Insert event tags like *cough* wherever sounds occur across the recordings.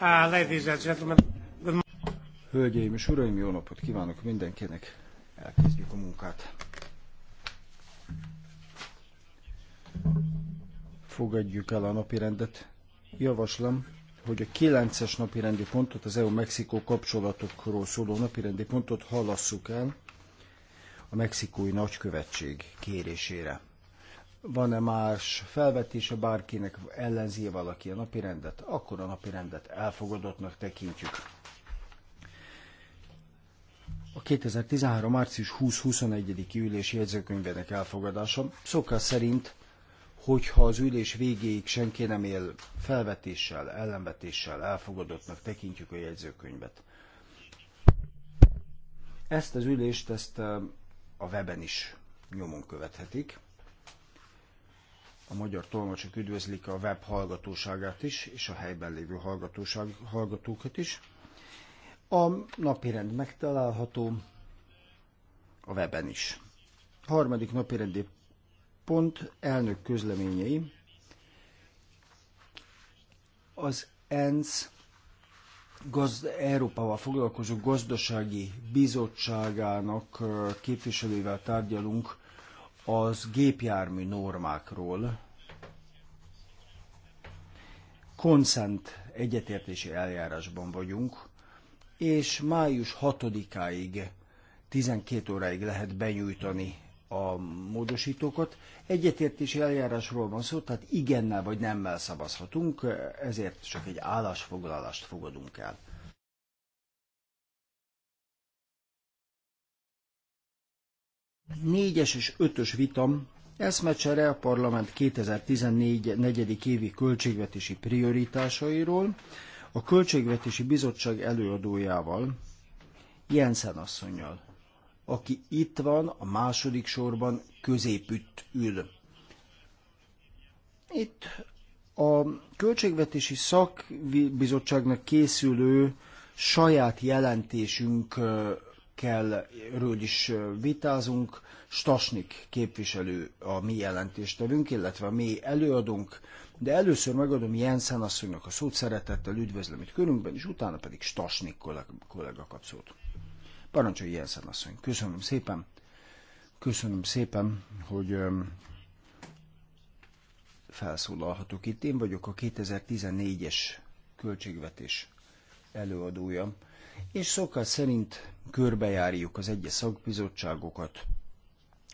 Uh, Hölgyeim és uraim, jó napot kívánok mindenkinek! Elkezdjük a munkát. Fogadjuk el a napirendet. Javaslom, hogy a 9-es napirendi pontot, az EU-Mexikó kapcsolatokról szóló napirendi pontot halasszuk el a mexikói nagykövetség kérésére. Van-e más felvetése bárkinek ellenzi valaki a napi rendet? Akkor a napi rendet elfogadottnak tekintjük. A 2013. március 20-21. ülés jegyzőkönyvének elfogadása szokás szerint, hogyha az ülés végéig senki nem él felvetéssel, ellenvetéssel, elfogadottnak tekintjük a jegyzőkönyvet. Ezt az ülést, ezt a weben is nyomon követhetik. A magyar tolmacsok üdvözlik a web hallgatóságát is, és a helyben lévő hallgatóság, hallgatókat is. A napirend megtalálható a weben is. A harmadik napirendi pont elnök közleményei. Az ENSZ gazd, Európával foglalkozó gazdasági bizottságának képviselővel tárgyalunk az gépjármű normákról konszent egyetértési eljárásban vagyunk, és május 6-áig, 12 óráig lehet benyújtani a módosítókat. Egyetértési eljárásról van szó, tehát igennel vagy nemmel szavazhatunk, ezért csak egy állásfoglalást fogadunk el. Négyes és ötös vitam eszmecsere a parlament 2014. negyedik évi költségvetési prioritásairól a Költségvetési Bizottság előadójával, Jensen asszonynal, aki itt van, a második sorban középütt ül. Itt a Költségvetési Szakbizottságnak készülő saját jelentésünk kellről is vitázunk. Stasnik képviselő a mi jelentéstevünk, illetve a mi előadunk. de először megadom Jensen asszonynak a szót, szeretettel üdvözlöm itt körünkben, és utána pedig Stasnik kollega, kollega kap szót. Parancsolj Jensen asszony, köszönöm szépen, köszönöm szépen, hogy felszólalhatok itt. Én vagyok a 2014-es költségvetés előadója és szokás szerint körbejárjuk az egyes szakbizottságokat,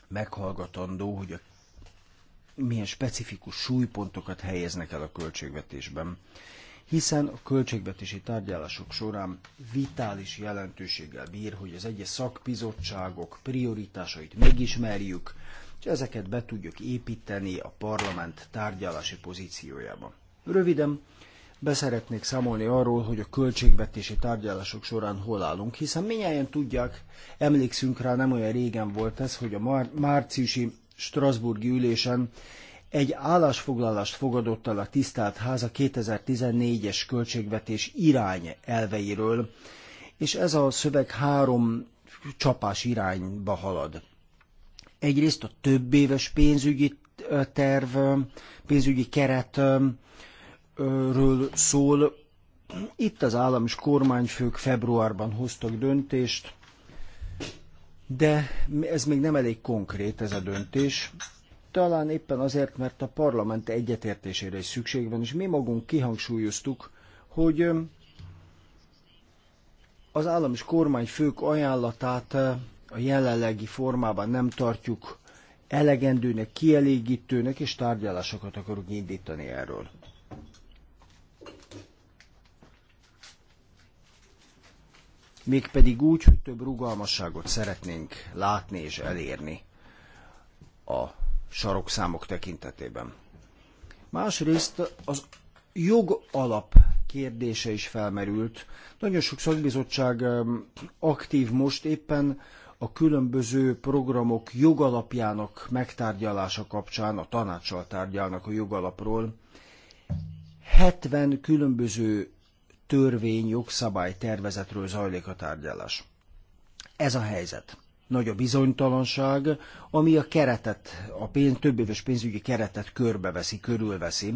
meghallgatandó, hogy a milyen specifikus súlypontokat helyeznek el a költségvetésben, hiszen a költségvetési tárgyalások során vitális jelentőséggel bír, hogy az egyes szakbizottságok prioritásait megismerjük, és ezeket be tudjuk építeni a parlament tárgyalási pozíciójába. Röviden, beszeretnék számolni arról, hogy a költségvetési tárgyalások során hol állunk, hiszen minnyáján tudják, emlékszünk rá, nem olyan régen volt ez, hogy a már- márciusi Strasburgi ülésen egy állásfoglalást fogadott el a tisztelt háza 2014-es költségvetés irány elveiről, és ez a szöveg három csapás irányba halad. Egyrészt a több éves pénzügyi terv, pénzügyi keret ről szól. Itt az állam és kormányfők februárban hoztak döntést, de ez még nem elég konkrét ez a döntés. Talán éppen azért, mert a parlament egyetértésére is szükség van, és mi magunk kihangsúlyoztuk, hogy az állam és kormányfők ajánlatát a jelenlegi formában nem tartjuk elegendőnek, kielégítőnek, és tárgyalásokat akarunk indítani erről. mégpedig úgy, hogy több rugalmasságot szeretnénk látni és elérni a sarokszámok tekintetében. Másrészt az jogalap kérdése is felmerült. Nagyon sok szakbizottság aktív most éppen a különböző programok jogalapjának megtárgyalása kapcsán, a tanácssal tárgyalnak a jogalapról. 70 különböző törvény jogszabály tervezetről zajlik a tárgyalás. Ez a helyzet. Nagy a bizonytalanság, ami a keretet, a pénz, többéves pénzügyi keretet körbeveszi, körülveszi.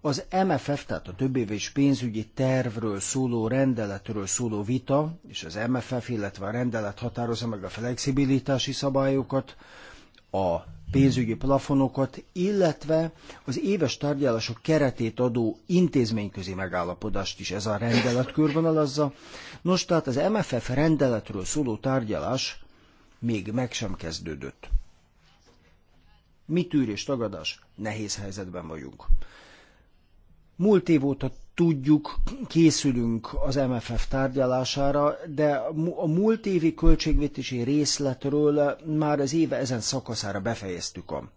Az MFF, tehát a többéves pénzügyi tervről szóló rendeletről szóló vita, és az MFF, illetve a rendelet határozza meg a flexibilitási szabályokat, a pénzügyi plafonokat, illetve az éves tárgyalások keretét adó intézményközi megállapodást is ez a rendelet körvonalazza. Nos, tehát az MFF rendeletről szóló tárgyalás még meg sem kezdődött. Mi tűrés tagadás? Nehéz helyzetben vagyunk. Múlt év óta tudjuk, készülünk az MFF tárgyalására, de a múlt évi költségvetési részletről már az éve ezen szakaszára befejeztük a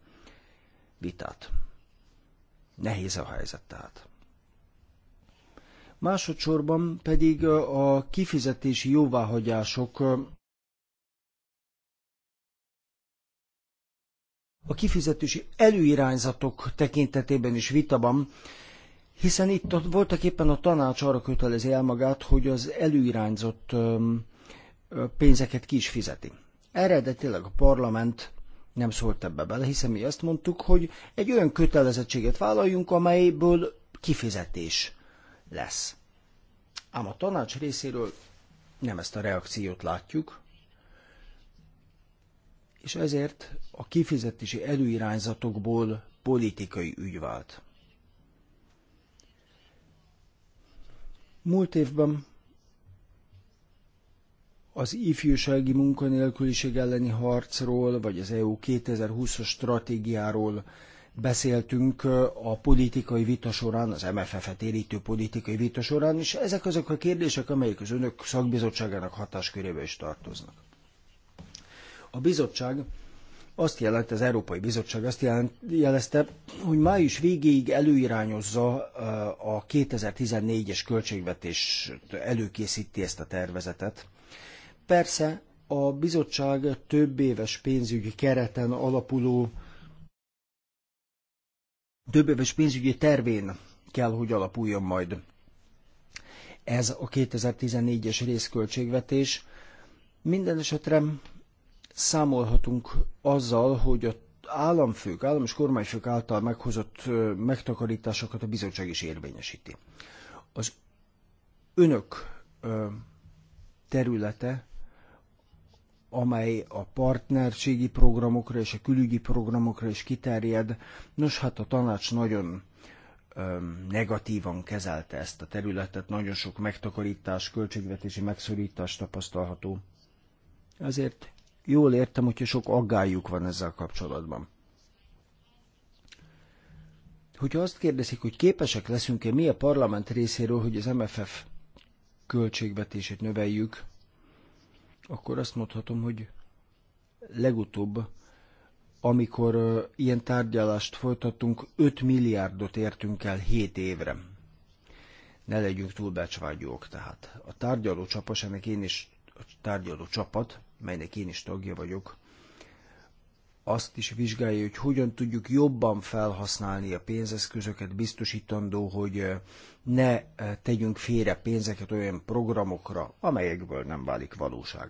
vitát. Nehéz a helyzet tehát. Másodszorban pedig a kifizetési jóváhagyások a kifizetési előirányzatok tekintetében is vitaban hiszen itt voltak éppen a tanács arra kötelezi el magát, hogy az előirányzott pénzeket ki is fizeti. Eredetileg a parlament nem szólt ebbe bele, hiszen mi azt mondtuk, hogy egy olyan kötelezettséget vállaljunk, amelyből kifizetés lesz. Ám a tanács részéről nem ezt a reakciót látjuk, és ezért a kifizetési előirányzatokból politikai ügy vált. Múlt évben az ifjúsági munkanélküliség elleni harcról, vagy az EU 2020-as stratégiáról beszéltünk a politikai vita során, az MFF-et érítő politikai vita során, és ezek azok a kérdések, amelyek az önök szakbizottságának hatáskörébe is tartoznak. A bizottság azt jelent, az Európai Bizottság azt jelent, jelezte, hogy május végéig előirányozza a 2014-es költségvetés előkészíti ezt a tervezetet. Persze a bizottság több éves pénzügyi kereten alapuló több éves pénzügyi tervén kell, hogy alapuljon majd ez a 2014-es részköltségvetés. Minden esetre számolhatunk azzal, hogy a államfők, állam és kormányfők által meghozott megtakarításokat a bizottság is érvényesíti. Az önök területe, amely a partnerségi programokra és a külügyi programokra is kiterjed, nos hát a tanács nagyon negatívan kezelte ezt a területet, nagyon sok megtakarítás, költségvetési megszorítás tapasztalható. Ezért jól értem, hogyha sok aggályuk van ezzel kapcsolatban. Hogyha azt kérdezik, hogy képesek leszünk-e mi a parlament részéről, hogy az MFF költségvetését növeljük, akkor azt mondhatom, hogy legutóbb, amikor ilyen tárgyalást folytattunk, 5 milliárdot értünk el 7 évre. Ne legyünk túl becsvágyók, tehát. A tárgyaló csapat, ennek én is a tárgyaló csapat, melynek én is tagja vagyok, azt is vizsgálja, hogy hogyan tudjuk jobban felhasználni a pénzeszközöket, biztosítandó, hogy eh, ne eh, tegyünk félre pénzeket olyan programokra, amelyekből nem válik valóság.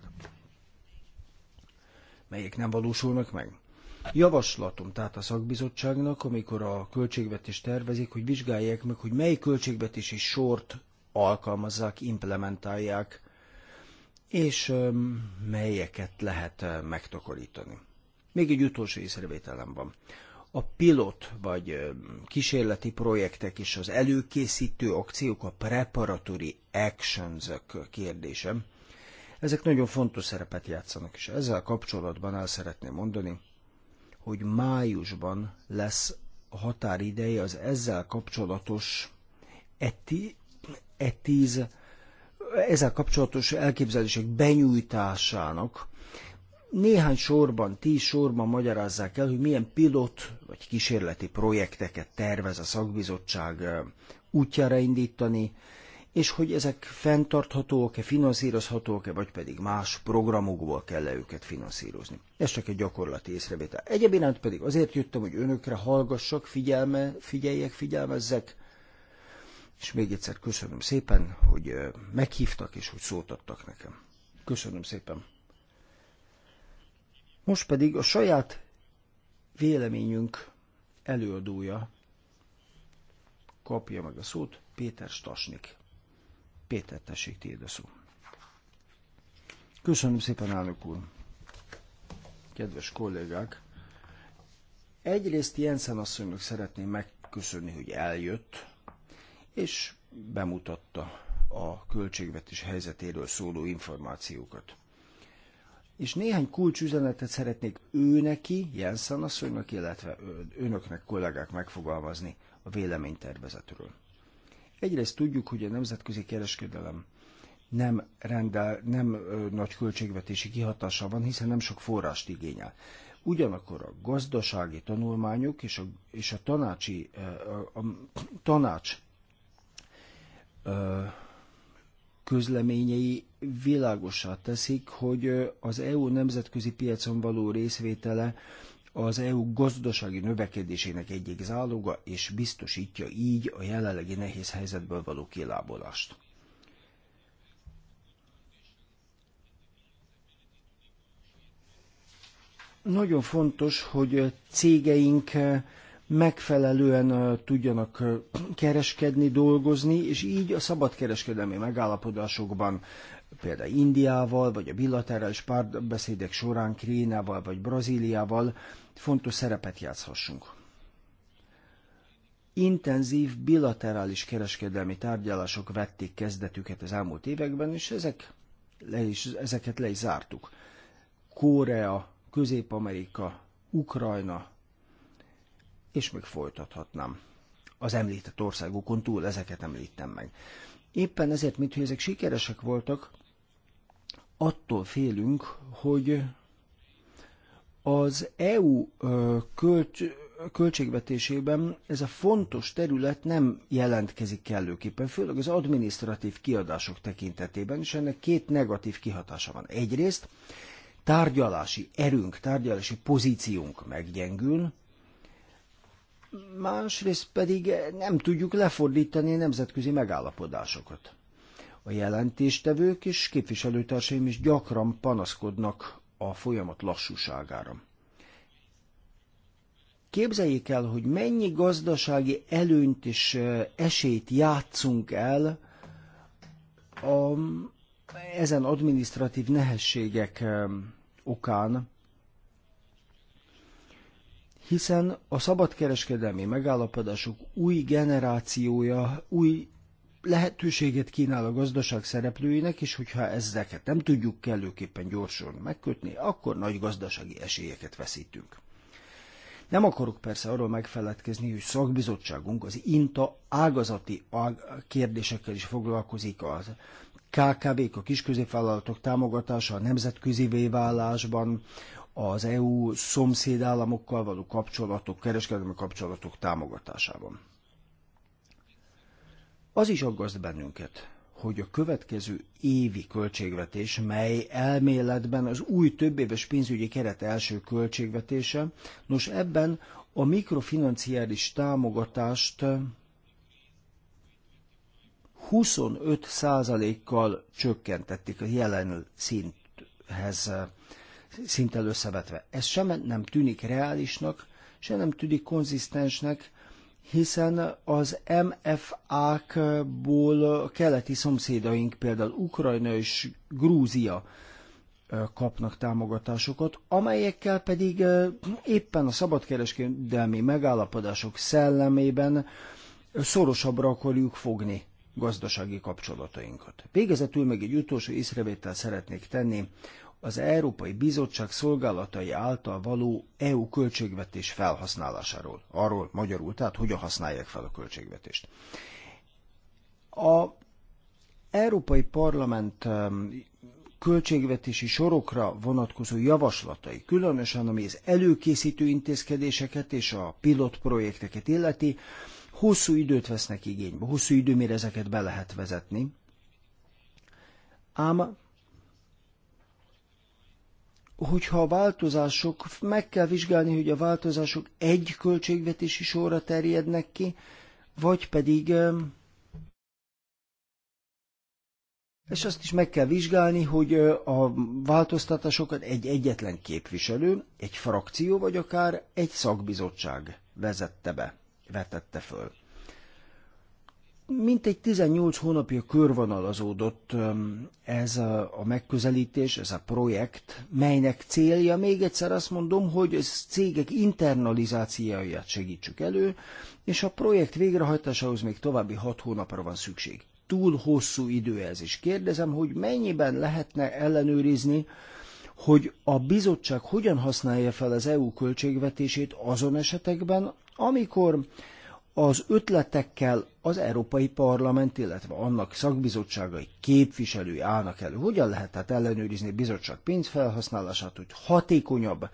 Melyek nem valósulnak meg? Javaslatom tehát a szakbizottságnak, amikor a költségvetést tervezik, hogy vizsgálják meg, hogy mely költségvetési sort alkalmazzák, implementálják, és melyeket lehet megtakarítani. Még egy utolsó észrevételem van. A pilot vagy kísérleti projektek és az előkészítő akciók, a preparatory actions kérdése, ezek nagyon fontos szerepet játszanak, és ezzel kapcsolatban el szeretném mondani, hogy májusban lesz a határideje az ezzel kapcsolatos ETI, ETIZ ezzel kapcsolatos elképzelések benyújtásának néhány sorban, tíz sorban magyarázzák el, hogy milyen pilot vagy kísérleti projekteket tervez a szakbizottság útjára indítani, és hogy ezek fenntarthatóak-e, finanszírozhatóak-e, vagy pedig más programokból kell -e őket finanszírozni. Ez csak egy gyakorlati észrevétel. Egyébként pedig azért jöttem, hogy önökre hallgassak, figyelme, figyeljek, figyelmezzek, és még egyszer köszönöm szépen, hogy meghívtak és hogy szót adtak nekem. Köszönöm szépen. Most pedig a saját véleményünk előadója kapja meg a szót, Péter Stasnik. Péter, tessék, tiéd a szó. Köszönöm szépen, elnök úr. Kedves kollégák! Egyrészt Jensen asszonynak szeretném megköszönni, hogy eljött, és bemutatta a költségvetés helyzetéről szóló információkat. És néhány kulcsüzenetet szeretnék ő neki, Jensen asszonynak, illetve önöknek, kollégák megfogalmazni a véleménytervezetről. Egyrészt tudjuk, hogy a nemzetközi kereskedelem nem, rendel, nem nagy költségvetési kihatása van, hiszen nem sok forrást igényel. Ugyanakkor a gazdasági tanulmányok és a, és a tanácsi a, a tanács közleményei világosá teszik, hogy az EU nemzetközi piacon való részvétele az EU gazdasági növekedésének egyik záloga, és biztosítja így a jelenlegi nehéz helyzetből való kilábolást. Nagyon fontos, hogy cégeink megfelelően tudjanak kereskedni, dolgozni, és így a szabadkereskedelmi megállapodásokban például Indiával, vagy a bilaterális párbeszédek során Krénával, vagy Brazíliával fontos szerepet játszhassunk. Intenzív bilaterális kereskedelmi tárgyalások vették kezdetüket az elmúlt években, és ezek le is, ezeket le is zártuk. Korea, Közép-Amerika, Ukrajna, és még folytathatnám. Az említett országokon túl ezeket említem meg. Éppen ezért, mintha ezek sikeresek voltak, attól félünk, hogy az EU költ, költségvetésében ez a fontos terület nem jelentkezik kellőképpen, főleg az administratív kiadások tekintetében, és ennek két negatív kihatása van. Egyrészt tárgyalási erőnk, tárgyalási pozíciónk meggyengül, másrészt pedig nem tudjuk lefordítani a nemzetközi megállapodásokat. A jelentéstevők és képviselőtársaim is gyakran panaszkodnak a folyamat lassúságára. Képzeljék el, hogy mennyi gazdasági előnyt és esélyt játszunk el a, ezen adminisztratív nehézségek okán, hiszen a szabadkereskedelmi megállapodások új generációja, új lehetőséget kínál a gazdaság szereplőinek, és hogyha ezeket nem tudjuk kellőképpen gyorsan megkötni, akkor nagy gazdasági esélyeket veszítünk. Nem akarok persze arról megfeledkezni, hogy szakbizottságunk az INTA ágazati ág- kérdésekkel is foglalkozik az KKV-k, a kisközépvállalatok támogatása a nemzetközi válásban, az EU szomszédállamokkal való kapcsolatok, kereskedelmi kapcsolatok támogatásában. Az is aggaszt bennünket, hogy a következő évi költségvetés, mely elméletben az új többéves pénzügyi keret első költségvetése, nos ebben a mikrofinanciális támogatást 25%-kal csökkentették a jelen szinthez szinttel összevetve. Ez sem nem tűnik reálisnak, sem nem tűnik konzisztensnek, hiszen az MFA-kból keleti szomszédaink, például Ukrajna és Grúzia kapnak támogatásokat, amelyekkel pedig éppen a szabadkereskedelmi megállapodások szellemében szorosabbra akarjuk fogni gazdasági kapcsolatainkat. Végezetül még egy utolsó észrevétel szeretnék tenni az Európai Bizottság szolgálatai által való EU költségvetés felhasználásáról. Arról magyarul, tehát hogyan használják fel a költségvetést. A Európai Parlament um, költségvetési sorokra vonatkozó javaslatai, különösen ami az előkészítő intézkedéseket és a pilotprojekteket illeti, hosszú időt vesznek igénybe, hosszú idő, mire ezeket be lehet vezetni. Ám hogyha a változások, meg kell vizsgálni, hogy a változások egy költségvetési sorra terjednek ki, vagy pedig és azt is meg kell vizsgálni, hogy a változtatásokat egy egyetlen képviselő, egy frakció, vagy akár egy szakbizottság vezette be, vetette föl. Mintegy 18 hónapja körvonalazódott ez a megközelítés, ez a projekt, melynek célja, még egyszer azt mondom, hogy ez cégek internalizációját segítsük elő, és a projekt végrehajtásához még további 6 hónapra van szükség. Túl hosszú idő ez, és kérdezem, hogy mennyiben lehetne ellenőrizni, hogy a bizottság hogyan használja fel az EU költségvetését azon esetekben, amikor az ötletekkel az Európai Parlament, illetve annak szakbizottságai képviselői állnak elő. Hogyan lehet tehát ellenőrizni a bizottság pénzfelhasználását, hogy hatékonyabb,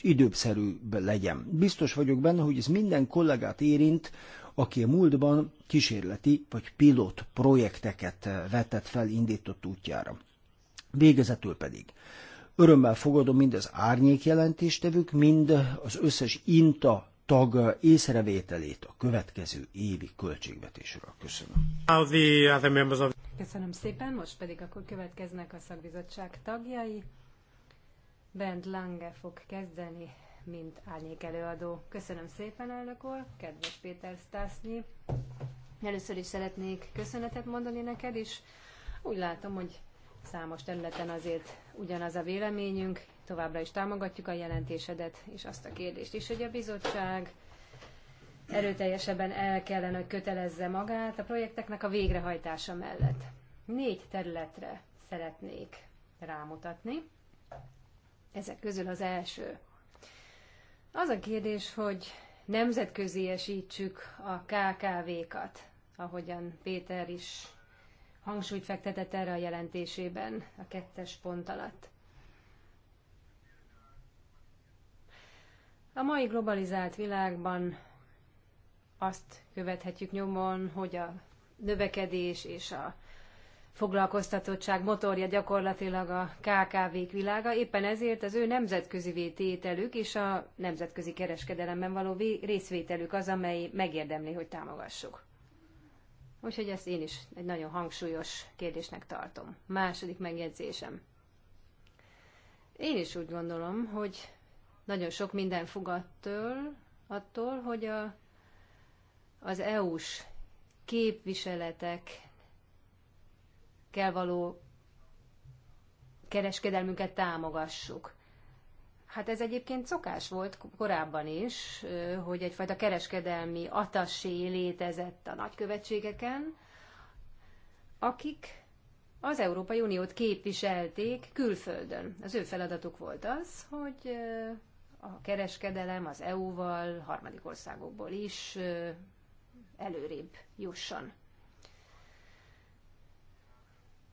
időbszerűbb legyen. Biztos vagyok benne, hogy ez minden kollégát érint, aki a múltban kísérleti vagy pilot projekteket vetett fel, indított útjára. Végezetül pedig. Örömmel fogadom mind az árnyék jelentéstevők, mind az összes INTA tag észrevételét a következő évi költségvetésről. Köszönöm. Köszönöm szépen, most pedig akkor következnek a szakbizottság tagjai. Bent Lange fog kezdeni, mint árnyék előadó. Köszönöm szépen, elnök úr, kedves Péter Stásznyi. Először is szeretnék köszönetet mondani neked is. Úgy látom, hogy számos területen azért ugyanaz a véleményünk, továbbra is támogatjuk a jelentésedet, és azt a kérdést is, hogy a bizottság erőteljesebben el kellene, hogy kötelezze magát a projekteknek a végrehajtása mellett. Négy területre szeretnék rámutatni. Ezek közül az első. Az a kérdés, hogy nemzetköziesítsük a KKV-kat, ahogyan Péter is hangsúlyt fektetett erre a jelentésében a kettes pont alatt. A mai globalizált világban azt követhetjük nyomon, hogy a növekedés és a foglalkoztatottság motorja gyakorlatilag a KKV-k világa, éppen ezért az ő nemzetközi tételük és a nemzetközi kereskedelemben való részvételük az, amely megérdemli, hogy támogassuk. Úgyhogy ezt én is egy nagyon hangsúlyos kérdésnek tartom. Második megjegyzésem. Én is úgy gondolom, hogy nagyon sok minden fog attól, attól hogy a, az EU-s képviseletek kell való kereskedelmünket támogassuk. Hát ez egyébként szokás volt korábban is, hogy egyfajta kereskedelmi atassé létezett a nagykövetségeken, akik az Európai Uniót képviselték külföldön. Az ő feladatuk volt az, hogy a kereskedelem az EU-val, harmadik országokból is előrébb jusson.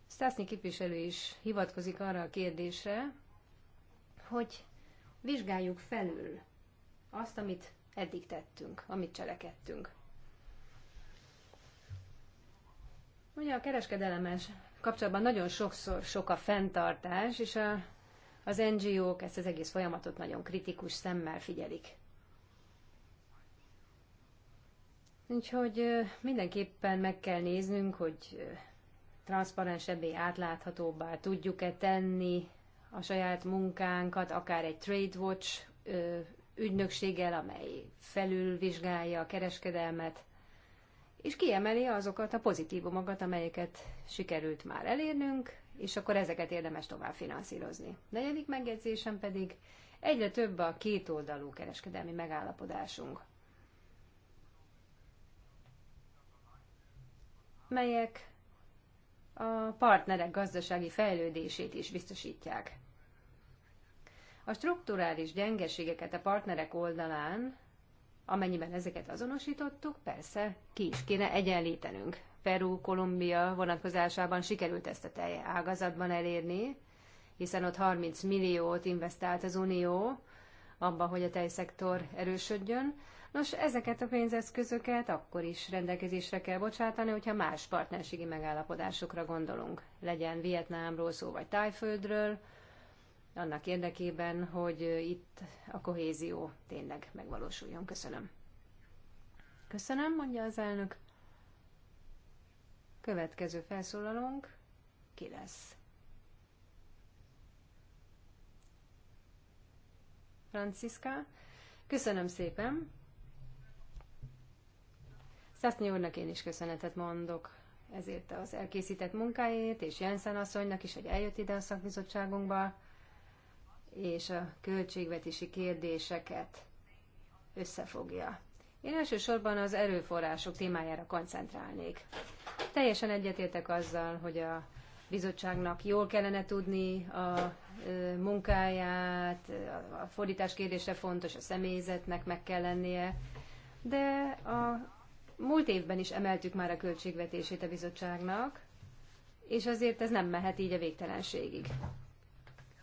Szászni képviselő is hivatkozik arra a kérdésre, hogy vizsgáljuk felül azt, amit eddig tettünk, amit cselekedtünk. Ugye a kereskedelemes kapcsolatban nagyon sokszor sok a fenntartás, és a az NGO-k ezt az egész folyamatot nagyon kritikus szemmel figyelik. Úgyhogy mindenképpen meg kell néznünk, hogy transzparensebbé, átláthatóbbá tudjuk-e tenni a saját munkánkat, akár egy Trade Watch ügynökséggel, amely felülvizsgálja a kereskedelmet, és kiemeli azokat a pozitívumokat, amelyeket sikerült már elérnünk, és akkor ezeket érdemes tovább finanszírozni. Negyedik megjegyzésem pedig egyre több a kétoldalú kereskedelmi megállapodásunk, melyek a partnerek gazdasági fejlődését is biztosítják. A strukturális gyengeségeket a partnerek oldalán, amennyiben ezeket azonosítottuk, persze ki is kéne egyenlítenünk. Peru, Kolumbia vonatkozásában sikerült ezt a tej ágazatban elérni, hiszen ott 30 milliót investált az Unió abba, hogy a tejszektor erősödjön. Nos, ezeket a pénzeszközöket akkor is rendelkezésre kell bocsátani, hogyha más partnerségi megállapodásokra gondolunk. Legyen Vietnámról szó, vagy Tájföldről, annak érdekében, hogy itt a kohézió tényleg megvalósuljon. Köszönöm. Köszönöm, mondja az elnök. Következő felszólalónk ki lesz? Franciska. Köszönöm szépen. Szásznyi úrnak én is köszönetet mondok ezért az elkészített munkáért, és Jensen asszonynak is, hogy eljött ide a szakbizottságunkba, és a költségvetési kérdéseket összefogja. Én elsősorban az erőforrások témájára koncentrálnék teljesen egyetértek azzal, hogy a bizottságnak jól kellene tudni a munkáját, a fordítás kérdése fontos, a személyzetnek meg kell lennie, de a múlt évben is emeltük már a költségvetését a bizottságnak, és azért ez nem mehet így a végtelenségig.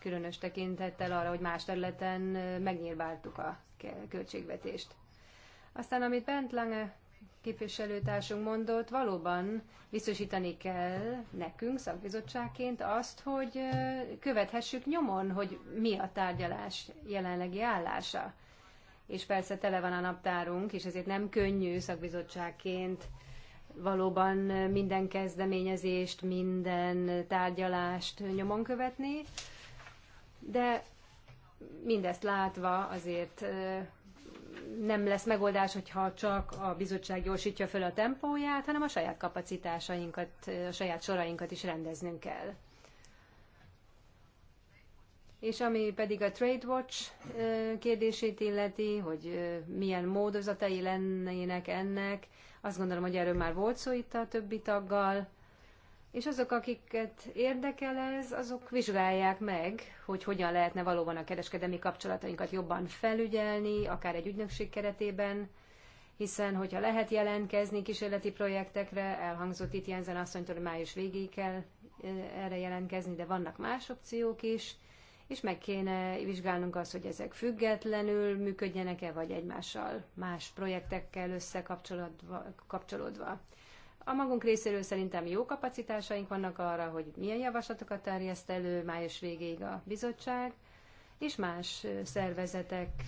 Különös tekintettel arra, hogy más területen megnyírbáltuk a költségvetést. Aztán, amit Bent Lange képviselőtársunk mondott, valóban biztosítani kell nekünk szakbizottságként azt, hogy követhessük nyomon, hogy mi a tárgyalás jelenlegi állása. És persze tele van a naptárunk, és ezért nem könnyű szakbizottságként valóban minden kezdeményezést, minden tárgyalást nyomon követni, de mindezt látva azért nem lesz megoldás, hogyha csak a bizottság gyorsítja föl a tempóját, hanem a saját kapacitásainkat, a saját sorainkat is rendeznünk kell. És ami pedig a Trade Watch kérdését illeti, hogy milyen módozatai lennének ennek, azt gondolom, hogy erről már volt szó itt a többi taggal és azok, akiket érdekel ez, azok vizsgálják meg, hogy hogyan lehetne valóban a kereskedelmi kapcsolatainkat jobban felügyelni, akár egy ügynökség keretében, hiszen hogyha lehet jelentkezni kísérleti projektekre, elhangzott itt Jensen asszonytól, hogy május végéig kell erre jelentkezni, de vannak más opciók is, és meg kéne vizsgálnunk azt, hogy ezek függetlenül működjenek-e, vagy egymással más projektekkel összekapcsolódva. A magunk részéről szerintem jó kapacitásaink vannak arra, hogy milyen javaslatokat terjeszt elő május végéig a bizottság, és más szervezetek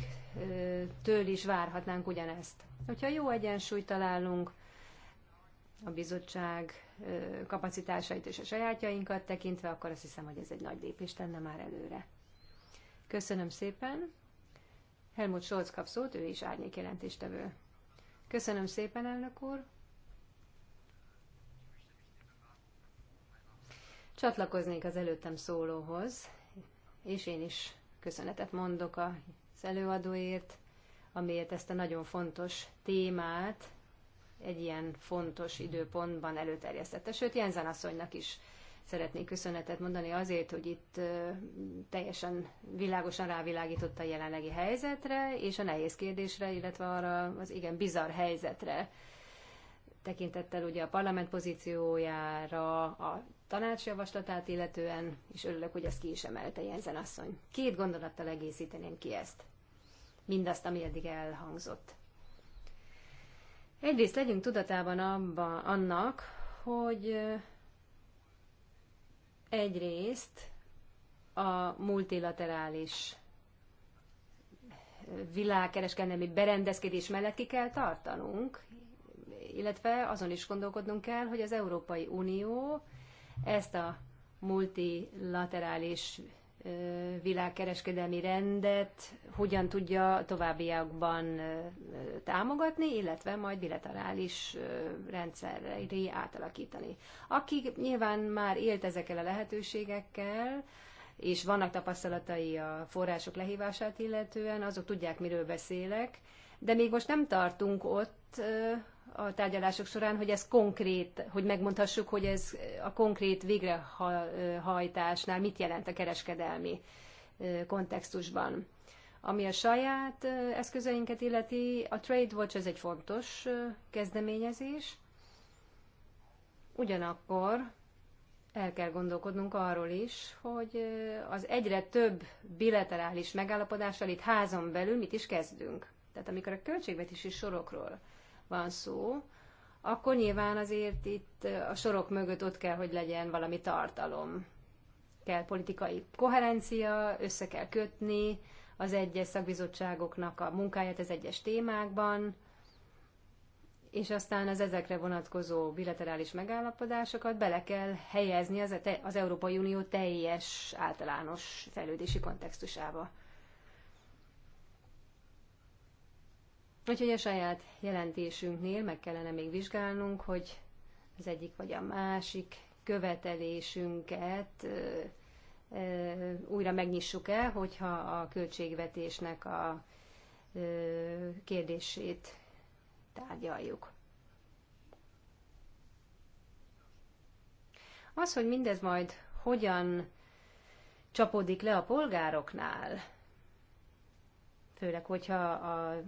től is várhatnánk ugyanezt. Hogyha jó egyensúlyt találunk, a bizottság kapacitásait és a sajátjainkat tekintve, akkor azt hiszem, hogy ez egy nagy lépés tenne már előre. Köszönöm szépen. Helmut Scholz kap szót, ő is jelentéstevő. Köszönöm szépen, elnök úr. Csatlakoznék az előttem szólóhoz, és én is köszönetet mondok az előadóért, amiért ezt a nagyon fontos témát egy ilyen fontos időpontban előterjesztette. Sőt, Jenzen asszonynak is szeretnék köszönetet mondani azért, hogy itt teljesen világosan rávilágította a jelenlegi helyzetre, és a nehéz kérdésre, illetve arra az igen bizarr helyzetre, tekintettel ugye a parlament pozíciójára, a tanács javaslatát illetően, és örülök, hogy ezt ki is emelte Jensen asszony. Két gondolattal egészíteném ki ezt. Mindazt, ami eddig elhangzott. Egyrészt legyünk tudatában abba, annak, hogy egyrészt a multilaterális világkereskedelmi berendezkedés mellett ki kell tartanunk, illetve azon is gondolkodnunk kell, hogy az Európai Unió ezt a multilaterális világkereskedelmi rendet hogyan tudja továbbiakban támogatni, illetve majd bilaterális rendszerre átalakítani. Akik nyilván már élt ezekkel a lehetőségekkel, és vannak tapasztalatai a források lehívását illetően, azok tudják, miről beszélek, de még most nem tartunk ott, a tárgyalások során, hogy ez konkrét, hogy megmondhassuk, hogy ez a konkrét végrehajtásnál mit jelent a kereskedelmi kontextusban. Ami a saját eszközeinket illeti, a Trade Watch ez egy fontos kezdeményezés. Ugyanakkor el kell gondolkodnunk arról is, hogy az egyre több bilaterális megállapodással itt házon belül mit is kezdünk. Tehát amikor a költségvetési sorokról van szó, akkor nyilván azért itt a sorok mögött ott kell, hogy legyen valami tartalom. Kell politikai koherencia, össze kell kötni az egyes szakbizottságoknak a munkáját az egyes témákban, és aztán az ezekre vonatkozó bilaterális megállapodásokat bele kell helyezni az, e az Európai Unió teljes általános fejlődési kontextusába. Úgyhogy a saját jelentésünknél meg kellene még vizsgálnunk, hogy az egyik vagy a másik követelésünket újra megnyissuk el, hogyha a költségvetésnek a kérdését tárgyaljuk. Az, hogy mindez majd hogyan csapódik le a polgároknál, főleg, hogyha a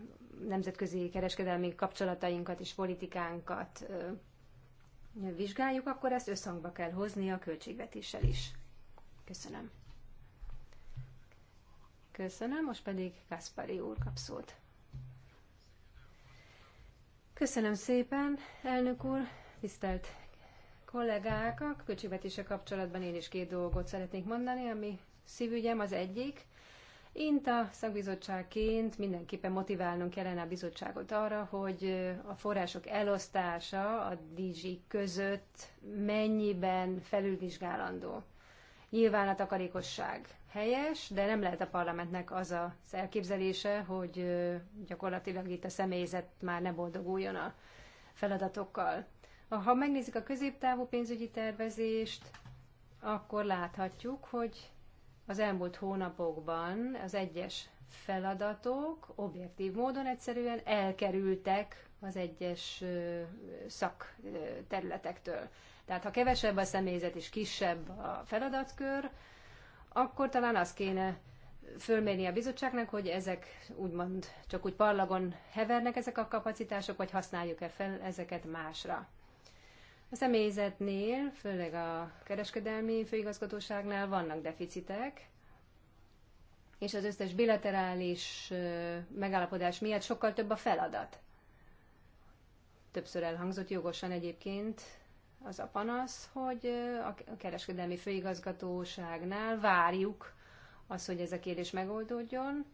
nemzetközi kereskedelmi kapcsolatainkat és politikánkat vizsgáljuk, akkor ezt összhangba kell hozni a költségvetéssel is. Köszönöm. Köszönöm, most pedig Kaspari úr kap szót. Köszönöm szépen, elnök úr, tisztelt kollégák, a költségvetése kapcsolatban én is két dolgot szeretnék mondani, ami szívügyem az egyik, INTA szakbizottságként mindenképpen motiválnunk kellene a bizottságot arra, hogy a források elosztása a DG között mennyiben felülvizsgálandó. Nyilván a takarékosság helyes, de nem lehet a parlamentnek az az elképzelése, hogy gyakorlatilag itt a személyzet már ne boldoguljon a feladatokkal. Ha megnézzük a középtávú pénzügyi tervezést, akkor láthatjuk, hogy az elmúlt hónapokban az egyes feladatok objektív módon egyszerűen elkerültek az egyes szakterületektől. Tehát ha kevesebb a személyzet és kisebb a feladatkör, akkor talán azt kéne fölmérni a bizottságnak, hogy ezek úgymond csak úgy parlagon hevernek ezek a kapacitások, vagy használjuk-e fel ezeket másra. A személyzetnél, főleg a kereskedelmi főigazgatóságnál vannak deficitek, és az összes bilaterális megállapodás miatt sokkal több a feladat. Többször elhangzott jogosan egyébként az a panasz, hogy a kereskedelmi főigazgatóságnál várjuk az, hogy ez a kérdés megoldódjon,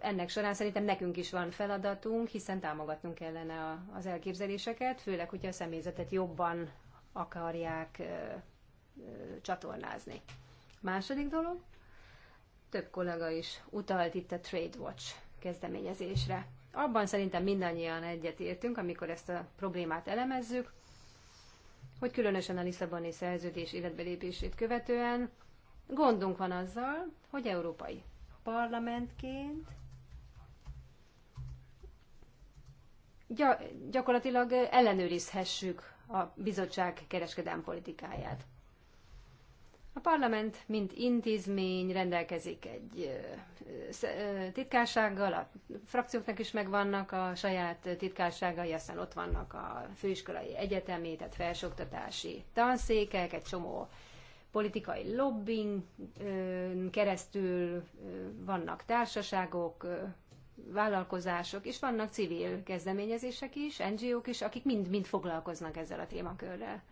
ennek során szerintem nekünk is van feladatunk, hiszen támogatnunk kellene az elképzeléseket, főleg, hogyha a személyzetet jobban akarják csatornázni. Második dolog, több kollega is utalt itt a Trade Watch kezdeményezésre. Abban szerintem mindannyian egyetértünk, amikor ezt a problémát elemezzük, hogy különösen a Lisszaboni szerződés életbelépését követően gondunk van azzal, hogy európai parlamentként gyakorlatilag ellenőrizhessük a bizottság kereskedelmi politikáját. A parlament, mint intézmény rendelkezik egy titkársággal, a frakcióknak is megvannak a saját titkárságai, aztán ott vannak a főiskolai egyetemi, tehát felsőoktatási tanszékek, egy csomó politikai lobbying keresztül vannak társaságok, vállalkozások, és vannak civil kezdeményezések is, NGO-k is, akik mind-mind foglalkoznak ezzel a témakörrel.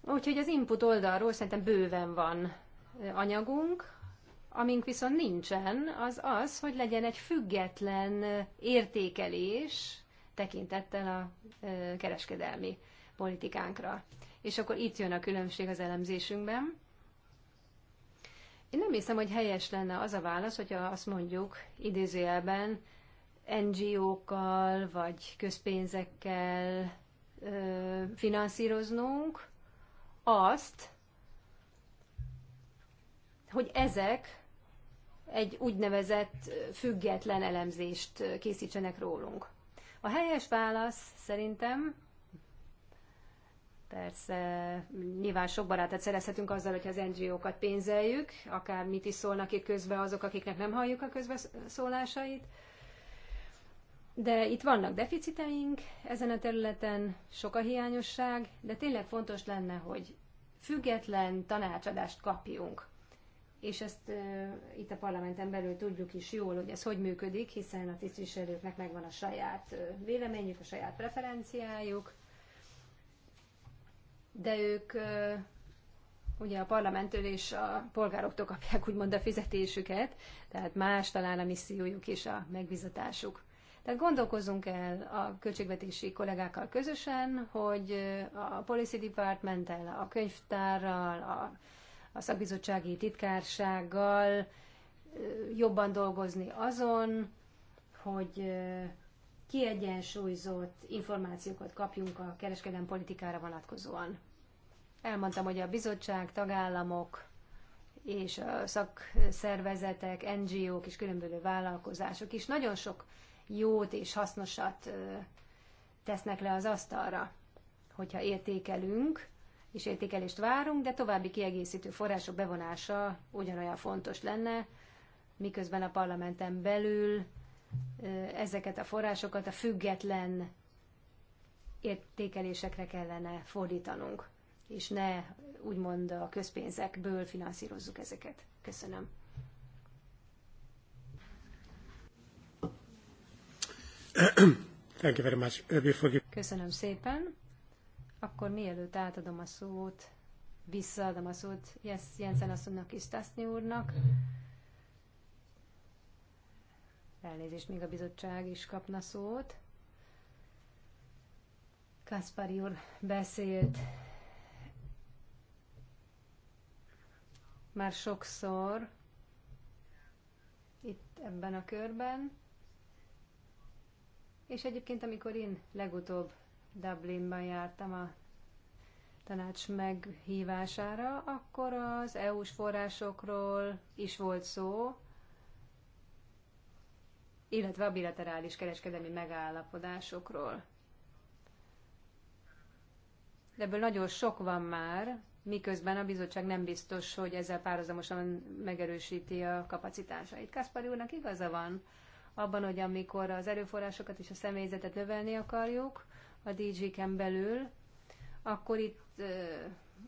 Úgyhogy az input oldalról szerintem bőven van anyagunk, amink viszont nincsen, az az, hogy legyen egy független értékelés tekintettel a kereskedelmi politikánkra és akkor itt jön a különbség az elemzésünkben. Én nem hiszem, hogy helyes lenne az a válasz, hogyha azt mondjuk idézőjelben NGO-kkal vagy közpénzekkel ö, finanszíroznunk azt, hogy ezek egy úgynevezett független elemzést készítsenek rólunk. A helyes válasz szerintem Persze, nyilván sok barátot szerezhetünk azzal, hogyha az NGO-kat pénzeljük, akár mit is szólnak itt közben azok, akiknek nem halljuk a közbeszólásait. De itt vannak deficiteink ezen a területen, sok a hiányosság, de tényleg fontos lenne, hogy független tanácsadást kapjunk. És ezt e, itt a parlamenten belül tudjuk is jól, hogy ez hogy működik, hiszen a tisztviselőknek megvan a saját véleményük, a saját preferenciájuk, de ők ugye a parlamenttől és a polgároktól kapják úgymond a fizetésüket, tehát más talán a missziójuk és a megbizatásuk. Tehát gondolkozunk el a költségvetési kollégákkal közösen, hogy a Policy department, a könyvtárral, a, a szakbizottsági titkársággal jobban dolgozni azon, hogy kiegyensúlyzott információkat kapjunk a kereskedelmi politikára vonatkozóan. Elmondtam, hogy a bizottság, tagállamok és a szakszervezetek, NGO-k és különböző vállalkozások is nagyon sok jót és hasznosat tesznek le az asztalra, hogyha értékelünk, és értékelést várunk, de további kiegészítő források bevonása ugyanolyan fontos lenne, miközben a parlamenten belül ezeket a forrásokat a független értékelésekre kellene fordítanunk, és ne úgymond a közpénzekből finanszírozzuk ezeket. Köszönöm. *coughs* Thank you very much. Uh, Köszönöm szépen. Akkor mielőtt átadom a szót, visszaadom a szót Jensen asszonynak és Taszni úrnak, Elnézést, még a bizottság is kapna szót. Kaspari úr beszélt már sokszor itt ebben a körben, és egyébként amikor én legutóbb Dublinban jártam a tanács meghívására, akkor az EU-s forrásokról is volt szó, illetve a bilaterális kereskedelmi megállapodásokról. De ebből nagyon sok van már, miközben a bizottság nem biztos, hogy ezzel párhuzamosan megerősíti a kapacitásait. Kaspari úrnak igaza van abban, hogy amikor az erőforrásokat és a személyzetet növelni akarjuk a DG-ken belül, akkor itt ö,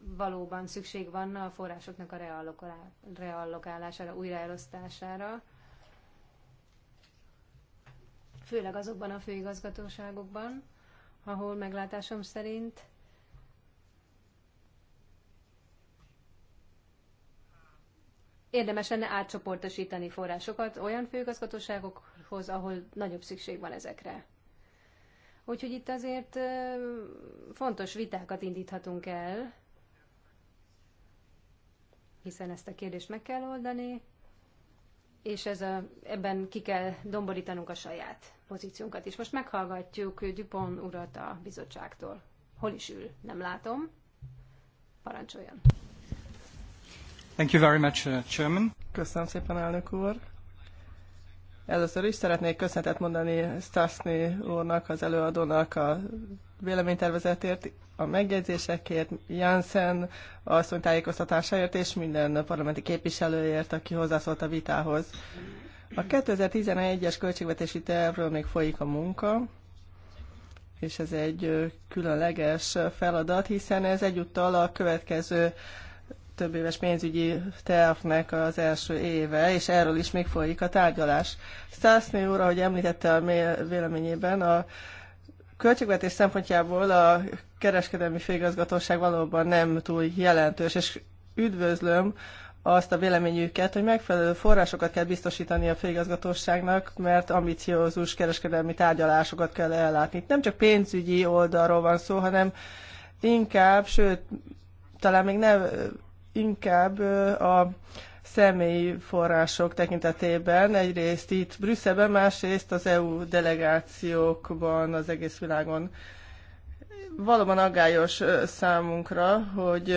valóban szükség van a forrásoknak a reallokálására, újraelosztására főleg azokban a főigazgatóságokban, ahol meglátásom szerint érdemes lenne átcsoportosítani forrásokat olyan főigazgatóságokhoz, ahol nagyobb szükség van ezekre. Úgyhogy itt azért fontos vitákat indíthatunk el, hiszen ezt a kérdést meg kell oldani, és ez a, ebben ki kell domborítanunk a saját pozíciónkat is. Most meghallgatjuk Dupont urat a bizottságtól. Hol is ül? Nem látom. Parancsoljon. Thank you very much, uh, Chairman. Köszönöm szépen, elnök úr. Először is szeretnék köszönetet mondani Stasny úrnak, az előadónak a véleménytervezetért, a megjegyzésekért, Janssen asszony tájékoztatásáért és minden parlamenti képviselőért, aki hozzászólt a vitához. A 2011-es költségvetési tervről még folyik a munka, és ez egy különleges feladat, hiszen ez egyúttal a következő több éves pénzügyi tervnek az első éve, és erről is még folyik a tárgyalás. Szászné úr, ahogy említette a véleményében, a költségvetés szempontjából a kereskedelmi főigazgatóság valóban nem túl jelentős, és üdvözlöm azt a véleményüket, hogy megfelelő forrásokat kell biztosítani a főigazgatóságnak, mert ambiciózus kereskedelmi tárgyalásokat kell ellátni. nem csak pénzügyi oldalról van szó, hanem inkább, sőt, talán még nem inkább a személyi források tekintetében, egyrészt itt Brüsszelben, másrészt az EU delegációkban az egész világon. Valóban aggályos számunkra, hogy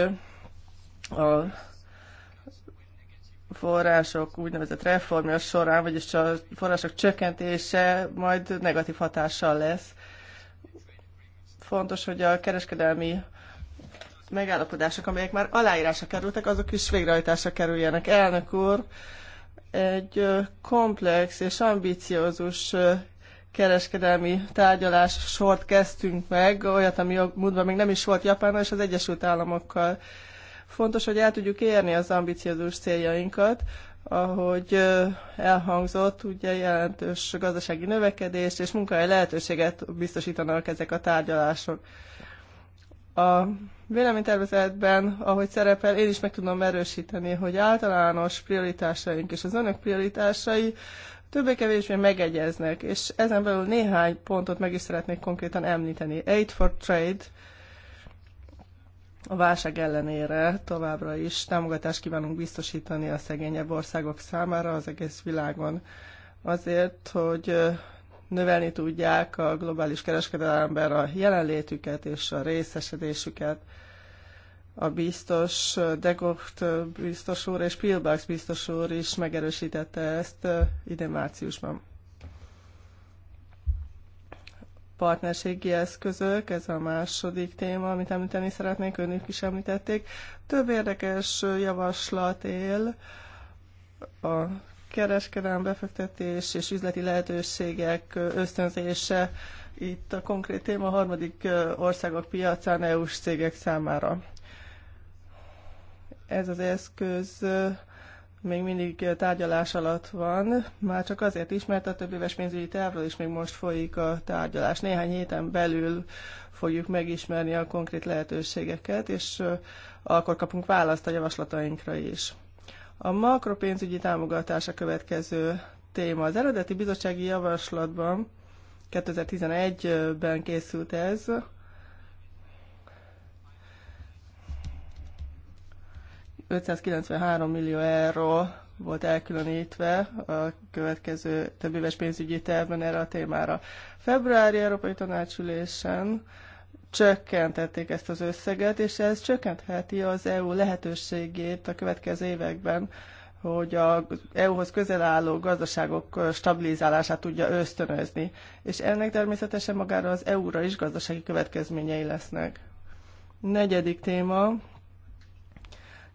a források úgynevezett reformja során, vagyis a források csökkentése majd negatív hatással lesz. Fontos, hogy a kereskedelmi megállapodások, amelyek már aláírásra kerültek, azok is végrehajtásra kerüljenek. Elnök úr, egy komplex és ambiciózus kereskedelmi tárgyalás sort kezdtünk meg, olyat, ami múltban még nem is volt Japánnal és az Egyesült Államokkal. Fontos, hogy el tudjuk érni az ambiciózus céljainkat, ahogy elhangzott, ugye jelentős gazdasági növekedést és munkahely lehetőséget biztosítanak ezek a tárgyalások. A véleménytervezetben, ahogy szerepel, én is meg tudom erősíteni, hogy általános prioritásaink és az önök prioritásai többé-kevésbé megegyeznek, és ezen belül néhány pontot meg is szeretnék konkrétan említeni. Aid for Trade a válság ellenére továbbra is támogatást kívánunk biztosítani a szegényebb országok számára az egész világon. Azért, hogy növelni tudják a globális kereskedelemben a jelenlétüket és a részesedésüket. A biztos, Degocht biztos úr és Pilbax biztos úr is megerősítette ezt idén márciusban. Partnerségi eszközök, ez a második téma, amit említeni szeretnék, önök is említették. Több érdekes javaslat él a kereskedelem, befektetés és üzleti lehetőségek ösztönzése itt a konkrét téma a harmadik országok piacán EU-s cégek számára. Ez az eszköz még mindig tárgyalás alatt van, már csak azért is, mert a több éves pénzügyi távról is még most folyik a tárgyalás. Néhány héten belül fogjuk megismerni a konkrét lehetőségeket, és akkor kapunk választ a javaslatainkra is. A makropénzügyi támogatás a következő téma. Az eredeti bizottsági javaslatban 2011-ben készült ez, 593 millió euró volt elkülönítve a következő több éves pénzügyi tervben erre a témára. Februári Európai Tanácsülésen csökkentették ezt az összeget, és ez csökkentheti az EU lehetőségét a következő években, hogy az EU-hoz közel álló gazdaságok stabilizálását tudja ösztönözni. És ennek természetesen magára az EU-ra is gazdasági következményei lesznek. Negyedik téma,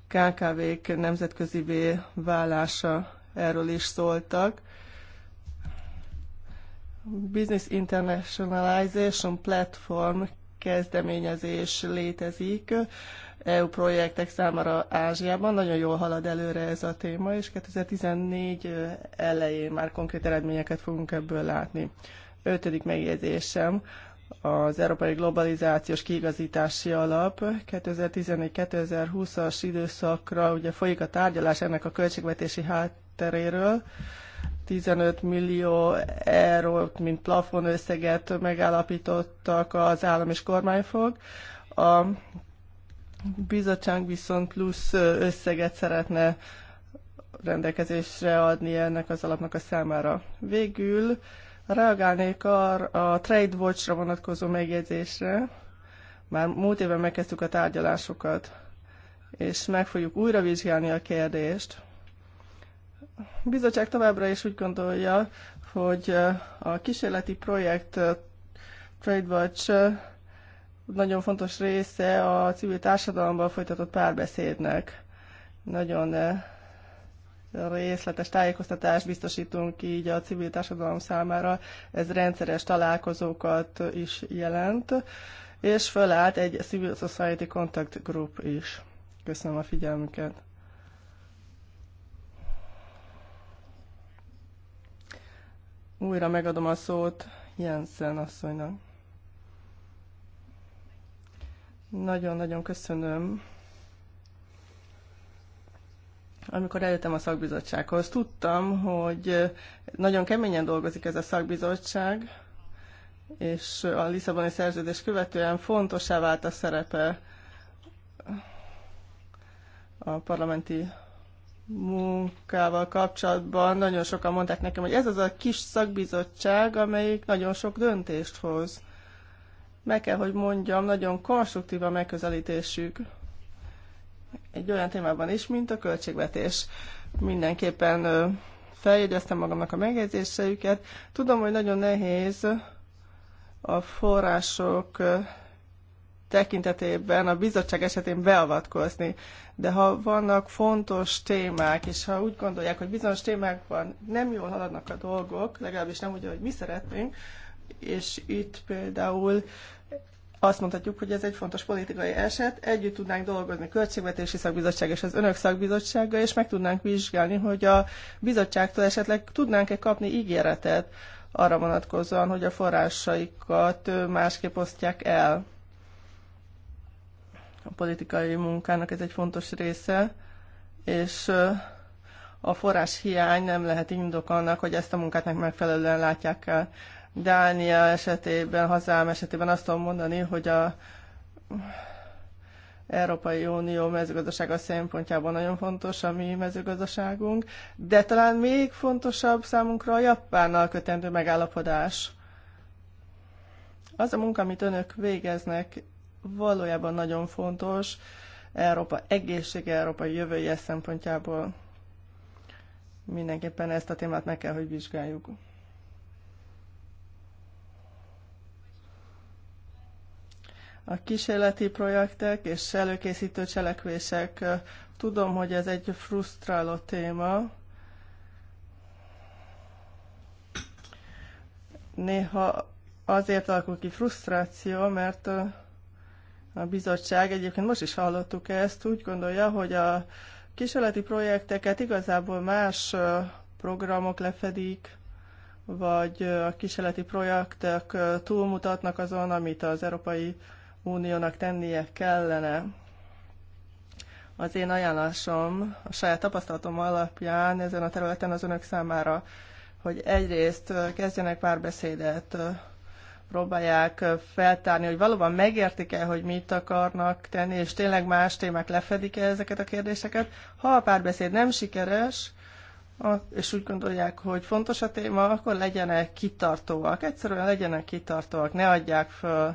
KKV-k nemzetközi válása, erről is szóltak. Business Internationalization Platform kezdeményezés létezik EU projektek számára Ázsiában. Nagyon jól halad előre ez a téma, és 2014 elején már konkrét eredményeket fogunk ebből látni. Ötödik megjegyzésem az Európai Globalizációs Kiigazítási Alap 2014-2020-as időszakra ugye folyik a tárgyalás ennek a költségvetési hátteréről, 15 millió eurót, mint plafon összeget megállapítottak az állam és kormányfog. A bizottság viszont plusz összeget szeretne rendelkezésre adni ennek az alapnak a számára. Végül reagálnék arra a Trade Watch-ra vonatkozó megjegyzésre. Már múlt éven megkezdtük a tárgyalásokat, és meg fogjuk újra vizsgálni a kérdést, bizottság továbbra is úgy gondolja, hogy a kísérleti projekt TradeWatch nagyon fontos része a civil társadalomban folytatott párbeszédnek. Nagyon részletes tájékoztatást biztosítunk így a civil társadalom számára. Ez rendszeres találkozókat is jelent, és fölállt egy Civil Society Contact Group is. Köszönöm a figyelmüket! Újra megadom a szót Jensen asszonynak. Nagyon-nagyon köszönöm. Amikor eljöttem a szakbizottsághoz, tudtam, hogy nagyon keményen dolgozik ez a szakbizottság, és a Lisszaboni szerződés követően fontosá vált a szerepe a parlamenti munkával kapcsolatban nagyon sokan mondták nekem, hogy ez az a kis szakbizottság, amelyik nagyon sok döntést hoz. Meg kell, hogy mondjam, nagyon konstruktív a megközelítésük egy olyan témában is, mint a költségvetés. Mindenképpen feljegyeztem magamnak a megjegyzéseiket. Tudom, hogy nagyon nehéz a források tekintetében a bizottság esetén beavatkozni. De ha vannak fontos témák, és ha úgy gondolják, hogy bizonyos témákban nem jól haladnak a dolgok, legalábbis nem úgy, ahogy mi szeretnénk, és itt például azt mondhatjuk, hogy ez egy fontos politikai eset, együtt tudnánk dolgozni költségvetési szakbizottság és az önök Szakbizottsággal, és meg tudnánk vizsgálni, hogy a bizottságtól esetleg tudnánk-e kapni ígéretet arra vonatkozóan, hogy a forrásaikat másképp osztják el a politikai munkának ez egy fontos része, és a forrás hiány nem lehet indok annak, hogy ezt a munkát megfelelően látják el. Dánia esetében, hazám esetében azt tudom mondani, hogy a Európai Unió mezőgazdasága szempontjából nagyon fontos a mi mezőgazdaságunk, de talán még fontosabb számunkra a Japánnal kötendő megállapodás. Az a munka, amit önök végeznek valójában nagyon fontos Európa egészsége, Európa jövője szempontjából. Mindenképpen ezt a témát meg kell, hogy vizsgáljuk. a kísérleti projektek és előkészítő cselekvések. Tudom, hogy ez egy frusztráló téma. Néha azért alakul ki frusztráció, mert a bizottság egyébként most is hallottuk ezt, úgy gondolja, hogy a kísérleti projekteket igazából más programok lefedik, vagy a kísérleti projektek túlmutatnak azon, amit az Európai Uniónak tennie kellene. Az én ajánlásom a saját tapasztalatom alapján ezen a területen az önök számára, hogy egyrészt kezdjenek párbeszédet próbálják feltárni, hogy valóban megértik-e, hogy mit akarnak tenni, és tényleg más témák lefedik-e ezeket a kérdéseket. Ha a párbeszéd nem sikeres, és úgy gondolják, hogy fontos a téma, akkor legyenek kitartóak. Egyszerűen legyenek kitartóak, ne adják föl.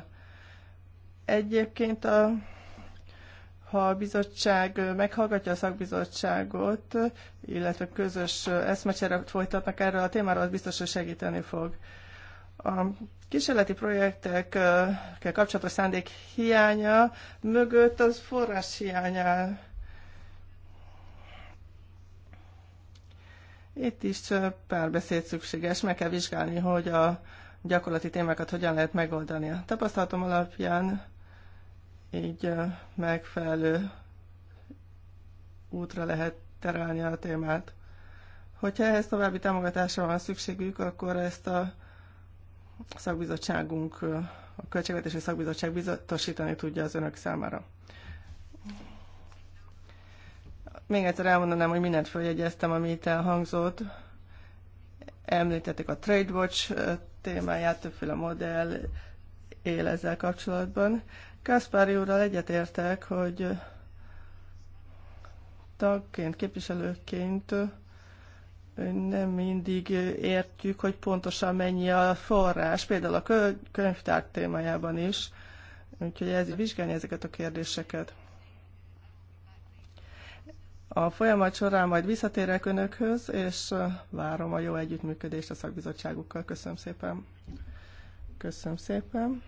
Egyébként a ha a bizottság meghallgatja a szakbizottságot, illetve közös eszmecsere folytatnak erről a témáról, az biztos, hogy segíteni fog. A kísérleti projektekkel kapcsolatos szándék hiánya mögött az forrás hiánya. Itt is párbeszéd szükséges, meg kell vizsgálni, hogy a gyakorlati témákat hogyan lehet megoldani. A tapasztalatom alapján így megfelelő útra lehet terelni a témát. Hogyha ehhez további támogatásra van szükségük, akkor ezt a a szakbizottságunk, a Költségvetési Szakbizottság biztosítani tudja az önök számára. Még egyszer elmondanám, hogy mindent följegyeztem, ami itt elhangzott. Említették a TradeWatch témáját, többféle modell él ezzel kapcsolatban. Kaspári úrral egyetértek, hogy tagként, képviselőként nem mindig értjük, hogy pontosan mennyi a forrás, például a könyvtár témájában is. Úgyhogy ez, vizsgálni ezeket a kérdéseket. A folyamat során majd visszatérek Önökhöz, és várom a jó együttműködést a szakbizottságukkal. Köszönöm szépen. Köszönöm szépen.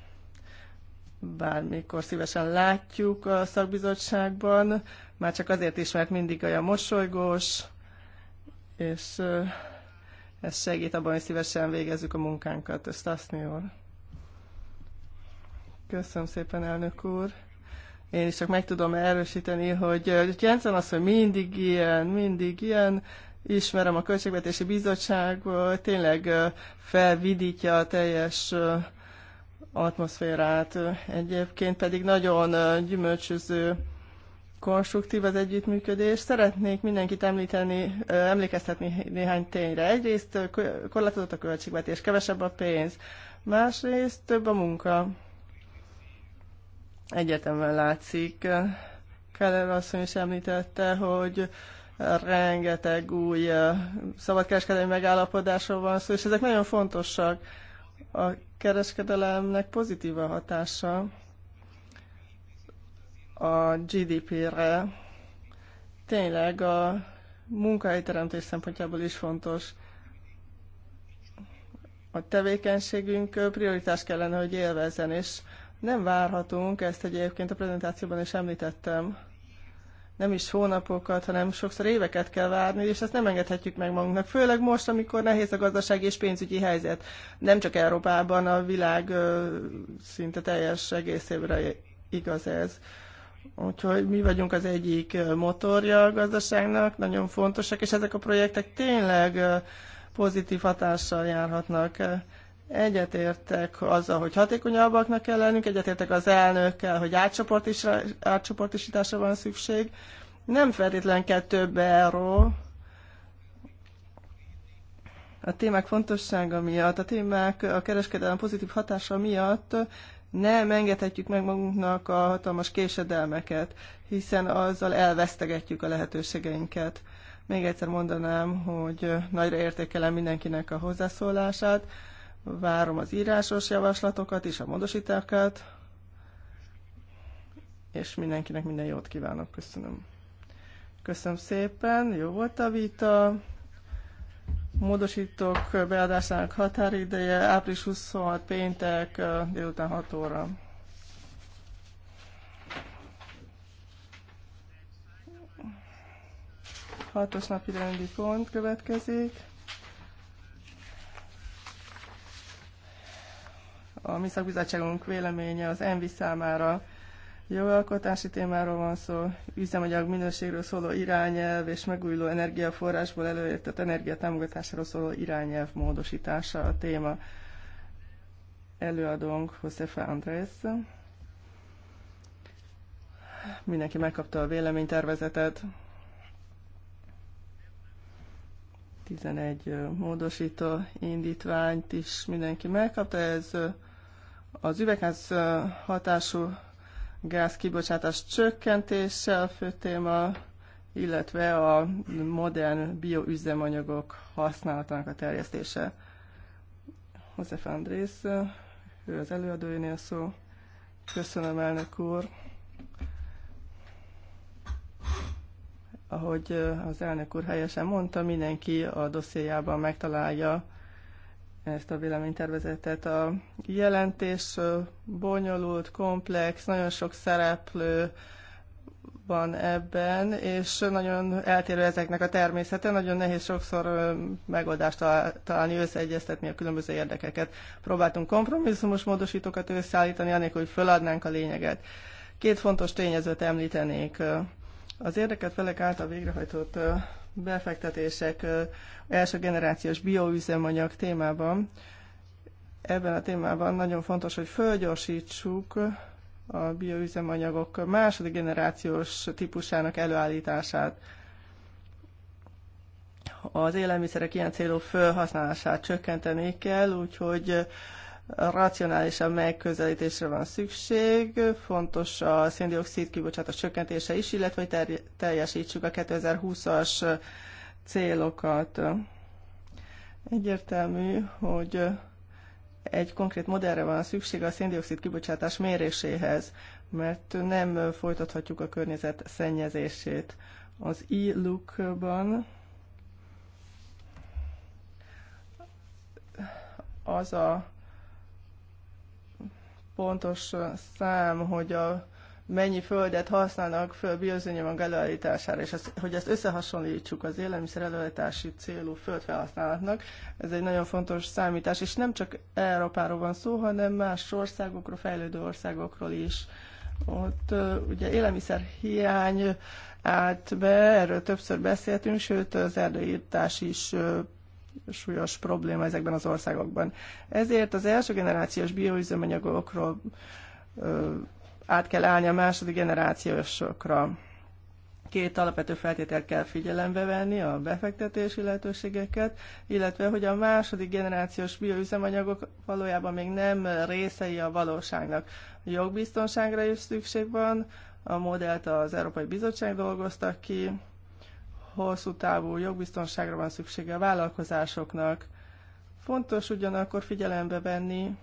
Bármikor szívesen látjuk a szakbizottságban, már csak azért is, mert mindig olyan mosolygós, és ez segít abban, hogy szívesen végezzük a munkánkat. Ezt azt jól. Köszönöm szépen, elnök úr. Én is csak meg tudom erősíteni, hogy Jensen az, hogy mindig ilyen, mindig ilyen, ismerem a Költségvetési bizottság, tényleg felvidítja a teljes atmoszférát. Egyébként pedig nagyon gyümölcsöző konstruktív az együttműködés. Szeretnék mindenkit említeni, emlékeztetni néhány tényre. Egyrészt korlátozott a költségvetés, kevesebb a pénz, másrészt több a munka. Egyetemben látszik. Keller asszony is említette, hogy rengeteg új szabadkereskedelmi megállapodásról van szó, és ezek nagyon fontosak. A kereskedelemnek pozitív a hatása a GDP-re tényleg a munkahelyteremtés szempontjából is fontos. A tevékenységünk prioritás kellene, hogy élvezzen, és nem várhatunk, ezt egyébként a prezentációban is említettem, nem is hónapokat, hanem sokszor éveket kell várni, és ezt nem engedhetjük meg magunknak. Főleg most, amikor nehéz a gazdasági és pénzügyi helyzet, nem csak Európában, a világ szinte teljes egészévre igaz ez. Úgyhogy mi vagyunk az egyik motorja a gazdaságnak, nagyon fontosak, és ezek a projektek tényleg pozitív hatással járhatnak. Egyetértek azzal, hogy hatékonyabbaknak kell lennünk, egyetértek az elnökkel, hogy átcsoportosításra van szükség. Nem feltétlen kell több erről. A témák fontossága miatt, a témák a kereskedelem pozitív hatása miatt nem engedhetjük meg magunknak a hatalmas késedelmeket, hiszen azzal elvesztegetjük a lehetőségeinket. Még egyszer mondanám, hogy nagyra értékelem mindenkinek a hozzászólását, várom az írásos javaslatokat és a módosításokat, és mindenkinek minden jót kívánok. Köszönöm. Köszönöm szépen, jó volt a vita. Módosítók beadásának határideje április 26 péntek délután 6 óra. Hatos napi rendi pont következik. A mi szakbizottságunk véleménye az ENVI számára Jogalkotási témáról van szó, üzemanyag minőségről szóló irányelv és megújuló energiaforrásból előértett energia szóló irányelv módosítása a téma. Előadónk Josefa Andrész. Mindenki megkapta a véleménytervezetet. 11 módosító indítványt is mindenki megkapta. Ez az üvegház hatású gáz kibocsátás csökkentése a fő téma, illetve a modern bioüzemanyagok használatának a terjesztése. József Andrész, ő az előadóinél szó. Köszönöm, elnök úr. Ahogy az elnök úr helyesen mondta, mindenki a dossziéjában megtalálja ezt a véleménytervezetet. A jelentés bonyolult, komplex, nagyon sok szereplő van ebben, és nagyon eltérő ezeknek a természete, nagyon nehéz sokszor megoldást találni, összeegyeztetni a különböző érdekeket. Próbáltunk kompromisszumos módosítókat összeállítani, anélkül, hogy föladnánk a lényeget. Két fontos tényezőt említenék. Az érdeket felek által végrehajtott befektetések első generációs bioüzemanyag témában. Ebben a témában nagyon fontos, hogy fölgyorsítsuk a bioüzemanyagok második generációs típusának előállítását, az élelmiszerek ilyen célú felhasználását csökkenteni kell, úgyhogy racionálisabb megközelítésre van szükség, fontos a széndiokszid kibocsátás csökkentése is, illetve hogy teljesítsük a 2020-as célokat. Egyértelmű, hogy egy konkrét modellre van szükség a széndiokszid kibocsátás méréséhez, mert nem folytathatjuk a környezet szennyezését. Az e-look-ban az a pontos szám, hogy a mennyi földet használnak föl bioüzemanyag előállítására, és ezt, hogy ezt összehasonlítsuk az élelmiszer előállítási célú földfelhasználatnak, ez egy nagyon fontos számítás, és nem csak Európáról van szó, hanem más országokról, fejlődő országokról is. Ott ugye élelmiszer hiány állt be, erről többször beszéltünk, sőt az erdőírtás is súlyos probléma ezekben az országokban. Ezért az első generációs bioüzemanyagokról át kell állni a második generációsokra. Két alapvető feltételt kell figyelembe venni, a befektetési lehetőségeket, illetve hogy a második generációs bioüzemanyagok valójában még nem részei a valóságnak. A jogbiztonságra is szükség van, a modellt az Európai Bizottság dolgozta ki, hosszú távú jogbiztonságra van szüksége a vállalkozásoknak. Fontos ugyanakkor figyelembe venni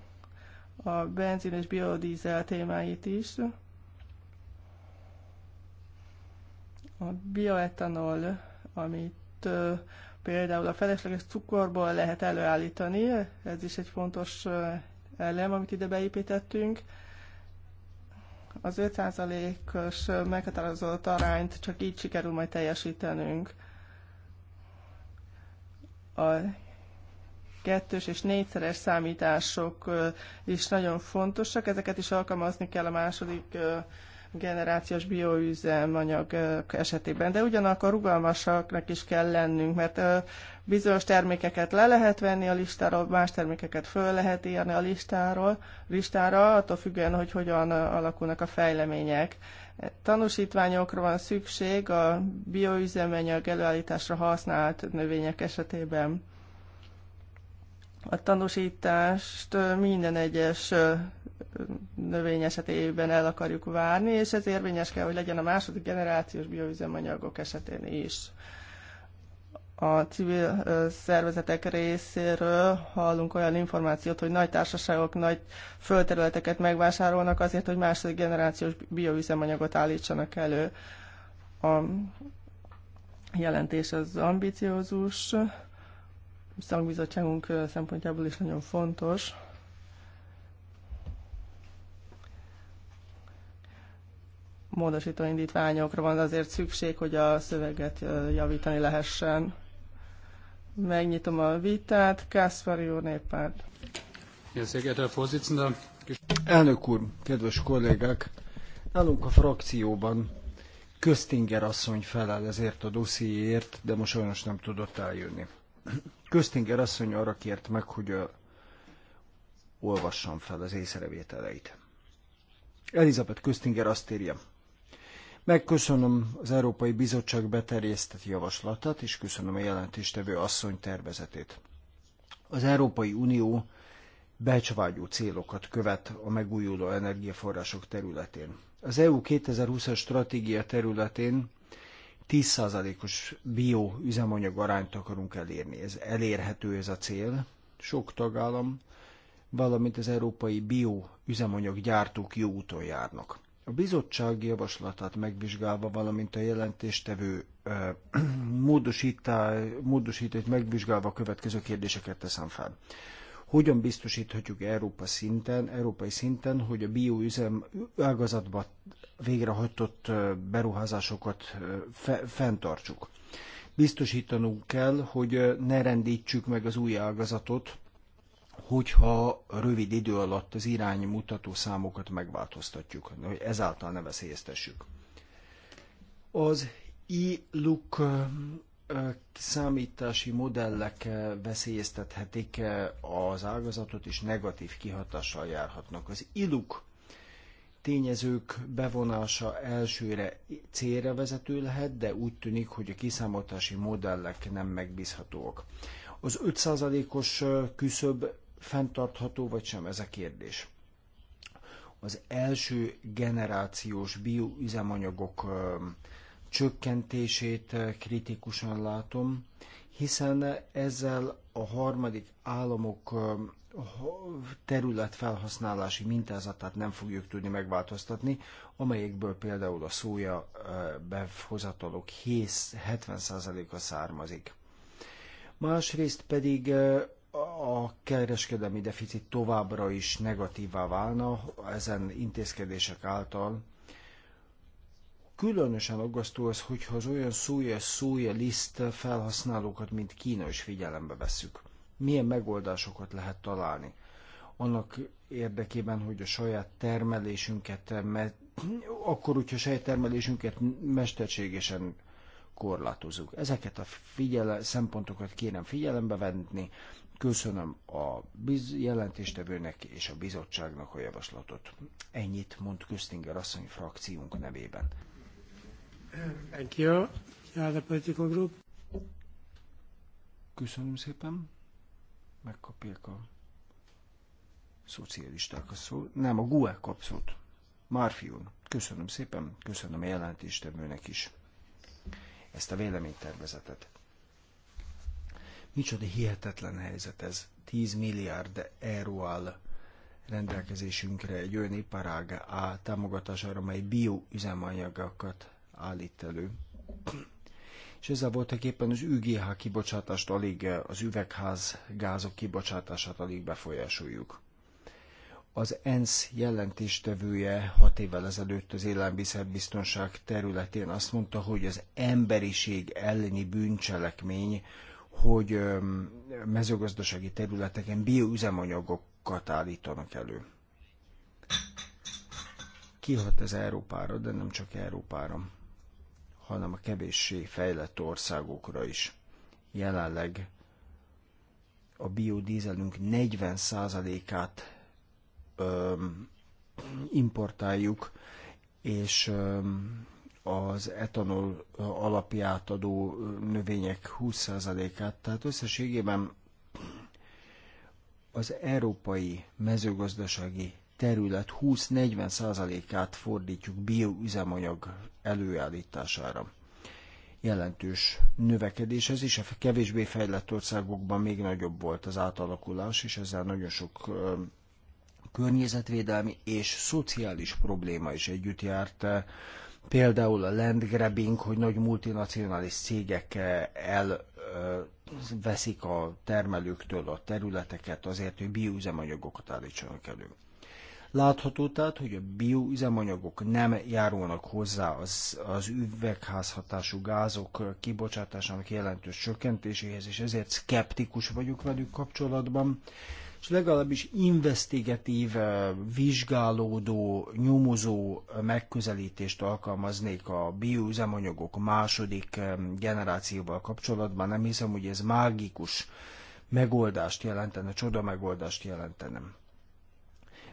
a benzin és biodízel témáit is. A bioetanol, amit például a felesleges cukorból lehet előállítani, ez is egy fontos elem, amit ide beépítettünk az 5%-os meghatározott arányt csak így sikerül majd teljesítenünk. A kettős és négyszeres számítások is nagyon fontosak, ezeket is alkalmazni kell a második generációs bioüzemanyagok esetében, de ugyanakkor rugalmasaknak is kell lennünk, mert bizonyos termékeket le lehet venni a listáról, más termékeket föl lehet írni a listáról, listára, attól függően, hogy hogyan alakulnak a fejlemények. Tanúsítványokra van szükség a bioüzemanyag előállításra használt növények esetében. A tanúsítást minden egyes növény esetében el akarjuk várni, és ez érvényes kell, hogy legyen a második generációs bioüzemanyagok esetén is. A civil szervezetek részéről hallunk olyan információt, hogy nagy társaságok nagy földterületeket megvásárolnak azért, hogy második generációs bioüzemanyagot állítsanak elő. A jelentés az ambiciózus, szangbizottságunk szempontjából is nagyon fontos módosító indítványokra van azért szükség, hogy a szöveget javítani lehessen. Megnyitom a vitát. Kászfari úr néppárt. Elnök úr, kedves kollégák! Nálunk a frakcióban Köztinger asszony felel ezért a dossziéért, de most sajnos nem tudott eljönni. Köztinger asszony arra kért meg, hogy olvassam fel az észrevételeit. Elizabeth Köztinger azt írja, Megköszönöm az Európai Bizottság beterjesztett javaslatát, és köszönöm a jelentéstevő asszony tervezetét. Az Európai Unió becsvágyó célokat követ a megújuló energiaforrások területén. Az EU 2020-as stratégia területén 10%-os bioüzemanyag arányt akarunk elérni. Ez elérhető ez a cél. Sok tagállam, valamint az európai bioüzemanyag gyártók jó úton járnak. A bizottság javaslatát megvizsgálva, valamint a jelentéstevő *clears throat* módosítást megvizsgálva a következő kérdéseket teszem fel. Hogyan biztosíthatjuk Európa szinten, európai szinten, hogy a bioüzem ágazatban végrehajtott beruházásokat fe, fenntartsuk? Biztosítanunk kell, hogy ne rendítsük meg az új ágazatot, hogyha rövid idő alatt az iránymutató számokat megváltoztatjuk, hogy ezáltal ne veszélyeztessük. Az e-look számítási modellek veszélyeztethetik az ágazatot, és negatív kihatással járhatnak. Az iluk tényezők bevonása elsőre célra vezető lehet, de úgy tűnik, hogy a kiszámítási modellek nem megbízhatóak. Az 5%-os küszöb fenntartható vagy sem, ez a kérdés. Az első generációs bioüzemanyagok csökkentését kritikusan látom, hiszen ezzel a harmadik államok területfelhasználási mintázatát nem fogjuk tudni megváltoztatni, amelyekből például a szója behozatalok 70%-a származik. Másrészt pedig a kereskedelmi deficit továbbra is negatívá válna ezen intézkedések által. Különösen aggasztó az, hogyha az olyan szója szója liszt felhasználókat, mint Kína is figyelembe vesszük. Milyen megoldásokat lehet találni? Annak érdekében, hogy a saját termelésünket, mert akkor, hogyha saját termelésünket mesterségesen korlátozunk. Ezeket a figyele, szempontokat kérem figyelembe venni, Köszönöm a biz jelentéstevőnek és a bizottságnak a javaslatot. Ennyit mond Köztinger asszony frakciónk nevében. Thank you. The political group. Köszönöm szépen. Megkapják a szocialisták a szó. Nem, a GUE kap szót. Márfion. Köszönöm szépen, köszönöm a jelentéstevőnek is ezt a véleménytervezetet. Micsoda hihetetlen helyzet ez. 10 milliárd euró áll rendelkezésünkre egy olyan iparág a támogatására, amely bioüzemanyagokat állít elő. És ezzel voltak éppen az UGH kibocsátást alig, az üvegház gázok kibocsátását alig befolyásoljuk. Az ENSZ jelentéstevője hat évvel ezelőtt az élelmiszerbiztonság területén azt mondta, hogy az emberiség elleni bűncselekmény hogy mezőgazdasági területeken bioüzemanyagokat állítanak elő. Kihat ez Európára, de nem csak Európára, hanem a kevéssé fejlett országokra is. Jelenleg a biodízelünk 40%-át importáljuk, és öm, az etanol alapját adó növények 20%-át, tehát összességében az európai mezőgazdasági terület 20-40%-át fordítjuk bioüzemanyag előállítására. Jelentős növekedés ez is, a kevésbé fejlett országokban még nagyobb volt az átalakulás, és ezzel nagyon sok környezetvédelmi és szociális probléma is együtt járt Például a landgrabbing, hogy nagy multinacionális cégek eh, el eh, veszik a termelőktől a területeket azért, hogy bioüzemanyagokat állítsanak elő. Látható tehát, hogy a bioüzemanyagok nem járulnak hozzá az, az üvegházhatású gázok kibocsátásának jelentős csökkentéséhez, és ezért szkeptikus vagyok velük kapcsolatban és legalábbis investigatív, vizsgálódó, nyomozó megközelítést alkalmaznék a bioüzemanyagok második generációval kapcsolatban. Nem hiszem, hogy ez mágikus megoldást jelentene, csoda megoldást jelentene.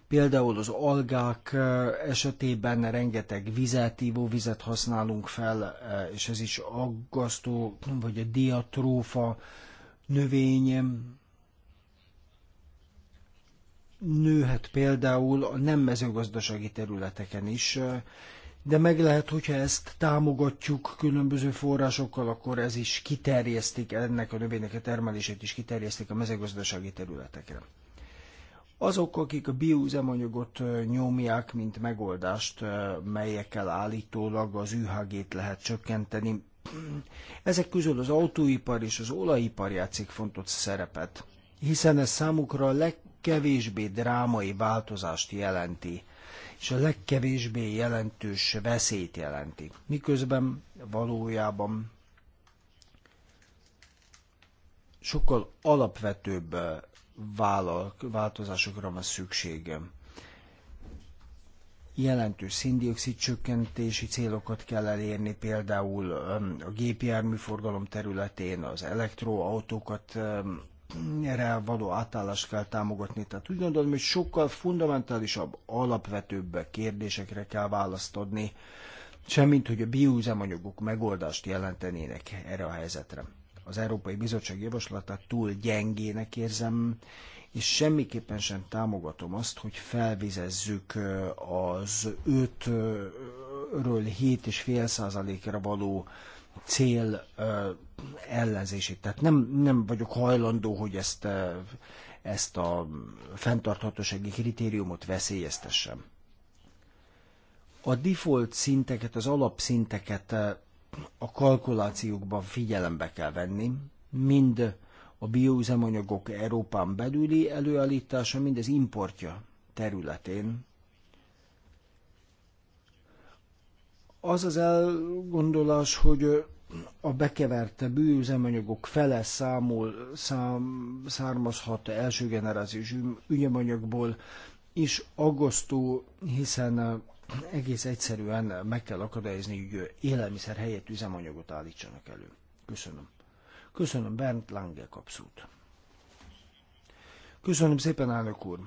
Például az algák esetében rengeteg vizet, ivóvizet használunk fel, és ez is aggasztó, vagy a diatrófa növény, nőhet például a nem mezőgazdasági területeken is, de meg lehet, hogyha ezt támogatjuk különböző forrásokkal, akkor ez is kiterjesztik, ennek a növénynek a termelését is kiterjesztik a mezőgazdasági területekre. Azok, akik a bioüzemanyagot nyomják, mint megoldást, melyekkel állítólag az UHG-t lehet csökkenteni, ezek közül az autóipar és az olajipar játszik fontos szerepet, hiszen ez számukra a leg legkevésbé drámai változást jelenti, és a legkevésbé jelentős veszélyt jelenti. Miközben valójában sokkal alapvetőbb eh, változásokra van szüksége. jelentős szindioxid csökkentési célokat kell elérni, például a gépjárműforgalom területén az elektroautókat erre való átállást kell támogatni. Tehát úgy gondolom, hogy sokkal fundamentálisabb, alapvetőbb kérdésekre kell választ adni, semmint hogy a bioüzemanyagok megoldást jelentenének erre a helyzetre. Az Európai Bizottság javaslatát túl gyengének érzem, és semmiképpen sem támogatom azt, hogy felvizezzük az 5-ről 7,5%-ra való cél ellenzését. Tehát nem, nem vagyok hajlandó, hogy ezt, ezt a fenntarthatósági kritériumot veszélyeztessem. A default szinteket, az alapszinteket a kalkulációkban figyelembe kell venni, mind a bioüzemanyagok Európán belüli előállítása, mind az importja területén, az az elgondolás, hogy a bekeverte bűüzemanyagok fele számol, szám, származhat első generációs ügyemanyagból, és aggasztó, hiszen egész egyszerűen meg kell akadályozni, hogy élelmiszer helyett üzemanyagot állítsanak elő. Köszönöm. Köszönöm Bernd Lange kapszót. Köszönöm szépen, elnök úr.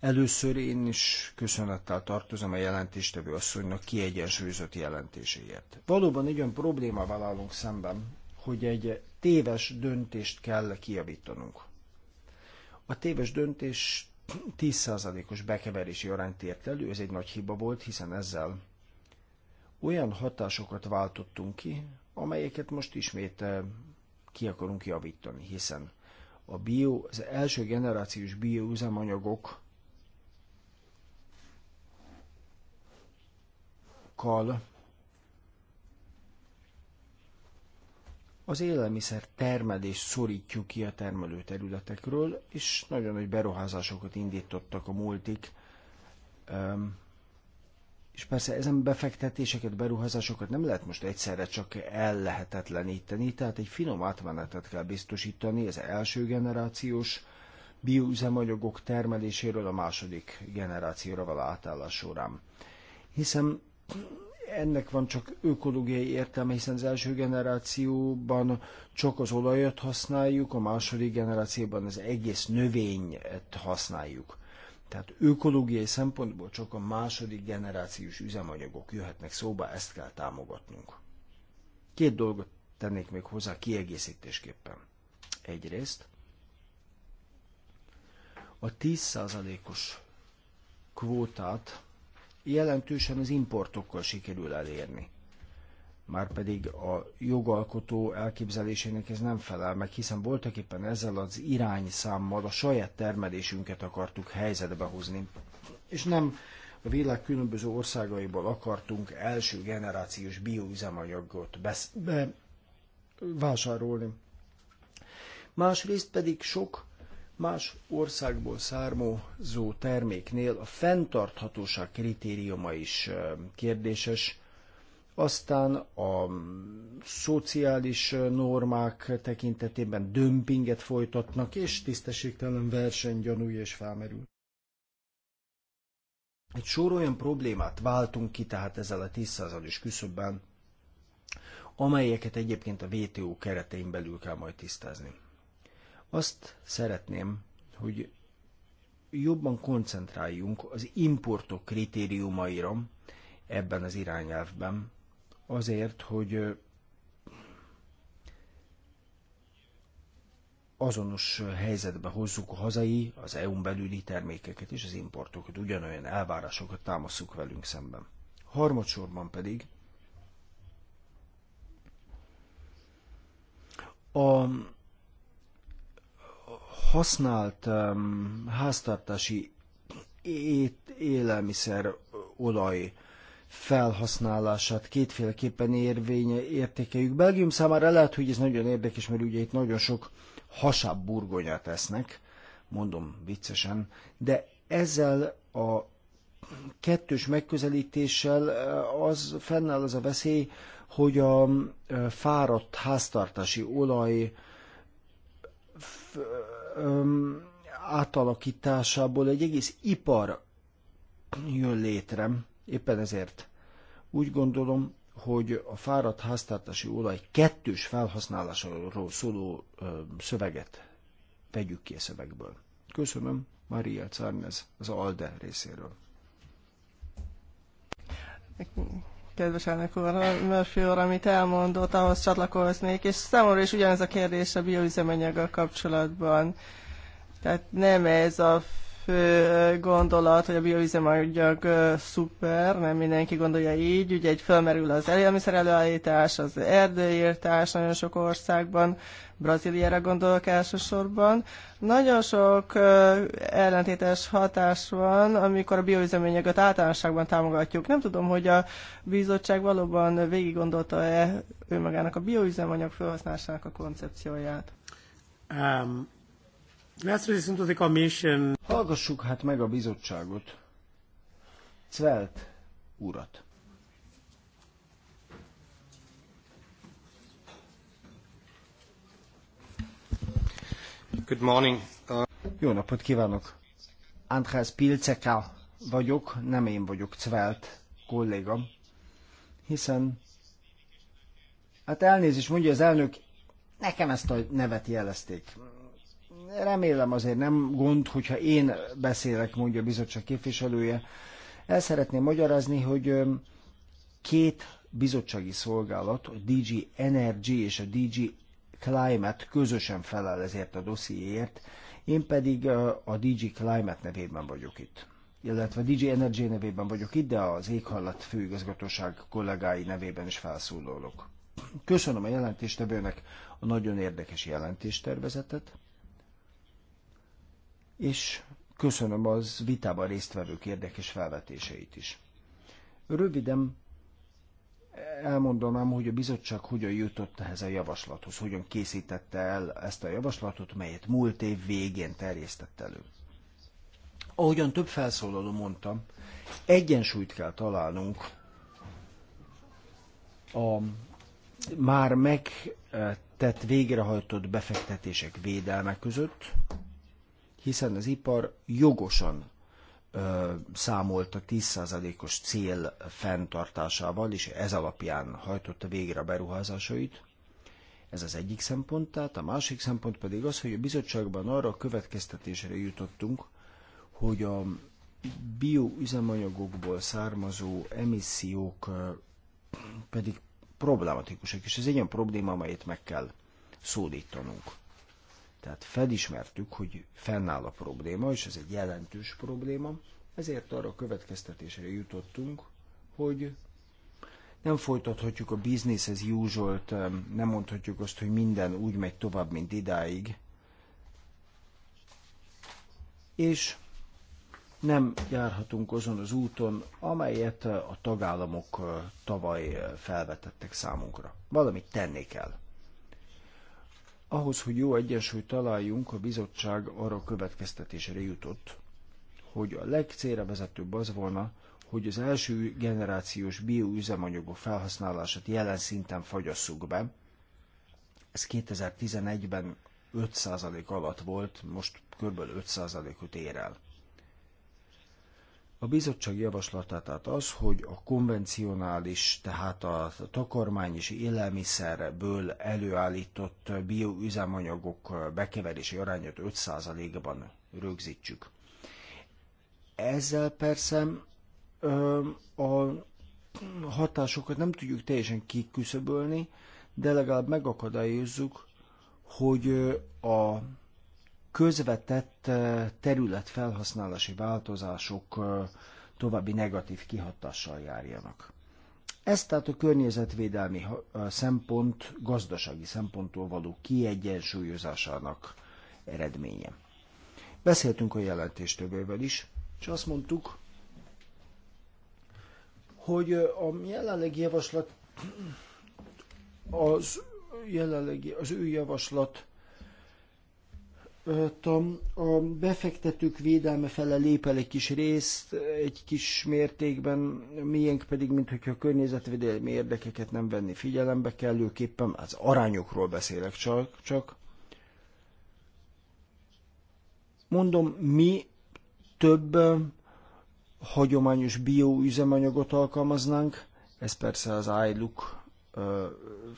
Először én is köszönettel tartozom a jelentéstevő asszonynak kiegyensúlyozott jelentéséért. Valóban egy olyan problémával állunk szemben, hogy egy téves döntést kell kiavítanunk. A téves döntés 10%-os bekeverési arányt ért elő, ez egy nagy hiba volt, hiszen ezzel olyan hatásokat váltottunk ki, amelyeket most ismét eh, ki akarunk javítani, hiszen a bio, az első generációs bioüzemanyagok sokkal az élelmiszer termelést szorítjuk ki a termelőterületekről, és nagyon nagy beruházásokat indítottak a multik. És persze ezen befektetéseket, beruházásokat nem lehet most egyszerre csak ellehetetleníteni, tehát egy finom átmenetet kell biztosítani az első generációs bioüzemanyagok termeléséről a második generációra való átállás során. Hiszen ennek van csak ökológiai értelme, hiszen az első generációban csak az olajat használjuk, a második generációban az egész növényt használjuk. Tehát ökológiai szempontból csak a második generációs üzemanyagok jöhetnek szóba, ezt kell támogatnunk. Két dolgot tennék még hozzá kiegészítésképpen. Egyrészt a 10%-os kvótát jelentősen az importokkal sikerül elérni. Márpedig a jogalkotó elképzelésének ez nem felel meg, hiszen voltak éppen ezzel az irányszámmal a saját termelésünket akartuk helyzetbe hozni. És nem a világ különböző országaiból akartunk első generációs bioüzemanyagot besz- be vásárolni. Másrészt pedig sok más országból származó terméknél a fenntarthatóság kritériuma is kérdéses, aztán a mm, szociális normák tekintetében dömpinget folytatnak, és tisztességtelen verseny gyanúja is felmerül. Egy sor olyan problémát váltunk ki tehát ezzel a 10%-os küszöbben, amelyeket egyébként a WTO keretein belül kell majd tisztázni. Azt szeretném, hogy jobban koncentráljunk az importok kritériumaira ebben az irányelvben, azért, hogy azonos helyzetbe hozzuk a hazai, az EU-n belüli termékeket és az importokat, ugyanolyan elvárásokat támaszuk velünk szemben. Harmadsorban pedig a használt um, háztartási élelmiszer olaj felhasználását kétféleképpen érvény értékeljük. Belgium számára lehet, hogy ez nagyon érdekes, mert ugye itt nagyon sok hasább burgonyát esznek, mondom viccesen, de ezzel a kettős megközelítéssel eh, az fennáll az a veszély, hogy a eh, fáradt háztartási olaj öm, átalakításából egy egész ipar jön létre. Éppen ezért úgy gondolom, hogy a fáradt háztartási olaj kettős felhasználásról szóló öm, szöveget vegyük ki a szövegből. Köszönöm, Maria Czarnez az ALDE részéről kedves elnök úr, Murphy úr, amit elmondott, ahhoz csatlakoznék, és számomra is ugyanez a kérdés a bioüzemanyaggal kapcsolatban. Tehát nem ez a fő gondolat, hogy a bioüzemanyag szuper, nem mindenki gondolja így, ugye egy fölmerül az élelmiszer előállítás, az erdőírtás nagyon sok országban, Brazíliára gondolok elsősorban. Nagyon sok ellentétes hatás van, amikor a bioüzeményeket általánosságban támogatjuk. Nem tudom, hogy a bizottság valóban végig gondolta-e ő magának a bioüzemanyag felhasználásának a koncepcióját. Um, let's listen to the commission. Hallgassuk hát meg a bizottságot. Cvelt urat. Good morning. Uh... Jó napot kívánok! András Pilceka vagyok, nem én vagyok Cvelt kolléga, hiszen hát elnézést mondja az elnök, nekem ezt a nevet jelezték. Remélem azért nem gond, hogyha én beszélek, mondja a bizottság képviselője. El szeretném magyarázni, hogy um, két bizottsági szolgálat, a DG Energy és a DG Climate közösen felel ezért a dossziéért, én pedig a DG Climate nevében vagyok itt illetve DJ Energy nevében vagyok itt, de az éghallat főigazgatóság kollégái nevében is felszólalok. Köszönöm a jelentéstevőnek a nagyon érdekes jelentéstervezetet, és köszönöm az vitában résztvevők érdekes felvetéseit is. Röviden elmondanám, hogy a bizottság hogyan jutott ehhez a javaslathoz, hogyan készítette el ezt a javaslatot, melyet múlt év végén terjesztett elő. Ahogyan több felszólaló mondtam, egyensúlyt kell találnunk a már megtett, végrehajtott befektetések védelme között, hiszen az ipar jogosan számolt a 10%-os cél fenntartásával, és ez alapján hajtotta végre a beruházásait. Ez az egyik szempont, tehát a másik szempont pedig az, hogy a bizottságban arra a következtetésre jutottunk, hogy a bioüzemanyagokból származó emissziók pedig problematikusak, és ez egy olyan probléma, amelyet meg kell szódítanunk. Tehát felismertük, hogy fennáll a probléma, és ez egy jelentős probléma, ezért arra a következtetésre jutottunk, hogy nem folytathatjuk a business as usual nem mondhatjuk azt, hogy minden úgy megy tovább, mint idáig, és nem járhatunk azon az úton, amelyet a tagállamok tavaly felvetettek számunkra. Valamit tenni kell. Ahhoz, hogy jó egyensúlyt találjunk, a bizottság arra a következtetésre jutott, hogy a legcélra vezetőbb az volna, hogy az első generációs bioüzemanyagok felhasználását jelen szinten fagyasszuk be. Ez 2011-ben 5% alatt volt, most kb. 5%-ot ér el. A bizottság javaslatát tehát az, hogy a konvencionális, tehát a takarmány és élelmiszerből előállított bioüzemanyagok bekeverési arányát 5%-ban rögzítsük. Ezzel persze a hatásokat nem tudjuk teljesen kiküszöbölni, de legalább megakadályozzuk, hogy a közvetett területfelhasználási változások további negatív kihatással járjanak. Ez tehát a környezetvédelmi szempont, gazdasági szemponttól való kiegyensúlyozásának eredménye. Beszéltünk a jelentéstövővel is, és azt mondtuk, hogy a jelenlegi javaslat az jelenlegi, az ő javaslat a befektetők védelme fele lép el egy kis részt, egy kis mértékben, miénk pedig, mint hogyha a környezetvédelmi érdekeket nem venni figyelembe kellőképpen, az arányokról beszélek csak, csak. Mondom, mi több eh, hagyományos bioüzemanyagot alkalmaznánk, ez persze az iLook eh,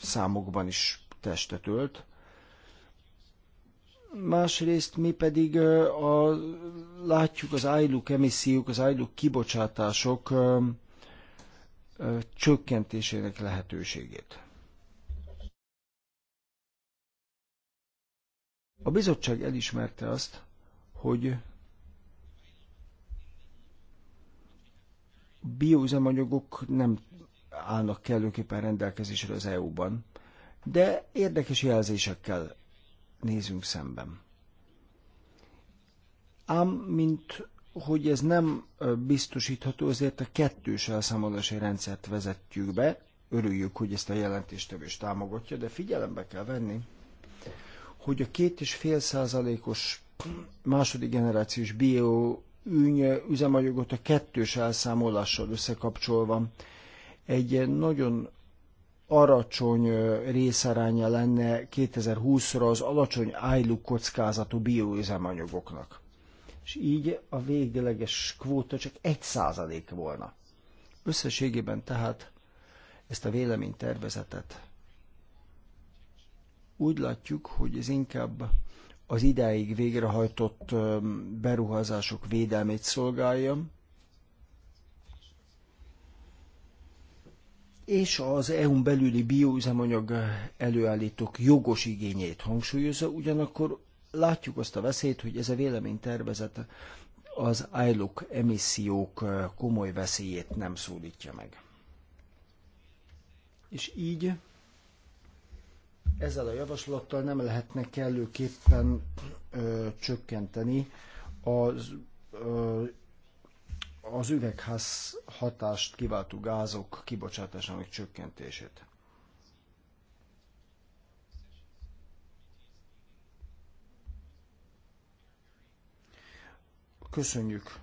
számokban is testet ölt, másrészt mi pedig a, látjuk az ájluk emissziók, az ájluk kibocsátások ö, ö, csökkentésének lehetőségét. A bizottság elismerte azt, hogy bioüzemanyagok nem állnak kellőképpen rendelkezésre az EU-ban, de érdekes jelzésekkel nézünk szemben. Ám, mint hogy ez nem biztosítható, azért a kettős elszámolási rendszert vezetjük be. Örüljük, hogy ezt a is támogatja, de figyelembe kell venni, hogy a két és fél százalékos második generációs bio üzemanyagot a kettős elszámolással összekapcsolva egy nagyon alacsony részaránya lenne 2020-ra az alacsony ájlú kockázatú bioüzemanyagoknak. És így a végleges kvóta csak 1% volna. Összességében tehát ezt a véleménytervezetet úgy látjuk, hogy ez inkább az idáig végrehajtott beruházások védelmét szolgálja, és az EU-n belüli bioüzemanyag előállítók jogos igényét hangsúlyozza, ugyanakkor látjuk azt a veszélyt, hogy ez a véleménytervezet az ILOC emissziók komoly veszélyét nem szólítja meg. És így ezzel a javaslattal nem lehetne kellőképpen ö, csökkenteni az ö, az üvegház hatást kiváltó gázok kibocsátásának csökkentését. Köszönjük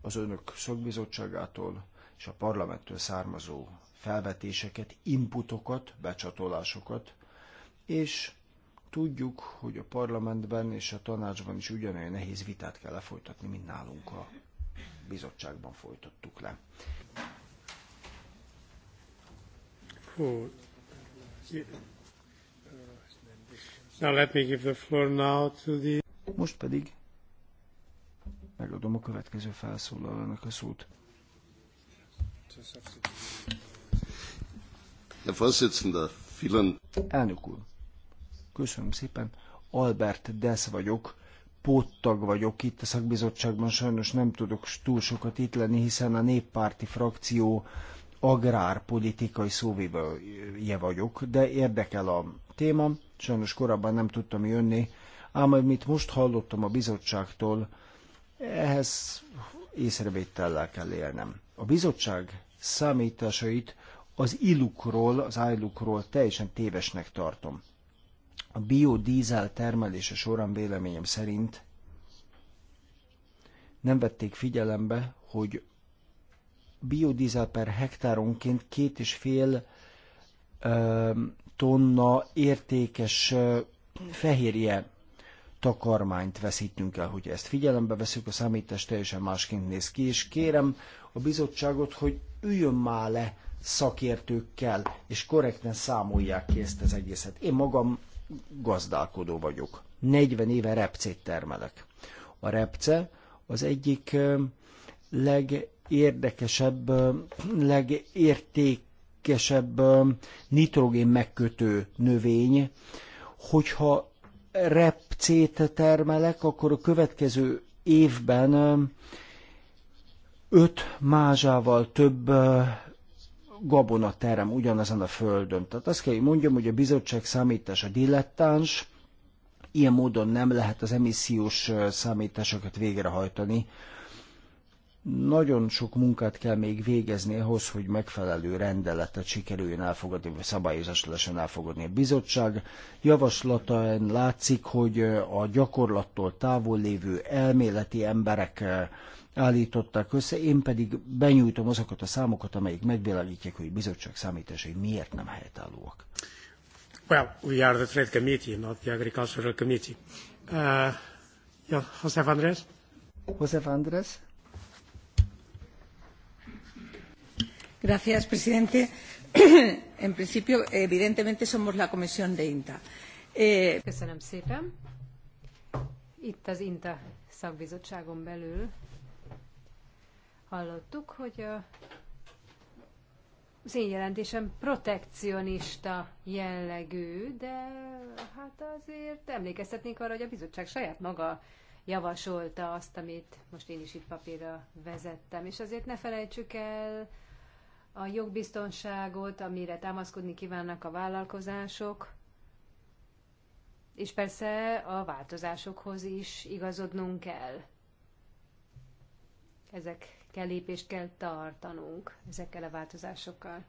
az önök szakbizottságától és a parlamenttől származó felvetéseket, inputokat, becsatolásokat, és tudjuk, hogy a parlamentben és a tanácsban is ugyanolyan nehéz vitát kell lefolytatni, mint nálunk a bizottságban folytattuk le. Now let me give the floor now to the... Most pedig megadom a következő felszólalónak a szót. Herr Vorsitzender, vielen... Elnök úr, köszönöm szépen. Albert Dess vagyok, póttag vagyok itt a szakbizottságban, sajnos nem tudok túl sokat itt lenni, hiszen a néppárti frakció agrárpolitikai szóvivője vagyok, de érdekel a téma, sajnos korábban nem tudtam jönni, ám amit most hallottam a bizottságtól, ehhez észrevétellel kell élnem. A bizottság számításait az ilukról, az ájlukról teljesen tévesnek tartom a biodízel termelése során véleményem szerint nem vették figyelembe, hogy biodízel per hektáronként két és fél tonna értékes fehérje takarmányt veszítünk el, hogy ezt figyelembe veszük, a számítás teljesen másként néz ki, és kérem a bizottságot, hogy üljön már le szakértőkkel, és korrekten számolják ki ezt az egészet. Én magam gazdálkodó vagyok. 40 éve repcét termelek. A repce az egyik legérdekesebb, legértékesebb nitrogén megkötő növény. Hogyha repcét termelek, akkor a következő évben öt mázsával több gabonaterem terem ugyanezen a földön. Tehát azt kell, hogy mondjam, hogy a bizottság számítása dilettáns, ilyen módon nem lehet az emissziós számításokat végrehajtani. Nagyon sok munkát kell még végezni ahhoz, hogy megfelelő rendeletet sikerüljön elfogadni, vagy szabályozást lesen elfogadni. A bizottság javaslatán látszik, hogy a gyakorlattól távol lévő elméleti emberek állították össze, én pedig benyújtom azokat a számokat, amelyik megbélelítják, hogy bizottság számításai miért nem helytállóak. Well, we are the Trade Committee, not the Agricultural Committee. Uh, yeah, José Andrés? José Andrés? Gracias, presidente. *clears throat* en principio, evidentemente, somos la comisión de INTA. Eh... Köszönöm szépen. Itt az INTA szakbizottságon belül hallottuk, hogy a, az én jelentésem protekcionista jellegű, de hát azért emlékeztetnénk arra, hogy a bizottság saját maga javasolta azt, amit most én is itt papírra vezettem. És azért ne felejtsük el a jogbiztonságot, amire támaszkodni kívánnak a vállalkozások, és persze a változásokhoz is igazodnunk kell. Ezek kell lépést kell tartanunk ezekkel a változásokkal.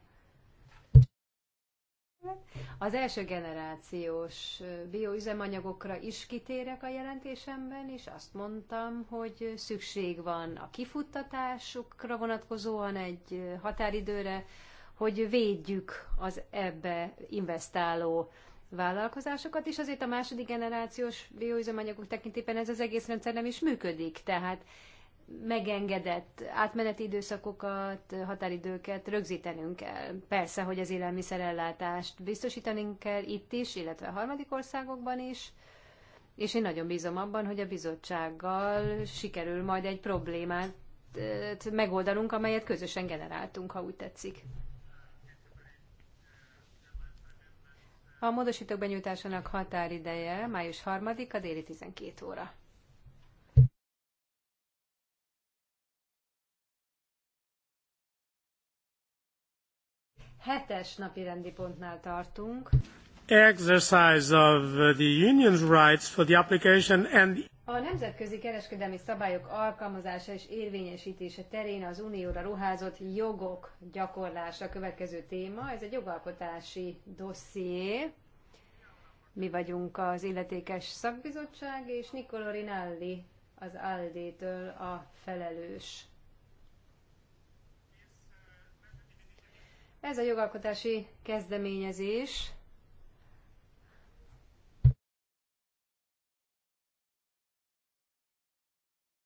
Az első generációs bioüzemanyagokra is kitérek a jelentésemben, és azt mondtam, hogy szükség van a kifuttatásukra vonatkozóan egy határidőre, hogy védjük az ebbe investáló vállalkozásokat, és azért a második generációs bioüzemanyagok tekintében ez az egész rendszer nem is működik. Tehát megengedett átmeneti időszakokat, határidőket rögzítenünk kell. Persze, hogy az élelmiszerellátást biztosítanunk kell itt is, illetve a harmadik országokban is, és én nagyon bízom abban, hogy a bizottsággal sikerül majd egy problémát megoldanunk, amelyet közösen generáltunk, ha úgy tetszik. A módosítók benyújtásának határideje május 3-a déli 12 óra. hetes napi rendi pontnál tartunk. Exercise of the union's rights for the application and a nemzetközi kereskedelmi szabályok alkalmazása és érvényesítése terén az unióra ruházott jogok gyakorlása következő téma. Ez egy jogalkotási dosszié. Mi vagyunk az illetékes szakbizottság, és Nicolò Rinaldi az Aldétől a felelős Ez a jogalkotási kezdeményezés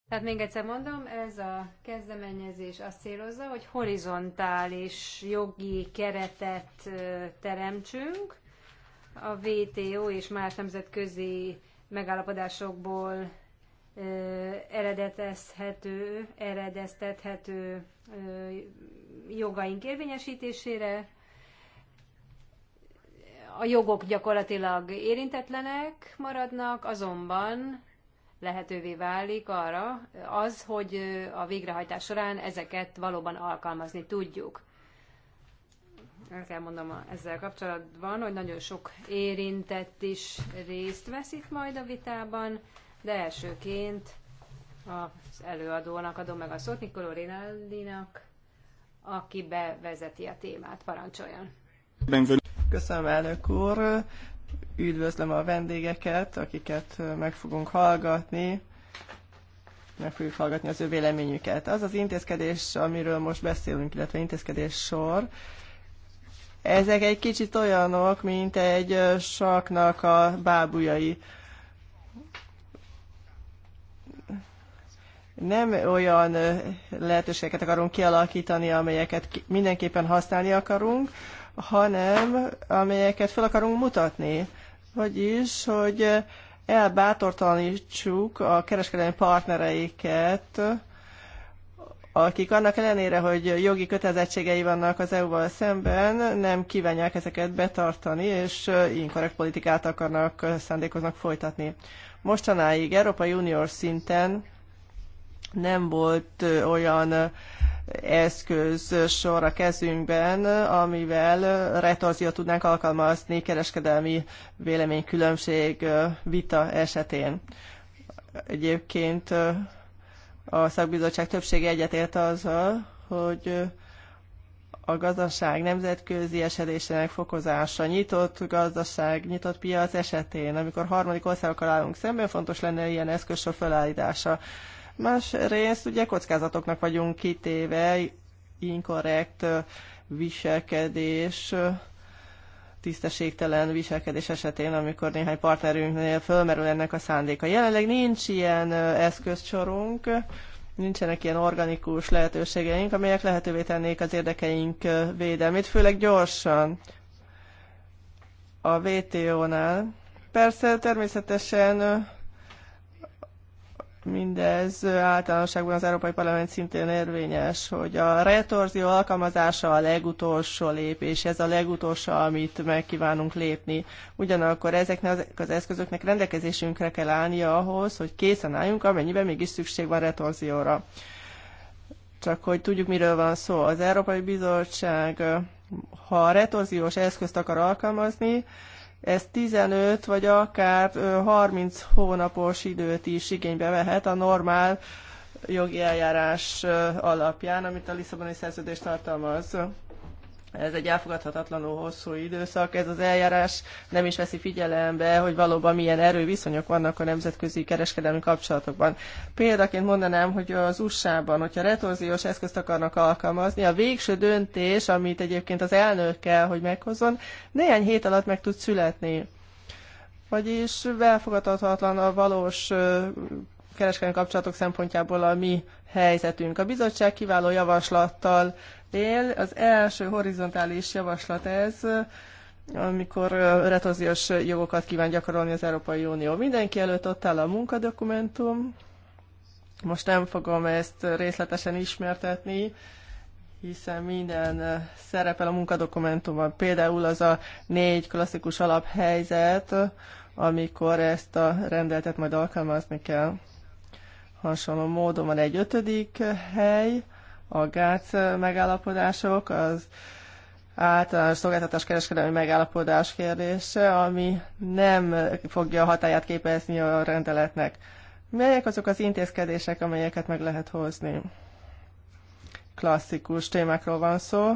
Tehát még egyszer mondom, ez a kezdeményezés azt célozza, hogy horizontális jogi keretet teremtsünk a WTO és más nemzetközi megállapodásokból eredetezhető, eredeztethető jogaink érvényesítésére. A jogok gyakorlatilag érintetlenek maradnak, azonban lehetővé válik arra az, hogy a végrehajtás során ezeket valóban alkalmazni tudjuk. El kell mondom ezzel kapcsolatban, hogy nagyon sok érintett is részt vesz itt majd a vitában de elsőként az előadónak adom meg a szót, Nikoló Rinaldinak, aki bevezeti a témát. Parancsoljon! Köszönöm, elnök úr! Üdvözlöm a vendégeket, akiket meg fogunk hallgatni meg fogjuk hallgatni az ő véleményüket. Az az intézkedés, amiről most beszélünk, illetve intézkedés sor, ezek egy kicsit olyanok, mint egy saknak a bábujai. nem olyan lehetőségeket akarunk kialakítani, amelyeket mindenképpen használni akarunk, hanem amelyeket fel akarunk mutatni. Vagyis, hogy elbátortalanítsuk a kereskedelmi partnereiket, akik annak ellenére, hogy jogi kötelezettségei vannak az EU-val szemben, nem kívánják ezeket betartani, és inkorrekt politikát akarnak, szándékoznak folytatni. Mostanáig Európai Unió szinten nem volt olyan eszköz sor a kezünkben, amivel retorziót tudnánk alkalmazni kereskedelmi véleménykülönbség vita esetén. Egyébként a szakbizottság többsége egyetért azzal, hogy a gazdaság nemzetközi esedésének fokozása, nyitott gazdaság, nyitott piac esetén, amikor harmadik országokkal állunk szemben, fontos lenne ilyen eszközsor felállítása Másrészt ugye kockázatoknak vagyunk kitéve, inkorrekt viselkedés, tisztességtelen viselkedés esetén, amikor néhány partnerünknél fölmerül ennek a szándéka. Jelenleg nincs ilyen eszközcsorunk, nincsenek ilyen organikus lehetőségeink, amelyek lehetővé tennék az érdekeink védelmét, főleg gyorsan a vto nál Persze természetesen mindez általánosságban az Európai Parlament szintén érvényes, hogy a retorzió alkalmazása a legutolsó lépés, ez a legutolsó, amit megkívánunk lépni. Ugyanakkor ezeknek az eszközöknek rendelkezésünkre kell állnia ahhoz, hogy készen álljunk, amennyiben mégis szükség van retorzióra. Csak hogy tudjuk, miről van szó. Az Európai Bizottság, ha retorziós eszközt akar alkalmazni, ez 15 vagy akár 30 hónapos időt is igénybe vehet a normál jogi eljárás alapján, amit a Lisszaboni szerződés tartalmaz. Ez egy elfogadhatatlanul hosszú időszak, ez az eljárás nem is veszi figyelembe, hogy valóban milyen erőviszonyok vannak a nemzetközi kereskedelmi kapcsolatokban. Példaként mondanám, hogy az USA-ban, hogyha retorziós eszközt akarnak alkalmazni, a végső döntés, amit egyébként az elnök kell, hogy meghozzon, néhány hét alatt meg tud születni. Vagyis elfogadhatatlan a valós kereskedelmi kapcsolatok szempontjából a mi helyzetünk. A bizottság kiváló javaslattal él. Az első horizontális javaslat ez, amikor retorziós jogokat kíván gyakorolni az Európai Unió. Mindenki előtt ott áll a munkadokumentum. Most nem fogom ezt részletesen ismertetni, hiszen minden szerepel a munkadokumentumban. Például az a négy klasszikus alaphelyzet, amikor ezt a rendeltet majd alkalmazni kell. Hasonló módon van egy ötödik hely, a gát megállapodások, az általános szolgáltatás kereskedelmi megállapodás kérdése, ami nem fogja a hatáját képezni a rendeletnek. Melyek azok az intézkedések, amelyeket meg lehet hozni? Klasszikus témákról van szó.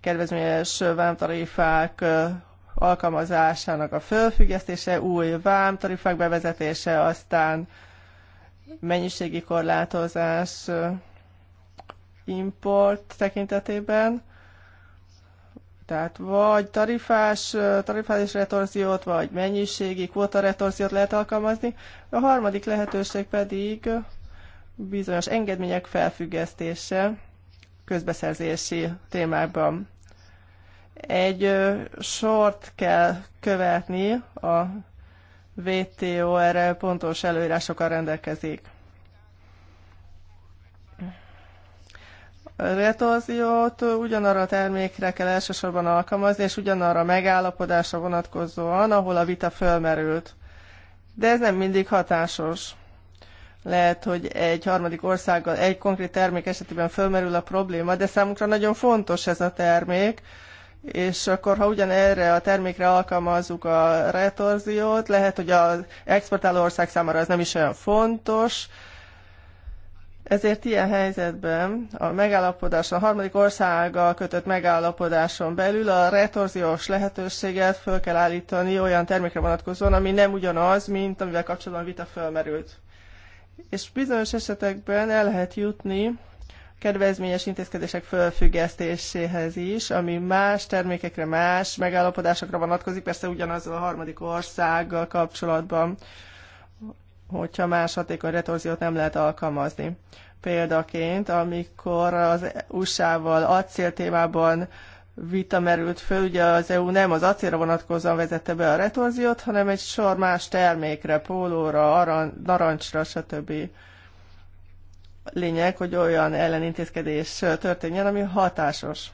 Kedvezményes vámtarifák alkalmazásának a fölfüggesztése, új vámtarifák bevezetése, aztán mennyiségi korlátozás import tekintetében, tehát vagy tarifás, tarifális retorziót, vagy mennyiségi kvóta retorziót lehet alkalmazni. A harmadik lehetőség pedig bizonyos engedmények felfüggesztése közbeszerzési témákban. Egy sort kell követni a WTO erre pontos előírásokkal rendelkezik. A retorziót ugyanarra a termékre kell elsősorban alkalmazni, és ugyanarra a megállapodásra vonatkozóan, ahol a vita fölmerült. De ez nem mindig hatásos. Lehet, hogy egy harmadik országgal egy konkrét termék esetében fölmerül a probléma, de számunkra nagyon fontos ez a termék, és akkor ha erre a termékre alkalmazzuk a retorziót, lehet, hogy az exportáló ország számára ez nem is olyan fontos, ezért ilyen helyzetben a megállapodáson, a harmadik országgal kötött megállapodáson belül a retorziós lehetőséget föl kell állítani olyan termékre vonatkozóan, ami nem ugyanaz, mint amivel kapcsolatban vita fölmerült. És bizonyos esetekben el lehet jutni kedvezményes intézkedések fölfüggesztéséhez is, ami más termékekre, más megállapodásokra vonatkozik, persze ugyanaz a harmadik országgal kapcsolatban, hogyha más hatékony retorziót nem lehet alkalmazni. Példaként, amikor az USA-val acél témában vita merült föl, ugye az EU nem az acélra vonatkozóan vezette be a retorziót, hanem egy sor más termékre, pólóra, aran, narancsra, stb lényeg, hogy olyan ellenintézkedés történjen, ami hatásos.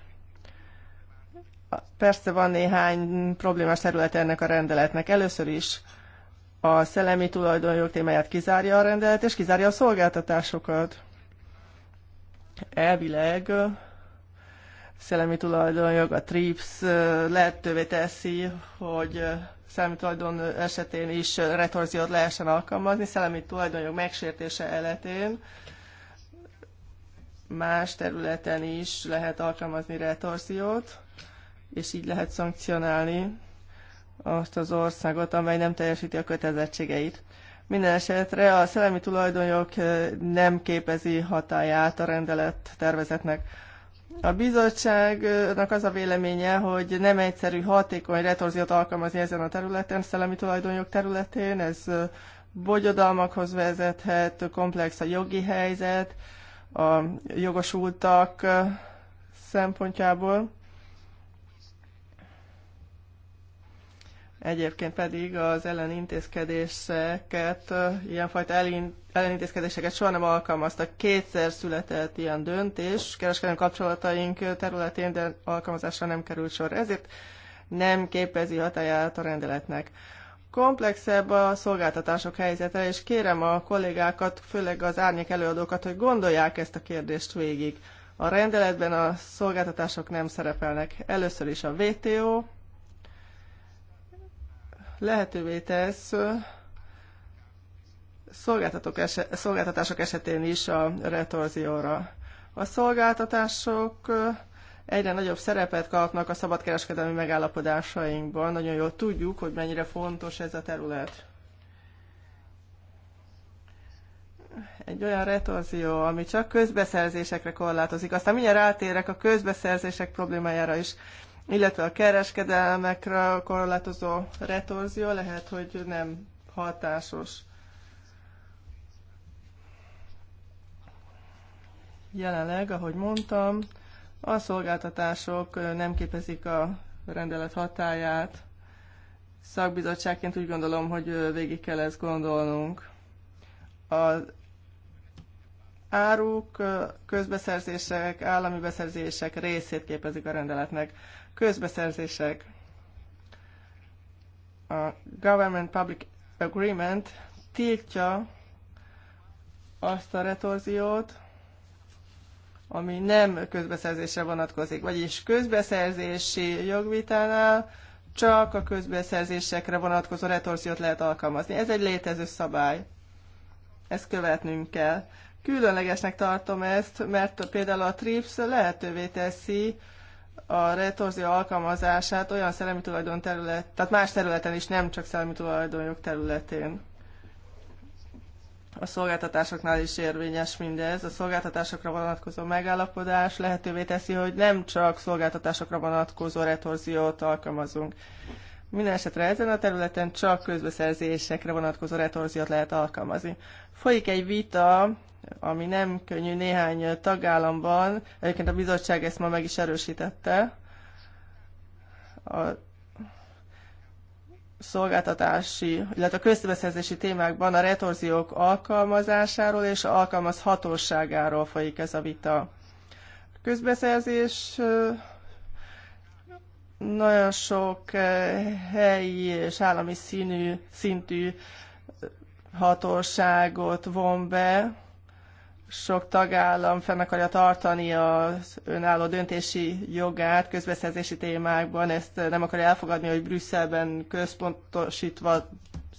Persze van néhány problémás terület ennek a rendeletnek. Először is a szellemi tulajdonjog témáját kizárja a rendelet, és kizárja a szolgáltatásokat. Elvileg szellemi tulajdonjog, a TRIPS lehetővé teszi, hogy szellemi tulajdon esetén is retorziót lehessen alkalmazni, szellemi tulajdonjog megsértése eletén más területen is lehet alkalmazni retorziót, és így lehet szankcionálni azt az országot, amely nem teljesíti a kötelezettségeit. Minden esetre a szellemi tulajdonjog eh, nem képezi hatáját a rendelet tervezetnek. A bizottságnak az a véleménye, hogy nem egyszerű hatékony retorziót alkalmazni ezen a területen, szellemi tulajdonjog területén, ez eh, bogyodalmakhoz vezethet, komplex a jogi helyzet, a jogosultak szempontjából. Egyébként pedig az ellenintézkedéseket, ilyenfajta ellenintézkedéseket soha nem alkalmaztak. Kétszer született ilyen döntés, kereskedelmi kapcsolataink területén, de alkalmazásra nem került sor. Ezért nem képezi hatáját a rendeletnek komplexebb a szolgáltatások helyzete, és kérem a kollégákat, főleg az árnyék előadókat, hogy gondolják ezt a kérdést végig. A rendeletben a szolgáltatások nem szerepelnek. Először is a VTO lehetővé tesz szolgáltatók eset, szolgáltatások esetén is a retorzióra. A szolgáltatások egyre nagyobb szerepet kapnak a szabadkereskedelmi megállapodásainkban. Nagyon jól tudjuk, hogy mennyire fontos ez a terület. Egy olyan retorzió, ami csak közbeszerzésekre korlátozik. Aztán mindjárt rátérek a közbeszerzések problémájára is, illetve a kereskedelmekre korlátozó retorzió lehet, hogy nem hatásos. Jelenleg, ahogy mondtam, a szolgáltatások nem képezik a rendelet hatáját. Szakbizottságként úgy gondolom, hogy végig kell ezt gondolnunk. Az áruk, közbeszerzések, állami beszerzések részét képezik a rendeletnek. Közbeszerzések. A Government Public Agreement tiltja azt a retorziót, ami nem közbeszerzésre vonatkozik, vagyis közbeszerzési jogvitánál csak a közbeszerzésekre vonatkozó retorziót lehet alkalmazni. Ez egy létező szabály. Ezt követnünk kell. Különlegesnek tartom ezt, mert például a TRIPS lehetővé teszi a retorzió alkalmazását olyan szellemi tulajdon terület, tehát más területen is, nem csak szellemi tulajdonjog területén. A szolgáltatásoknál is érvényes mindez. A szolgáltatásokra vonatkozó megállapodás lehetővé teszi, hogy nem csak szolgáltatásokra vonatkozó retorziót alkalmazunk. Minden esetre ezen a területen csak közbeszerzésekre vonatkozó retorziót lehet alkalmazni. Folyik egy vita, ami nem könnyű néhány tagállamban, egyébként a bizottság ezt ma meg is erősítette, a szolgáltatási, illetve a közbeszerzési témákban a retorziók alkalmazásáról és alkalmazhatóságáról folyik ez a vita. A közbeszerzés nagyon sok helyi és állami színű, szintű hatóságot von be, sok tagállam fenn akarja tartani az önálló döntési jogát közbeszerzési témákban, ezt nem akarja elfogadni, hogy Brüsszelben központosítva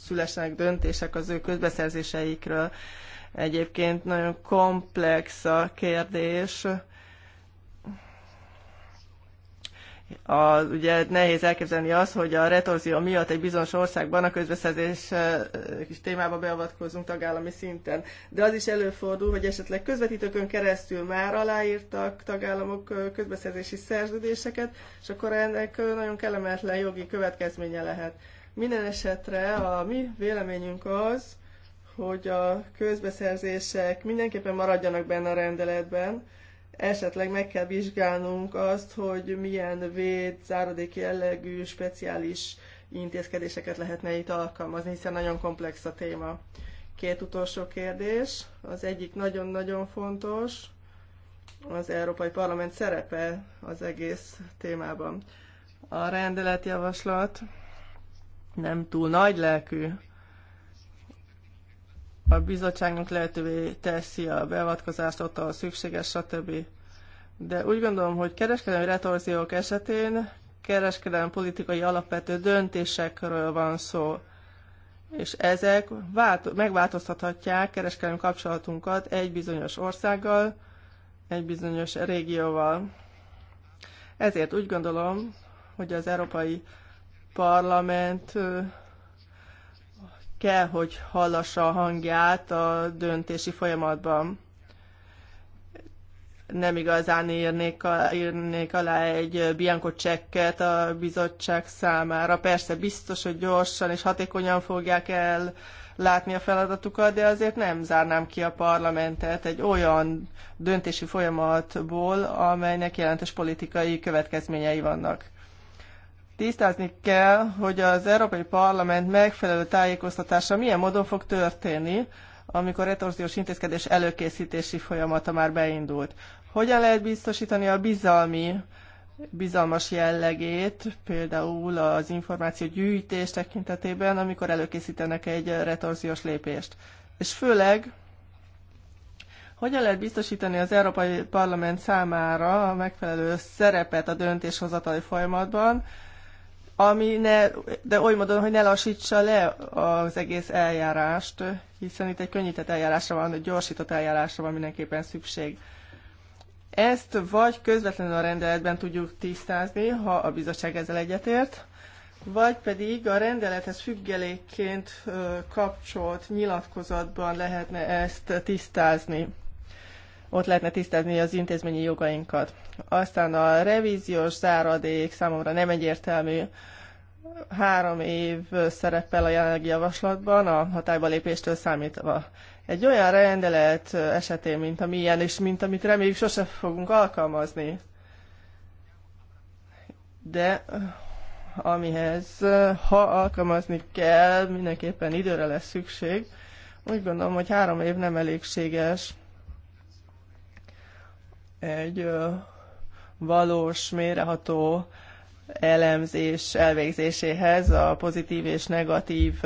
szülessenek döntések az ő közbeszerzéseikről. Egyébként nagyon komplex a kérdés, A, ugye nehéz elképzelni az, hogy a retorzió miatt egy bizonyos országban a közbeszerzés kis témába beavatkozunk tagállami szinten. De az is előfordul, hogy esetleg közvetítőkön keresztül már aláírtak tagállamok közbeszerzési szerződéseket, és akkor ennek nagyon kellemetlen jogi következménye lehet. Minden esetre a mi véleményünk az, hogy a közbeszerzések mindenképpen maradjanak benne a rendeletben, esetleg meg kell vizsgálnunk azt, hogy milyen véd, záradék jellegű, speciális intézkedéseket lehetne itt alkalmazni, hiszen nagyon komplex a téma. Két utolsó kérdés. Az egyik nagyon-nagyon fontos, az Európai Parlament szerepe az egész témában. A rendeletjavaslat nem túl nagy lelkű, a bizottságnak lehetővé teszi a beavatkozást, ott, ahol szükséges, stb. De úgy gondolom, hogy kereskedelmi retorziók esetén kereskedelmi politikai alapvető döntésekről van szó, és ezek megváltoztathatják kereskedelmi kapcsolatunkat egy bizonyos országgal, egy bizonyos régióval. Ezért úgy gondolom, hogy az Európai Parlament kell, hogy hallassa a hangját a döntési folyamatban. Nem igazán írnék, írnék alá egy Bianco csekket a bizottság számára. Persze biztos, hogy gyorsan és hatékonyan fogják el látni a feladatukat, de azért nem zárnám ki a parlamentet egy olyan döntési folyamatból, amelynek jelentős politikai következményei vannak. Tisztázni kell, hogy az Európai Parlament megfelelő tájékoztatása milyen módon fog történni, amikor retorziós intézkedés előkészítési folyamata már beindult. Hogyan lehet biztosítani a bizalmi, bizalmas jellegét, például az információ gyűjtés tekintetében, amikor előkészítenek egy retorziós lépést? És főleg, hogyan lehet biztosítani az Európai Parlament számára a megfelelő szerepet a döntéshozatali folyamatban, ami ne, de oly módon, hogy ne lassítsa le az egész eljárást, hiszen itt egy könnyített eljárásra van, egy gyorsított eljárásra van mindenképpen szükség. Ezt vagy közvetlenül a rendeletben tudjuk tisztázni, ha a bizottság ezzel egyetért, vagy pedig a rendelethez függelékként kapcsolt nyilatkozatban lehetne ezt tisztázni ott lehetne tisztázni az intézményi jogainkat. Aztán a revíziós záradék számomra nem egyértelmű. Három év szerepel a jelenlegi javaslatban, a hatályba lépéstől számítva. Egy olyan rendelet esetén, mint amilyen, és mint amit reméljük sose fogunk alkalmazni. De eh, amihez, eh, ha alkalmazni kell, mindenképpen időre lesz szükség. Úgy gondolom, hogy három év nem elégséges egy valós, méreható elemzés elvégzéséhez a pozitív és negatív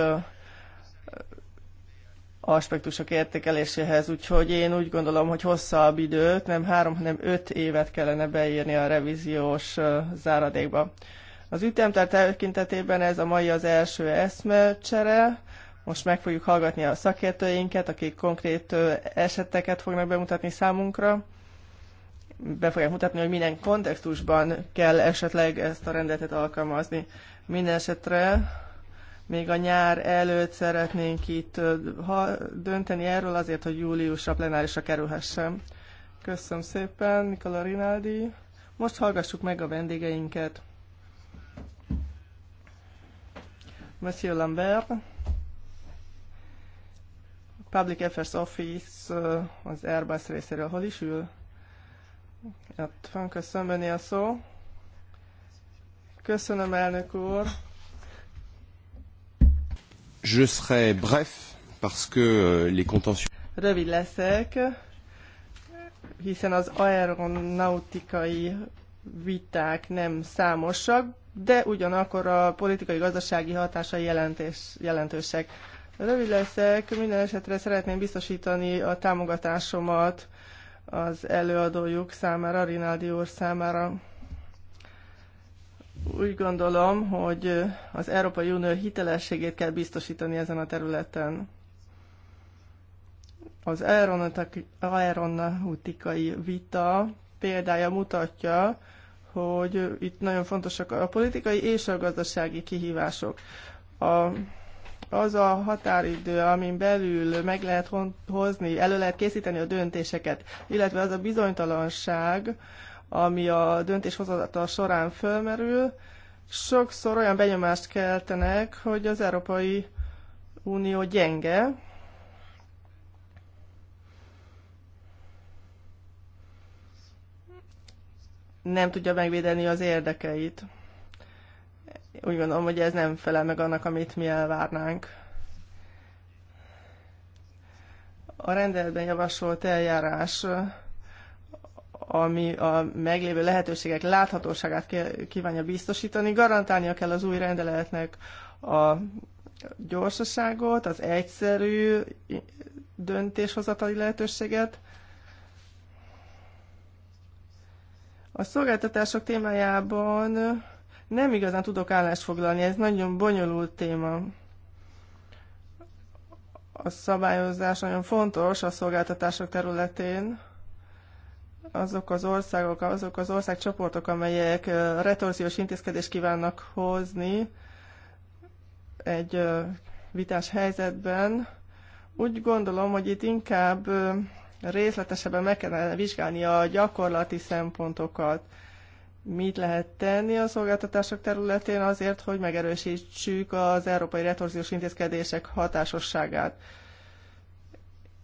aspektusok értékeléséhez, úgyhogy én úgy gondolom, hogy hosszabb időt, nem három, hanem öt évet kellene beírni a revíziós záradékba. Az ütemtár tekintetében ez a mai az első eszmecsere, most meg fogjuk hallgatni a szakértőinket, akik konkrét eseteket fognak bemutatni számunkra be fogják mutatni, hogy milyen kontextusban kell esetleg ezt a rendeletet alkalmazni. Minden esetre még a nyár előtt szeretnénk itt ha, dönteni erről azért, hogy júliusra plenárisra kerülhessen. Köszönöm szépen, Nikola Rinaldi. Most hallgassuk meg a vendégeinket. Monsieur Lambert, Public Affairs Office az Airbus részéről hol is ül? Ott van, köszönöm öné a szó. Köszönöm, elnök úr. Je serai bref, parce que euh, les contentions... Rövid leszek, hiszen az aeronautikai viták nem számosak, de ugyanakkor a politikai-gazdasági hatásai jelentés, jelentősek. Rövid leszek, minden esetre szeretném biztosítani a támogatásomat az előadójuk számára, Rinaldi úr számára. Úgy gondolom, hogy az Európai Unió hitelességét kell biztosítani ezen a területen. Az aeronautikai vita példája mutatja, hogy itt nagyon fontosak a politikai és a gazdasági kihívások. A az a határidő, amin belül meg lehet hozni, elő lehet készíteni a döntéseket, illetve az a bizonytalanság, ami a döntéshozatal során fölmerül, sokszor olyan benyomást keltenek, hogy az Európai Unió gyenge, nem tudja megvédeni az érdekeit. Úgy gondolom, hogy ez nem felel meg annak, amit mi elvárnánk. A rendeletben javasolt eljárás, ami a meglévő lehetőségek láthatóságát kívánja biztosítani, garantálnia kell az új rendeletnek a gyorsaságot, az egyszerű döntéshozatali lehetőséget. A szolgáltatások témájában nem igazán tudok állást foglalni, ez nagyon bonyolult téma. A szabályozás nagyon fontos a szolgáltatások területén. Azok az országok, azok az országcsoportok, amelyek retorziós intézkedést kívánnak hozni egy vitás helyzetben, úgy gondolom, hogy itt inkább részletesebben meg kellene vizsgálni a gyakorlati szempontokat mit lehet tenni a szolgáltatások területén azért, hogy megerősítsük az európai retorziós intézkedések hatásosságát.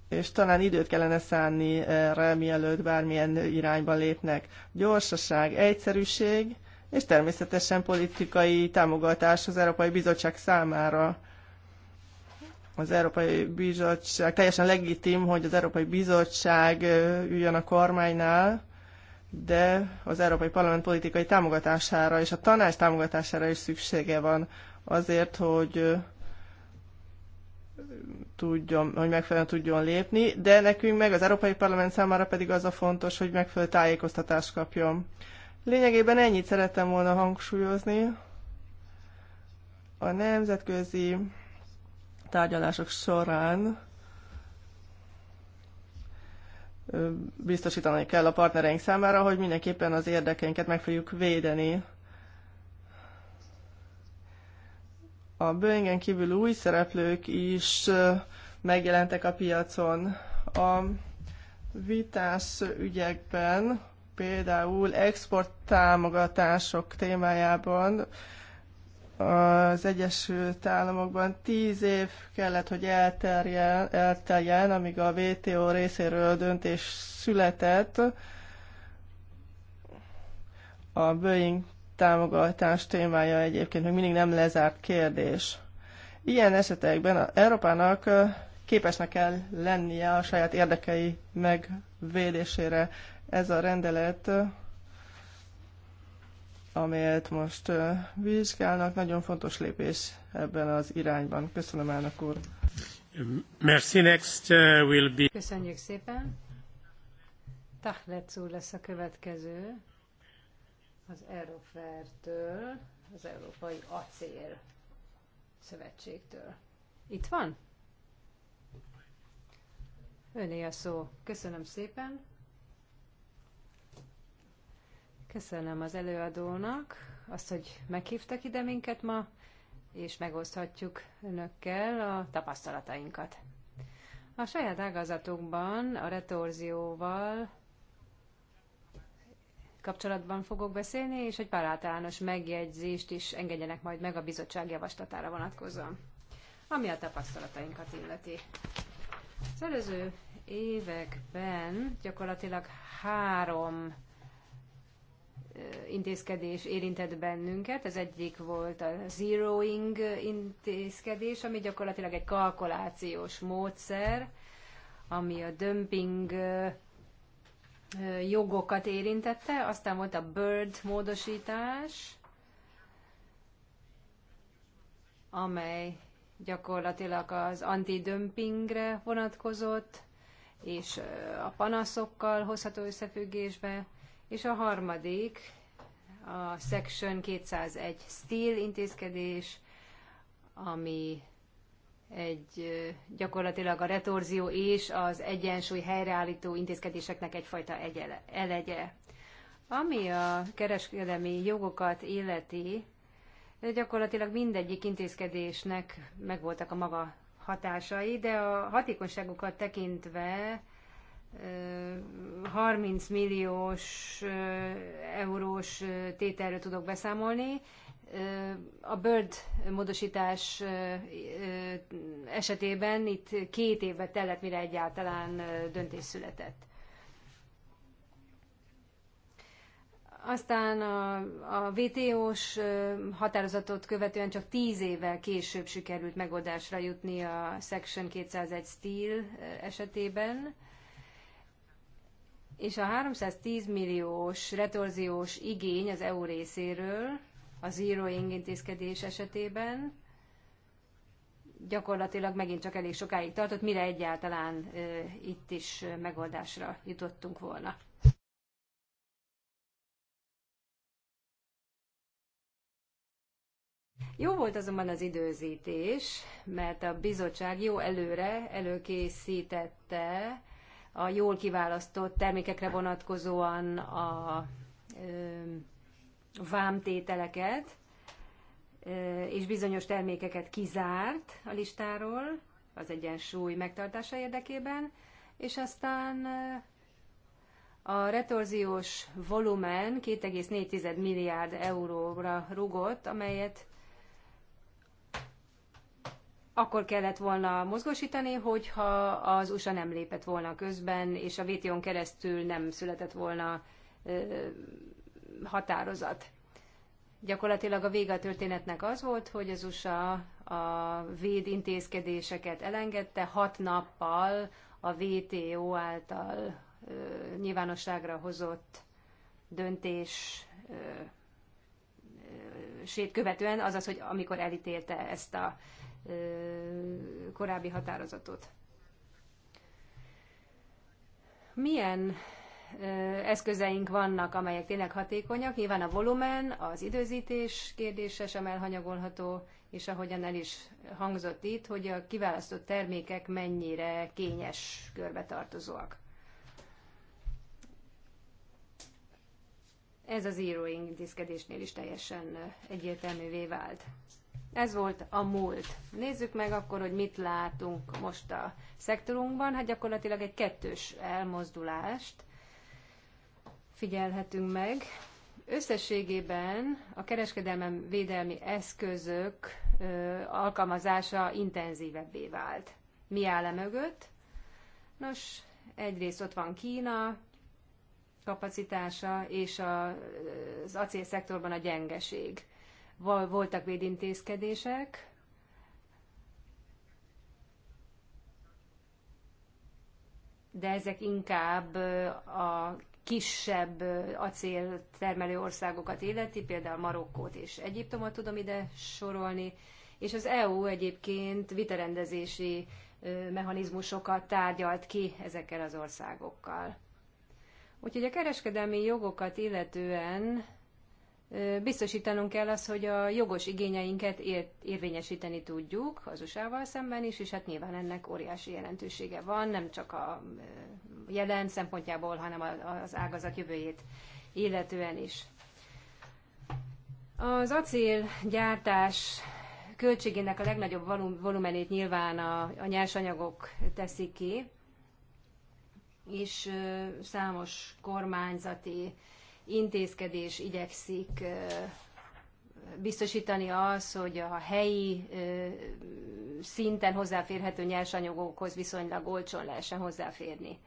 És talán időt kellene szánni erre, mielőtt bármilyen irányba lépnek. Gyorsaság, egyszerűség, és természetesen politikai támogatás az Európai Bizottság számára. Az Európai Bizottság teljesen legitim, hogy az Európai Bizottság üljön a kormánynál, de az Európai Parlament politikai támogatására és a tanács támogatására is szüksége van azért, hogy tudjon, hogy megfelelően tudjon lépni, de nekünk meg az Európai Parlament számára pedig az a fontos, hogy megfelelő tájékoztatást kapjon. Lényegében ennyit szerettem volna hangsúlyozni. A nemzetközi tárgyalások során biztosítani kell a partnereink számára, hogy mindenképpen az érdekeinket meg fogjuk védeni. A boeing kívül új szereplők is megjelentek a piacon. A vitás ügyekben, például export támogatások témájában az Egyesült Államokban tíz év kellett, hogy elterjen, elteljen, amíg a WTO részéről döntés született a Boeing támogatás témája egyébként még mindig nem lezárt kérdés. Ilyen esetekben az Európának képesnek kell lennie a saját érdekei megvédésére. Ez a rendelet amelyet most vizsgálnak. Nagyon fontos lépés ebben az irányban. Köszönöm, elnök úr. Merci, next uh, will be... Köszönjük szépen. Tahlec úr lesz a következő az Eurofertől, az Európai Acél Szövetségtől. Itt van? Öné a szó. Köszönöm szépen. Köszönöm az előadónak azt, hogy meghívtak ide minket ma, és megoszthatjuk önökkel a tapasztalatainkat. A saját ágazatokban a retorzióval kapcsolatban fogok beszélni, és egy pár általános megjegyzést is engedjenek majd meg a bizottság javaslatára vonatkozóan, ami a tapasztalatainkat illeti. Az előző években gyakorlatilag három intézkedés érintett bennünket. Az egyik volt a zeroing intézkedés, ami gyakorlatilag egy kalkulációs módszer, ami a dömping jogokat érintette, aztán volt a bird módosítás, amely gyakorlatilag az antidömpingre vonatkozott, és a panaszokkal hozható összefüggésbe. És a harmadik, a Section 201 Steel intézkedés, ami egy gyakorlatilag a retorzió és az egyensúly helyreállító intézkedéseknek egyfajta egyele, elegye. Ami a kereskedelmi jogokat illeti, gyakorlatilag mindegyik intézkedésnek megvoltak a maga hatásai, de a hatékonyságukat tekintve 30 milliós eurós tételről tudok beszámolni. A Bird módosítás esetében itt két évbe tellett, mire egyáltalán döntés született. Aztán a, a VTO-s határozatot követően csak tíz évvel később sikerült megoldásra jutni a Section 201 Steel esetében és a 310 milliós retorziós igény az EU részéről a zeroing intézkedés esetében gyakorlatilag megint csak elég sokáig tartott, mire egyáltalán itt is megoldásra jutottunk volna. Jó volt azonban az időzítés, mert a bizottság jó előre előkészítette a jól kiválasztott termékekre vonatkozóan a vámtételeket, és bizonyos termékeket kizárt a listáról az egyensúly megtartása érdekében, és aztán a retorziós volumen 2,4 milliárd euróra rugott, amelyet akkor kellett volna mozgósítani, hogyha az USA nem lépett volna közben, és a WTO-n keresztül nem született volna határozat. Gyakorlatilag a vége a történetnek az volt, hogy az USA a véd intézkedéseket elengedte hat nappal a WTO által ö, nyilvánosságra hozott döntés ö, sét követően, azaz, hogy amikor elítélte ezt a korábbi határozatot. Milyen eszközeink vannak, amelyek tényleg hatékonyak. Nyilván a volumen, az időzítés kérdése sem elhanyagolható, és ahogyan el is hangzott itt, hogy a kiválasztott termékek mennyire kényes körbe tartozóak. Ez az íróink intézkedésnél is teljesen egyértelművé vált. Ez volt a múlt. Nézzük meg akkor, hogy mit látunk most a szektorunkban. Hát gyakorlatilag egy kettős elmozdulást figyelhetünk meg. Összességében a kereskedelmen védelmi eszközök ö, alkalmazása intenzívebbé vált. Mi áll -e mögött? Nos, egyrészt ott van Kína kapacitása és a, az acélszektorban a gyengeség voltak védintézkedések, de ezek inkább a kisebb acéltermelő országokat illeti, például Marokkót és Egyiptomot tudom ide sorolni, és az EU egyébként vitarendezési mechanizmusokat tárgyalt ki ezekkel az országokkal. Úgyhogy a kereskedelmi jogokat illetően biztosítanunk kell az, hogy a jogos igényeinket ér- érvényesíteni tudjuk az USA-val szemben is, és hát nyilván ennek óriási jelentősége van, nem csak a jelen szempontjából, hanem az ágazat jövőjét illetően is. Az acélgyártás költségének a legnagyobb volumenét nyilván a, a nyersanyagok teszik ki, és számos kormányzati intézkedés igyekszik biztosítani az, hogy a helyi szinten hozzáférhető nyersanyagokhoz viszonylag olcsón lehessen hozzáférni.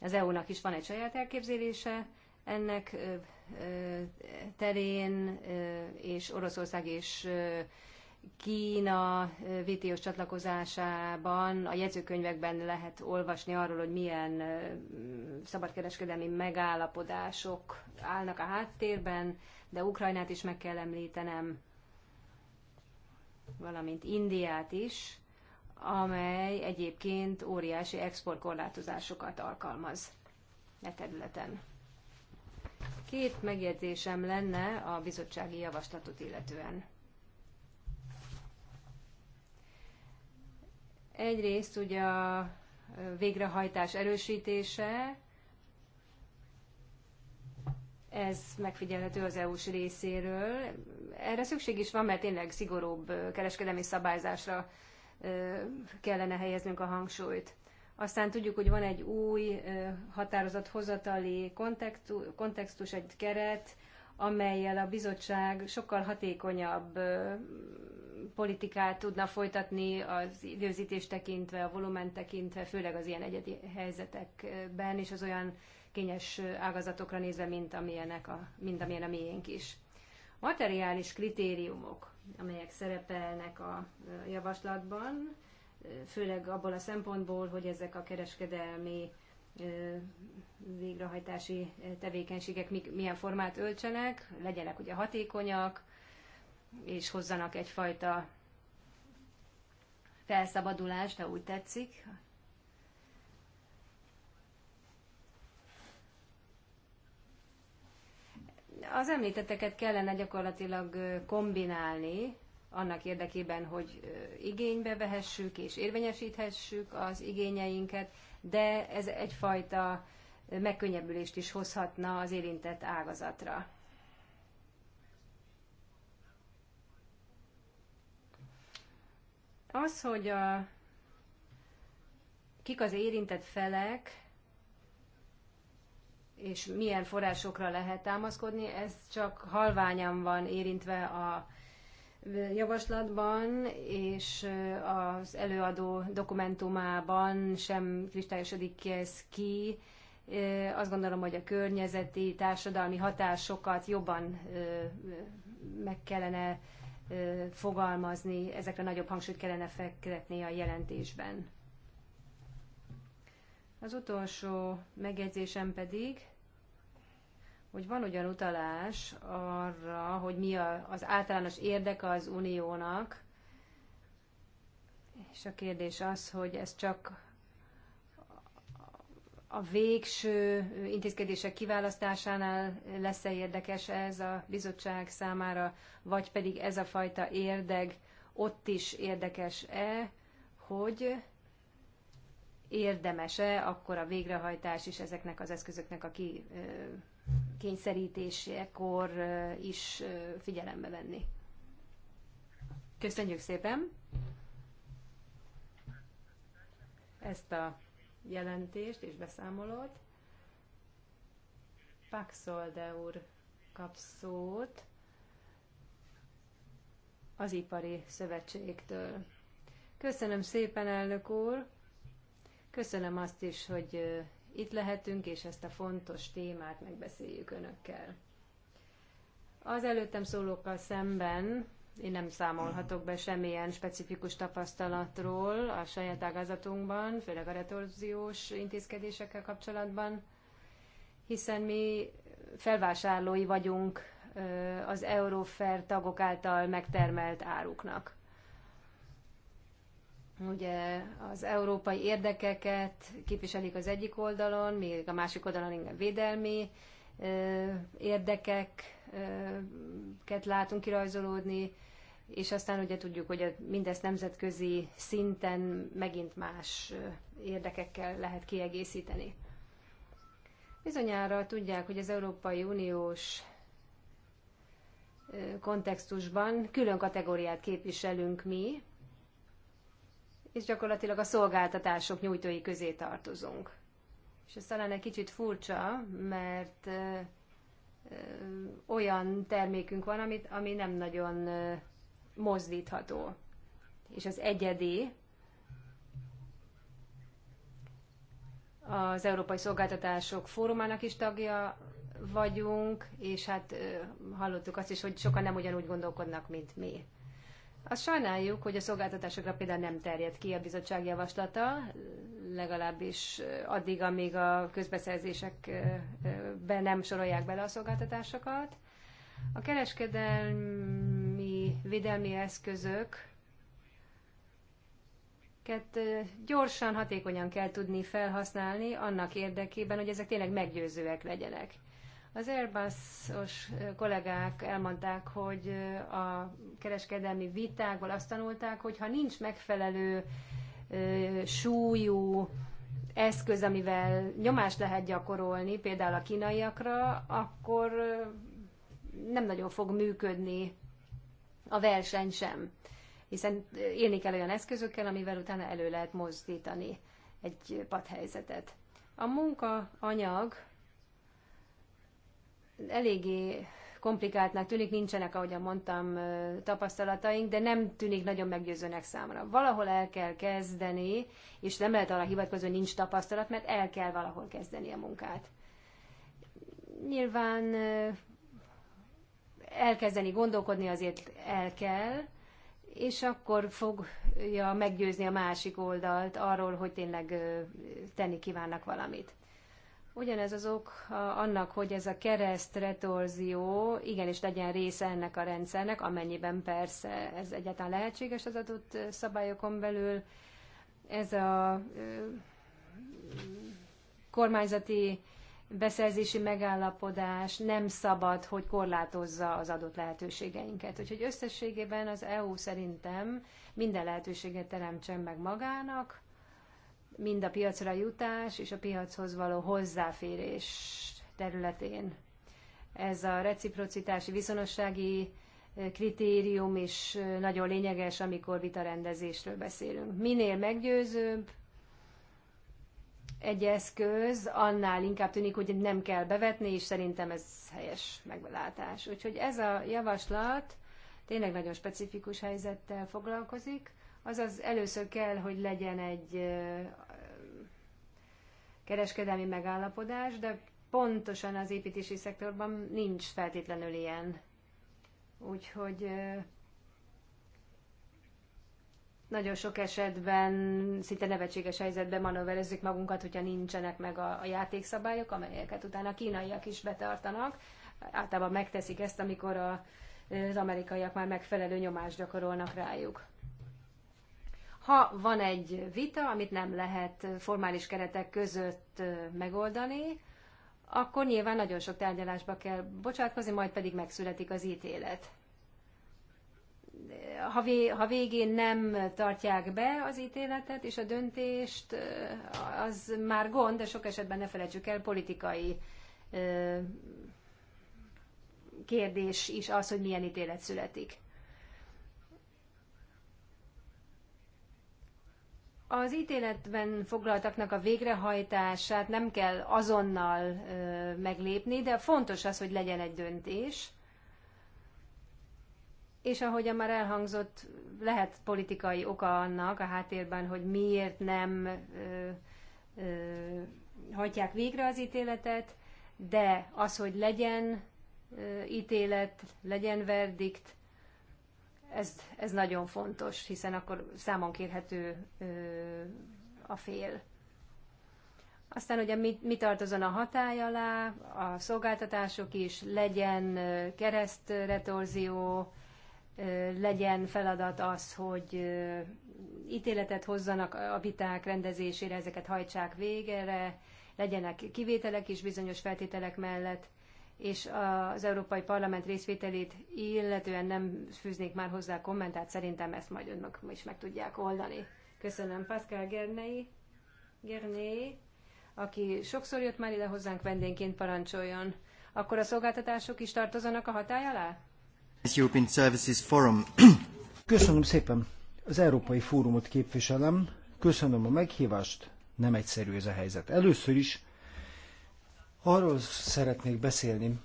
Az EU-nak is van egy saját elképzelése ennek terén, és Oroszország és Kína eh, VTO-s csatlakozásában a jegyzőkönyvekben lehet olvasni arról, hogy milyen eh, szabadkereskedelmi megállapodások állnak a háttérben, de Ukrajnát is meg kell említenem, valamint Indiát is, amely egyébként óriási exportkorlátozásokat alkalmaz e területen. Két megjegyzésem lenne a bizottsági javaslatot illetően. Egyrészt ugye a végrehajtás erősítése, ez megfigyelhető az EU-s részéről. Erre szükség is van, mert tényleg szigorúbb kereskedelmi szabályzásra kellene helyeznünk a hangsúlyt. Aztán tudjuk, hogy van egy új határozathozatali kontextus, egy keret, amelyel a bizottság sokkal hatékonyabb politikát tudna folytatni az időzítés tekintve, a volumen tekintve, főleg az ilyen egyedi helyzetekben, és az olyan kényes ágazatokra nézve, mint amilyenek a, mint amilyen a miénk is. Materiális kritériumok, amelyek szerepelnek a javaslatban, főleg abból a szempontból, hogy ezek a kereskedelmi végrehajtási tevékenységek milyen formát öltsenek, legyenek ugye hatékonyak, és hozzanak egyfajta felszabadulást, ha úgy tetszik. Az említetteket kellene gyakorlatilag kombinálni annak érdekében, hogy igénybe vehessük és érvényesíthessük az igényeinket, de ez egyfajta megkönnyebbülést is hozhatna az érintett ágazatra. Az, hogy a, kik az érintett felek, és milyen forrásokra lehet támaszkodni, ez csak halványan van érintve a javaslatban, és az előadó dokumentumában sem kristályosodik ez ki. Azt gondolom, hogy a környezeti, társadalmi hatásokat jobban meg kellene fogalmazni, ezekre nagyobb hangsúlyt kellene fektetni a jelentésben. Az utolsó megjegyzésem pedig hogy van ugyan utalás arra, hogy mi a, az általános érdeke az uniónak, és a kérdés az, hogy ez csak a végső intézkedések kiválasztásánál lesz-e érdekes ez a bizottság számára, vagy pedig ez a fajta érdeg ott is érdekes-e, hogy érdemese akkor a végrehajtás is ezeknek az eszközöknek a ki kényszerítésekor is figyelembe venni. Köszönjük szépen ezt a jelentést és beszámolót. Paxolde úr kap szót az Ipari Szövetségtől. Köszönöm szépen, elnök úr! Köszönöm azt is, hogy itt lehetünk, és ezt a fontos témát megbeszéljük önökkel. Az előttem szólókkal szemben én nem számolhatok be semmilyen specifikus tapasztalatról a saját ágazatunkban, főleg a retorziós intézkedésekkel kapcsolatban, hiszen mi felvásárlói vagyunk az Eurofair tagok által megtermelt áruknak ugye az európai érdekeket képviselik az egyik oldalon, még a másik oldalon inkább védelmi érdekeket látunk kirajzolódni, és aztán ugye tudjuk, hogy mindezt nemzetközi szinten megint más érdekekkel lehet kiegészíteni. Bizonyára tudják, hogy az Európai Uniós kontextusban külön kategóriát képviselünk mi, és gyakorlatilag a szolgáltatások nyújtói közé tartozunk. És ez talán egy kicsit furcsa, mert ö, ö, olyan termékünk van, amit, ami nem nagyon ö, mozdítható. És az egyedi az Európai Szolgáltatások Fórumának is tagja vagyunk, és hát ö, hallottuk azt is, hogy sokan nem ugyanúgy gondolkodnak, mint mi. Azt sajnáljuk, hogy a szolgáltatásokra például nem terjed ki a bizottság javaslata, legalábbis addig, amíg a közbeszerzésekben nem sorolják bele a szolgáltatásokat. A kereskedelmi védelmi eszközök gyorsan, hatékonyan kell tudni felhasználni annak érdekében, hogy ezek tényleg meggyőzőek legyenek. Az Airbus-os kollégák elmondták, hogy a kereskedelmi vitákból azt tanulták, hogy ha nincs megfelelő súlyú eszköz, amivel nyomást lehet gyakorolni, például a kínaiakra, akkor nem nagyon fog működni a verseny sem. Hiszen élni kell olyan eszközökkel, amivel utána elő lehet mozdítani egy padhelyzetet. A munkaanyag eléggé komplikáltnak tűnik, nincsenek, ahogyan mondtam, tapasztalataink, de nem tűnik nagyon meggyőzőnek számra. Valahol el kell kezdeni, és nem lehet arra hivatkozni, hogy nincs tapasztalat, mert el kell valahol kezdeni a munkát. Nyilván elkezdeni gondolkodni azért el kell, és akkor fogja meggyőzni a másik oldalt arról, hogy tényleg tenni kívánnak valamit. Ugyanez az ok annak, hogy ez a kereszt retorzió igenis legyen része ennek a rendszernek, amennyiben persze ez egyáltalán lehetséges az adott szabályokon belül. Ez a kormányzati beszerzési megállapodás nem szabad, hogy korlátozza az adott lehetőségeinket. Úgyhogy összességében az EU szerintem minden lehetőséget teremtsen meg magának, mind a piacra jutás és a piachoz való hozzáférés területén. Ez a reciprocitási viszonossági kritérium is nagyon lényeges, amikor vitarendezésről beszélünk. Minél meggyőzőbb egy eszköz, annál inkább tűnik, hogy nem kell bevetni, és szerintem ez helyes meglátás. Úgyhogy ez a javaslat tényleg nagyon specifikus helyzettel foglalkozik, azaz először kell, hogy legyen egy kereskedelmi megállapodás, de pontosan az építési szektorban nincs feltétlenül ilyen. Úgyhogy nagyon sok esetben szinte nevetséges helyzetben manőverezzük magunkat, hogyha nincsenek meg a, a játékszabályok, amelyeket utána a kínaiak is betartanak. Általában megteszik ezt, amikor a, az amerikaiak már megfelelő nyomást gyakorolnak rájuk ha van egy vita, amit nem lehet formális keretek között megoldani, akkor nyilván nagyon sok tárgyalásba kell bocsátkozni, majd pedig megszületik az ítélet. Ha, vé, ha végén nem tartják be az ítéletet és a döntést, az már gond, de sok esetben ne felejtsük el, politikai kérdés is az, hogy milyen ítélet születik. Az ítéletben foglaltaknak a végrehajtását nem kell azonnal ö, meglépni, de fontos az, hogy legyen egy döntés. És ahogyan már elhangzott, lehet politikai oka annak a háttérben, hogy miért nem ö, ö, hagyják végre az ítéletet, de az, hogy legyen ítélet, legyen verdikt, ez, ez nagyon fontos, hiszen akkor számon kérhető a fél. Aztán ugye mi, mi tartozon a hatály alá, a szolgáltatások is, legyen keresztretorzió, legyen feladat az, hogy ítéletet hozzanak a viták rendezésére, ezeket hajtsák végre, legyenek kivételek is bizonyos feltételek mellett és az Európai Parlament részvételét illetően nem fűznék már hozzá kommentát, szerintem ezt majd önök is meg tudják oldani. Köszönöm Pascal Gernei, Gerné, aki sokszor jött már ide hozzánk vendénként, parancsoljon. Akkor a szolgáltatások is tartozanak a hatály alá? Köszönöm szépen. Az Európai Fórumot képviselem. Köszönöm a meghívást. Nem egyszerű ez a helyzet. Először is Arról szeretnék beszélni,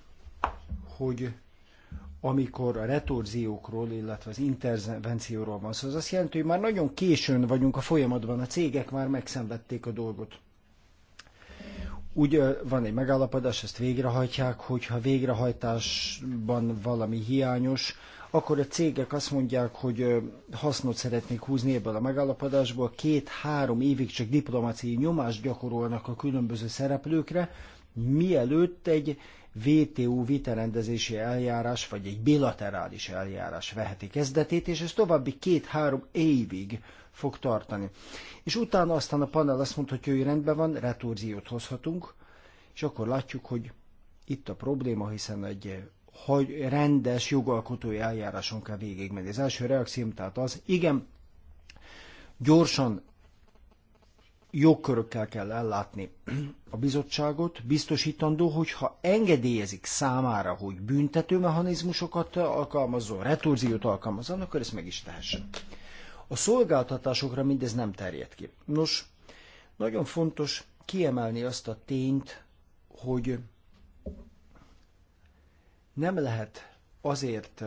hogy amikor a retorziókról, illetve az intervencióról van szó, az azt jelenti, hogy már nagyon későn vagyunk a folyamatban, a cégek már megszenvedték a dolgot. Úgy van egy megállapodás, ezt végrehajtják, hogyha végrehajtásban valami hiányos, akkor a cégek azt mondják, hogy hasznot szeretnék húzni ebből a megállapodásból, két-három évig csak diplomáciai nyomást gyakorolnak a különböző szereplőkre, mielőtt egy VTU vitarendezési eljárás, vagy egy bilaterális eljárás veheti kezdetét, és ez további két-három évig fog tartani. És utána aztán a panel azt mondta, hogy rendben van, retorziót hozhatunk, és akkor látjuk, hogy itt a probléma, hiszen egy hogy rendes jogalkotói eljáráson kell végigmenni. Az első reakcióm tehát az, igen, gyorsan jogkörökkel kell ellátni a bizottságot, biztosítandó, hogyha engedélyezik számára, hogy büntető mechanizmusokat alkalmazzon, retorziót alkalmazzon, akkor ezt meg is tehessen. A szolgáltatásokra mindez nem terjed ki. Nos, nagyon fontos kiemelni azt a tényt, hogy nem lehet azért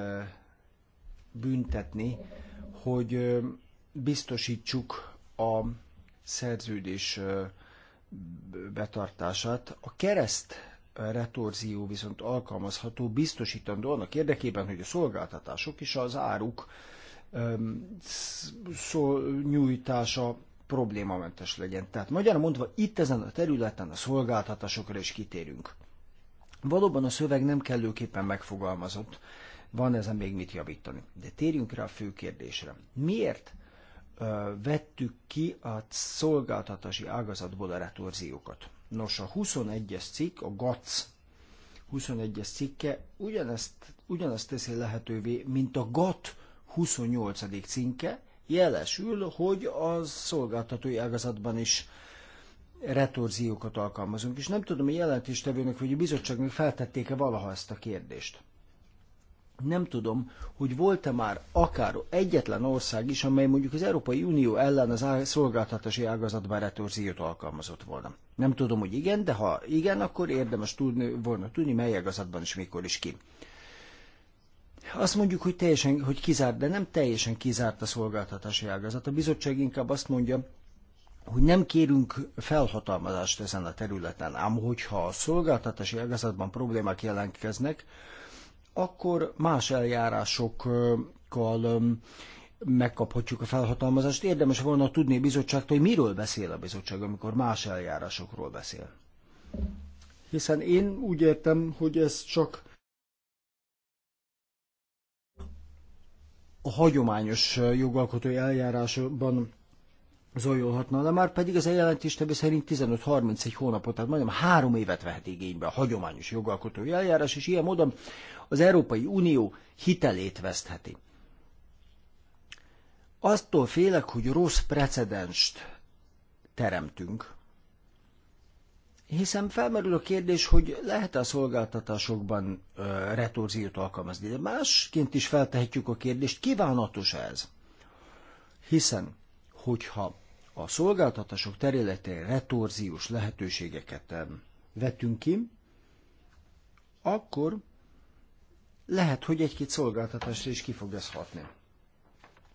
büntetni, hogy biztosítsuk a szerződés betartását. A kereszt retorzió viszont alkalmazható biztosítandó annak érdekében, hogy a szolgáltatások és az áruk nyújtása problémamentes legyen. Tehát magyarán mondva, itt ezen a területen a szolgáltatásokra is kitérünk. Valóban a szöveg nem kellőképpen megfogalmazott, van ezen még mit javítani. De térjünk rá a fő kérdésre. Miért vettük ki a szolgáltatási ágazatból a retorziókat. Nos, a 21-es cikk, a GATS 21-es cikke ugyanezt, ugyanezt teszi lehetővé, mint a GATT 28. cinke, jelesül, hogy a szolgáltatói ágazatban is retorziókat alkalmazunk. És nem tudom, hogy jelentéstevőnek vagy a bizottságnak feltették-e valaha ezt a kérdést nem tudom, hogy volt-e már akár egyetlen ország is, amely mondjuk az Európai Unió ellen az szolgáltatási ágazatban retorziót alkalmazott volna. Nem tudom, hogy igen, de ha igen, akkor érdemes tudni, volna tudni, mely ágazatban és mikor is ki. Azt mondjuk, hogy teljesen, hogy kizárt, de nem teljesen kizárt a szolgáltatási ágazat. A bizottság inkább azt mondja, hogy nem kérünk felhatalmazást ezen a területen, ám hogyha a szolgáltatási ágazatban problémák jelentkeznek, akkor más eljárásokkal megkaphatjuk a felhatalmazást. Érdemes volna tudni a bizottságtól, hogy miről beszél a bizottság, amikor más eljárásokról beszél. Hiszen én úgy értem, hogy ez csak a hagyományos jogalkotói eljárásban zajolhatna, de már pedig az eljelentéstevő szerint 15-31 hónapot, tehát majdnem három évet vehet igénybe a hagyományos jogalkotói eljárás, és ilyen módon az Európai Unió hitelét vesztheti. Aztól félek, hogy rossz precedenst teremtünk, hiszen felmerül a kérdés, hogy lehet-e a szolgáltatásokban retorziót alkalmazni. De másként is feltehetjük a kérdést, kívánatos -e ez? Hiszen, hogyha a szolgáltatások területén retorziós lehetőségeket vetünk ki, akkor lehet, hogy egy-két szolgáltatásra is ki fog ez hatni.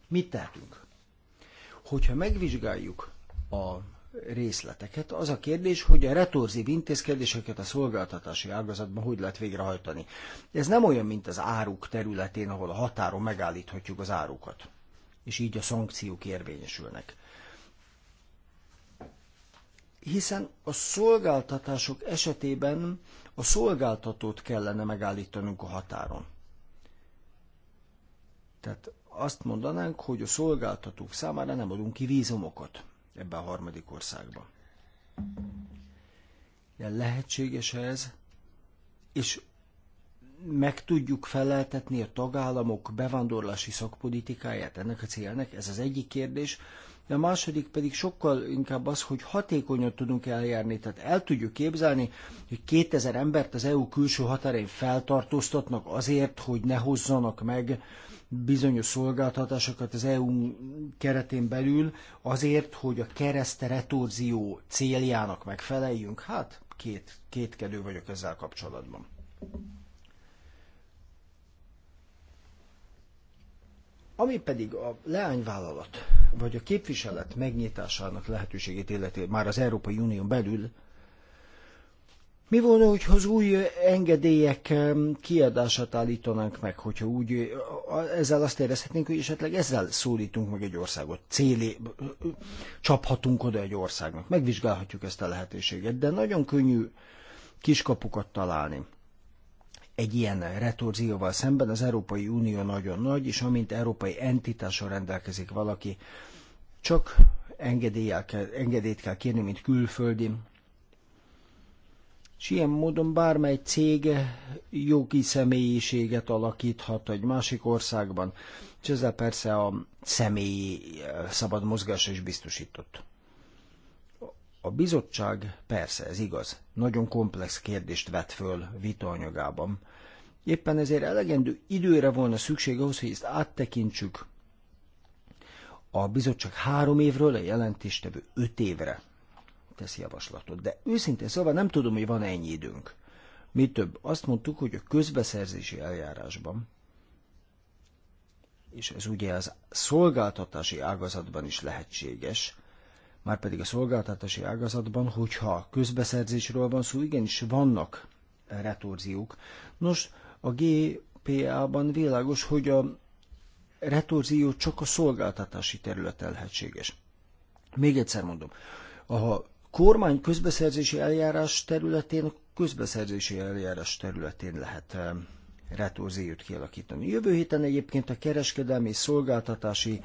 Mit tehetünk? Hogyha megvizsgáljuk a részleteket. Az a kérdés, hogy a retorzív intézkedéseket a szolgáltatási ágazatban hogy lehet végrehajtani. Ez nem olyan, mint az áruk területén, ahol a határon megállíthatjuk az árukat, és így a szankciók érvényesülnek. Hiszen a szolgáltatások esetében a szolgáltatót kellene megállítanunk a határon. Tehát azt mondanánk, hogy a szolgáltatók számára nem adunk ki vízumokat ebbe a harmadik országba. De lehetséges ez, és meg tudjuk feleltetni a tagállamok bevándorlási szakpolitikáját ennek a célnak? Ez az egyik kérdés de a második pedig sokkal inkább az, hogy hatékonyan tudunk eljárni. Tehát el tudjuk képzelni, hogy 2000 embert az EU külső határain feltartóztatnak azért, hogy ne hozzanak meg bizonyos szolgáltatásokat az EU keretén belül azért, hogy a kereszt retorzió céljának megfeleljünk? Hát két, kétkedő vagyok ezzel kapcsolatban. Ami pedig a leányvállalat vagy a képviselet megnyitásának lehetőségét illeti már az Európai Unión belül, mi volna, hogyha az új engedélyek kiadását állítanánk meg, hogyha úgy, ezzel azt érezhetnénk, hogy esetleg ezzel szólítunk meg egy országot, célé, csaphatunk oda egy országnak, megvizsgálhatjuk ezt a lehetőséget, de nagyon könnyű kiskapukat találni egy ilyen retorzióval szemben az Európai Unió nagyon nagy, és amint európai entitással rendelkezik valaki, csak engedélyt kell kérni, mint külföldi. És ilyen módon bármely cég jogi személyiséget alakíthat egy másik országban, és ezzel persze a személyi eh, szabad mozgás is biztosított. A bizottság, persze ez igaz, nagyon komplex kérdést vet föl vitaanyagában, Éppen ezért elegendő időre volna szükség ahhoz, hogy ezt áttekintsük. A bizottság három évről, a jelentéstevő öt évre tesz javaslatot. De őszintén szóval nem tudom, hogy van ennyi időnk. Mi több, azt mondtuk, hogy a közbeszerzési eljárásban, és ez ugye az szolgáltatási ágazatban is lehetséges, pedig a szolgáltatási ágazatban, hogyha közbeszerzésről van szó, igenis vannak retorziók. Nos, a GPA-ban világos, hogy a retorzió csak a szolgáltatási területen lehetséges. Még egyszer mondom, a kormány közbeszerzési eljárás területén, a közbeszerzési eljárás területén lehet eh, retorziót kialakítani. Jövő héten egyébként a kereskedelmi és szolgáltatási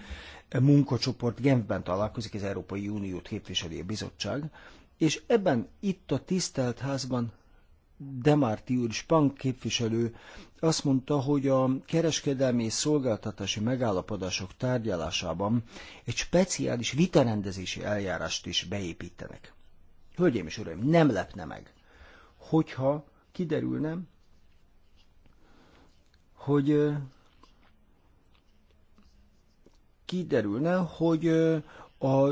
eh, munkacsoport Genfben találkozik, az Európai Uniót képviseli a bizottság, és ebben itt a tisztelt házban Demárti úr, Spank képviselő azt mondta, hogy a kereskedelmi és szolgáltatási megállapodások tárgyalásában egy speciális vitarendezési eljárást is beépítenek. Hölgyeim és uraim, nem lepne meg, hogyha kiderülne, hogy kiderülne, hogy a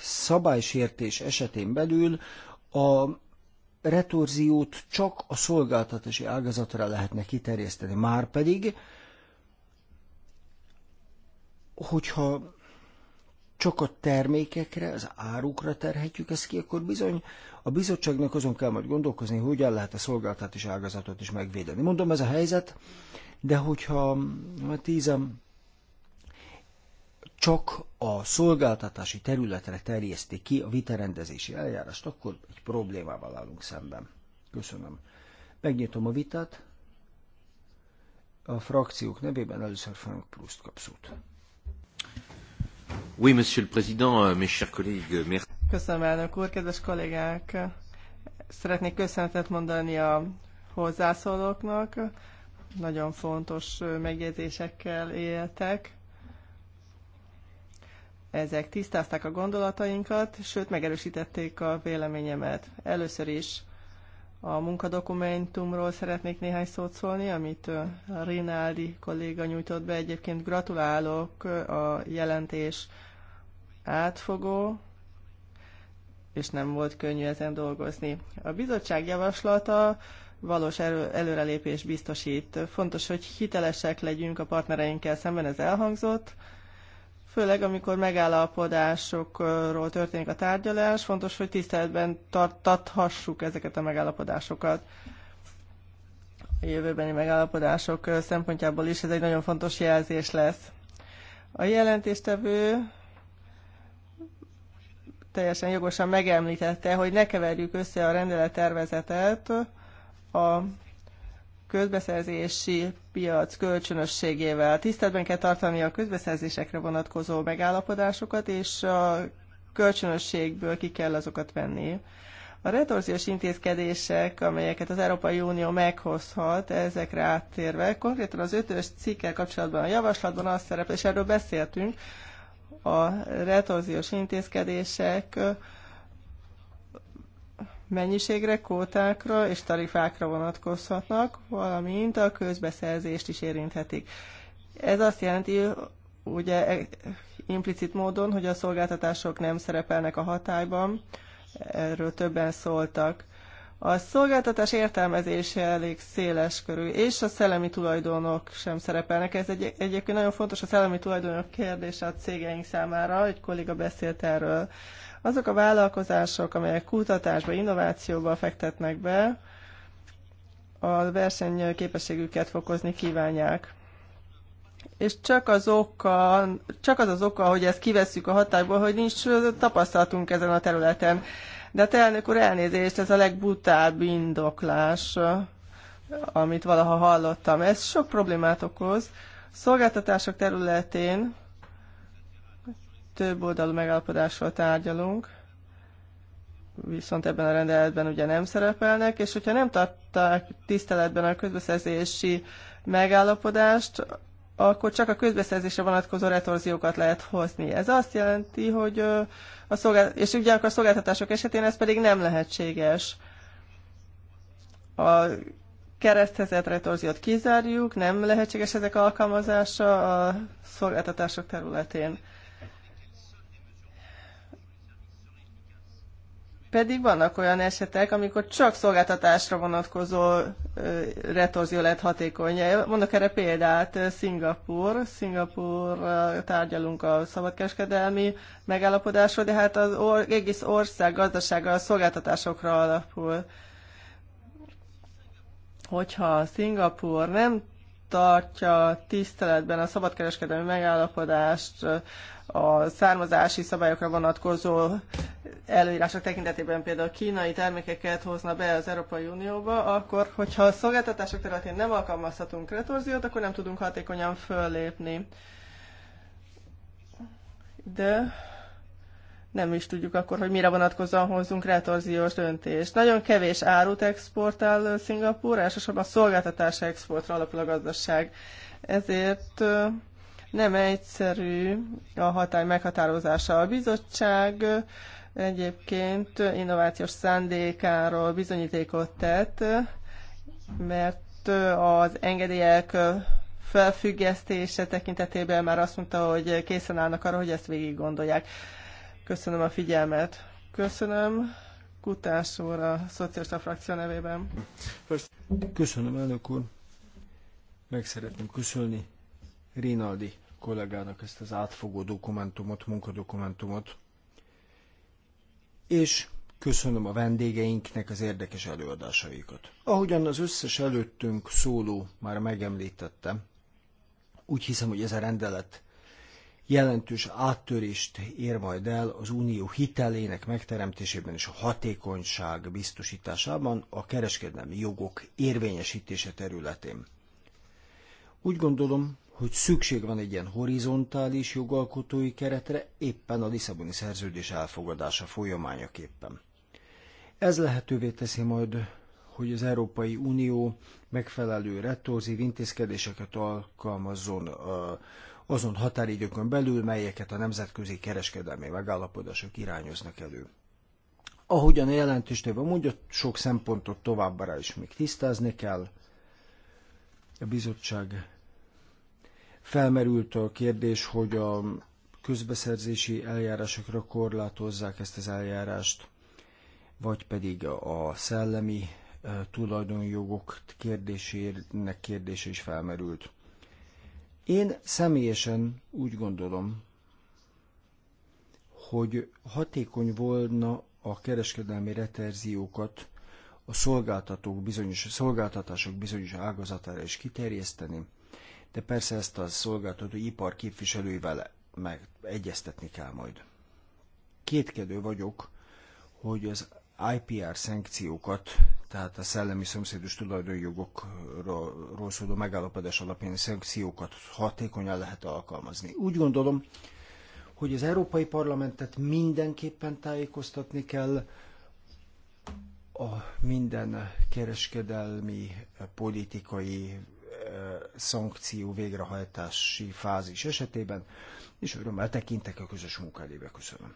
szabálysértés esetén belül a retorziót csak a szolgáltatási ágazatra lehetne kiterjeszteni. Márpedig, hogyha csak a termékekre, az árukra terhetjük ezt ki, akkor bizony a bizottságnak azon kell majd gondolkozni, hogy hogyan lehet a szolgáltatási ágazatot is megvédeni. Mondom, ez a helyzet, de hogyha a hát tízem csak a szolgáltatási területre terjeszti ki a vitarendezési eljárást, akkor egy problémával állunk szemben. Köszönöm. Megnyitom a vitát. A frakciók nevében először Frank Proust kap szót. Oui, monsieur le président, euh, mes chers collègues, merci. Köszönöm, elnök úr, kedves kollégák! Szeretnék köszönetet mondani a hozzászólóknak. Nagyon fontos megjegyzésekkel éltek ezek tisztázták a gondolatainkat, sőt megerősítették a véleményemet. Először is a munkadokumentumról szeretnék néhány szót szólni, amit Rinaldi kolléga nyújtott be. Egyébként gratulálok a jelentés átfogó, és nem volt könnyű ezen dolgozni. A bizottság javaslata valós elő, előrelépés biztosít. Fontos, hogy hitelesek legyünk a partnereinkkel szemben, ez elhangzott főleg amikor megállapodásokról történik a tárgyalás, fontos, hogy tiszteletben tartathassuk ezeket a megállapodásokat. A jövőbeni megállapodások szempontjából is ez egy nagyon fontos jelzés lesz. A jelentéstevő teljesen jogosan megemlítette, hogy ne keverjük össze a rendelettervezetet a közbeszerzési piac kölcsönösségével. Tiszteletben kell tartani a közbeszerzésekre vonatkozó megállapodásokat, és a kölcsönösségből ki kell azokat venni. A retorziós intézkedések, amelyeket az Európai Unió meghozhat, ezekre áttérve, konkrétan az ötös cikkel kapcsolatban a javaslatban azt szerepel, és erről beszéltünk, a retorziós intézkedések mennyiségre, kótákra és tarifákra vonatkozhatnak, valamint a közbeszerzést is érinthetik. Ez azt jelenti, ugye e, implicit módon, hogy a szolgáltatások nem szerepelnek a hatályban, erről többen szóltak. A szolgáltatás értelmezése elég széles körül, és a szellemi tulajdonok sem szerepelnek. Ez egy, egyébként nagyon fontos a szellemi tulajdonok kérdése a cégeink számára, egy kolléga beszélt erről. Azok a vállalkozások, amelyek kutatásba, innovációba fektetnek be, a versenyképességüket fokozni kívánják. És csak az, oka, csak az az oka, hogy ezt kivesszük a hatályból, hogy nincs tapasztalatunk ezen a területen. De te elnök úr, elnézést, ez a legbutább indoklás, amit valaha hallottam. Ez sok problémát okoz. Szolgáltatások területén több oldalú megállapodásról tárgyalunk, viszont ebben a rendeletben ugye nem szerepelnek, és hogyha nem tartták tiszteletben a közbeszerzési megállapodást, akkor csak a közbeszerzésre vonatkozó retorziókat lehet hozni. Ez azt jelenti, hogy a szolgált- és ugye akkor a szolgáltatások esetén ez pedig nem lehetséges. A kereszthezett retorziót kizárjuk, nem lehetséges ezek alkalmazása a szolgáltatások területén. Pedig vannak olyan esetek, amikor csak szolgáltatásra vonatkozó retorzió lehet hatékony. Mondok erre példát, Szingapur. Szingapur tárgyalunk a szabadkereskedelmi megállapodásról, de hát az or- egész ország gazdasága a szolgáltatásokra alapul. Hogyha Szingapur nem tartja tiszteletben a szabadkereskedelmi megállapodást, a származási szabályokra vonatkozó előírások tekintetében például kínai termékeket hozna be az Európai Unióba, akkor hogyha a szolgáltatások területén nem alkalmazhatunk retorziót, akkor nem tudunk hatékonyan föllépni. De nem is tudjuk akkor, hogy mire vonatkozóan hozzunk retorziós döntést. Nagyon kevés árut exportál Szingapúr, elsősorban a szolgáltatás exportra alapul a gazdaság. Ezért nem egyszerű a hatály meghatározása. A bizottság egyébként innovációs szándékáról bizonyítékot tett, mert az engedélyek felfüggesztése tekintetében már azt mondta, hogy készen állnak arra, hogy ezt végig gondolják. Köszönöm a figyelmet. Köszönöm. Kutás úr a szocialista frakció nevében. Köszönöm, elnök úr. Meg szeretném köszönni Rinaldi kollégának ezt az átfogó dokumentumot, munkadokumentumot. És köszönöm a vendégeinknek az érdekes előadásaikat. Ahogyan az összes előttünk szóló már megemlítettem, úgy hiszem, hogy ez a rendelet jelentős áttörést ér majd el az unió hitelének megteremtésében és a hatékonyság biztosításában a kereskedelmi jogok érvényesítése területén. Úgy gondolom, hogy szükség van egy ilyen horizontális jogalkotói keretre éppen a Lisszaboni szerződés elfogadása folyamányaképpen. Ez lehetővé teszi majd, hogy az Európai Unió megfelelő retorzív intézkedéseket alkalmazzon azon határidőkön belül, melyeket a nemzetközi kereskedelmi megállapodások irányoznak elő. Ahogyan a jelentőstében mondja, sok szempontot továbbra is még tisztázni kell. A bizottság felmerült a kérdés, hogy a közbeszerzési eljárásokra korlátozzák ezt az eljárást, vagy pedig a szellemi eh, tulajdonjogok kérdésének kérdése is felmerült. Én személyesen úgy gondolom, hogy hatékony volna a kereskedelmi reterziókat a szolgáltatók bizonyos, a szolgáltatások bizonyos ágazatára is kiterjeszteni, de persze ezt a szolgáltató ipar képviselőivel meg egyeztetni kell majd. Kétkedő vagyok, hogy az IPR szankciókat tehát a szellemi szomszédos tulajdonjogokról szóló megállapodás alapján szankciókat hatékonyan lehet alkalmazni. Úgy gondolom, hogy az Európai Parlamentet mindenképpen tájékoztatni kell a minden kereskedelmi, politikai eh, szankció végrehajtási fázis esetében, és örömmel tekintek a közös munkálébe. Köszönöm.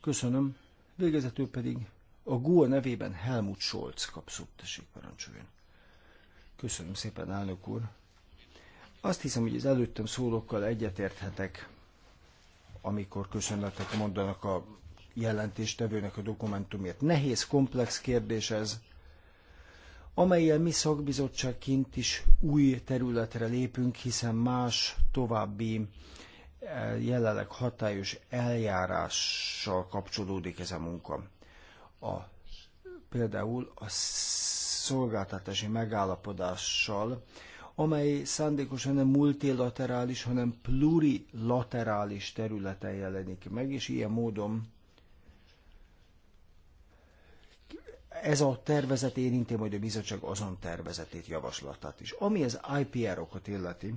Köszönöm. Végezetül pedig a GUA nevében Helmut Scholz kapszott, tessék parancsoljon. Köszönöm szépen, elnök úr. Azt hiszem, hogy az előttem szólókkal egyetérthetek, amikor köszönetet mondanak a jelentéstevőnek a dokumentumért. Nehéz, komplex kérdés ez, amelyel mi szakbizottságként is új területre lépünk, hiszen más további eh, jelenleg hatályos eljárással kapcsolódik ez a munka a, például a szolgáltatási megállapodással, amely szándékosan nem multilaterális, hanem plurilaterális területen jelenik meg, és ilyen módon ez a tervezet érinti majd a bizottság azon tervezetét, javaslatát is. Ami az IPR-okat illeti,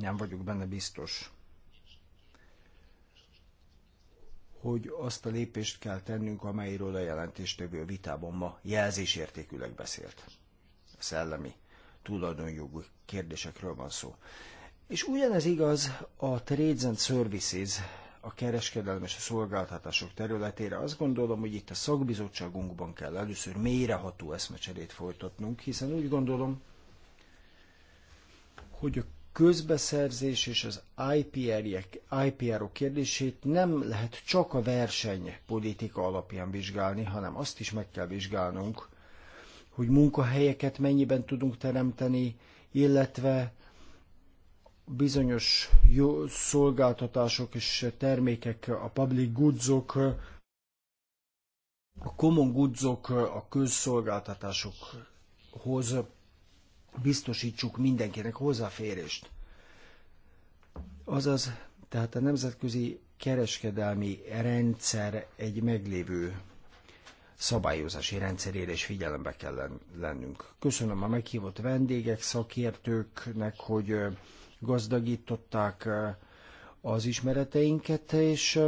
nem vagyok benne biztos, hogy azt a lépést kell tennünk, amelyről a jelentéstevő vitában ma jelzésértékűleg beszélt. A szellemi tulajdonjogú kérdésekről van szó. És ugyanez igaz a Trades and Services, a kereskedelem és a szolgáltatások területére. Azt gondolom, hogy itt a szakbizottságunkban kell először mélyreható eszmecserét folytatnunk, hiszen úgy gondolom, hogy a közbeszerzés és az ipr IPR-ok kérdését nem lehet csak a versenypolitika alapján vizsgálni, hanem azt is meg kell vizsgálnunk, hogy munkahelyeket mennyiben tudunk teremteni, illetve bizonyos jó szolgáltatások és termékek, a public goodsok, a common goodsok, a közszolgáltatásokhoz biztosítsuk mindenkinek hozzáférést. Azaz, tehát a nemzetközi kereskedelmi rendszer egy meglévő szabályozási rendszerére is figyelembe kell lennünk. Köszönöm a meghívott vendégek, szakértőknek, hogy gazdagították az ismereteinket, és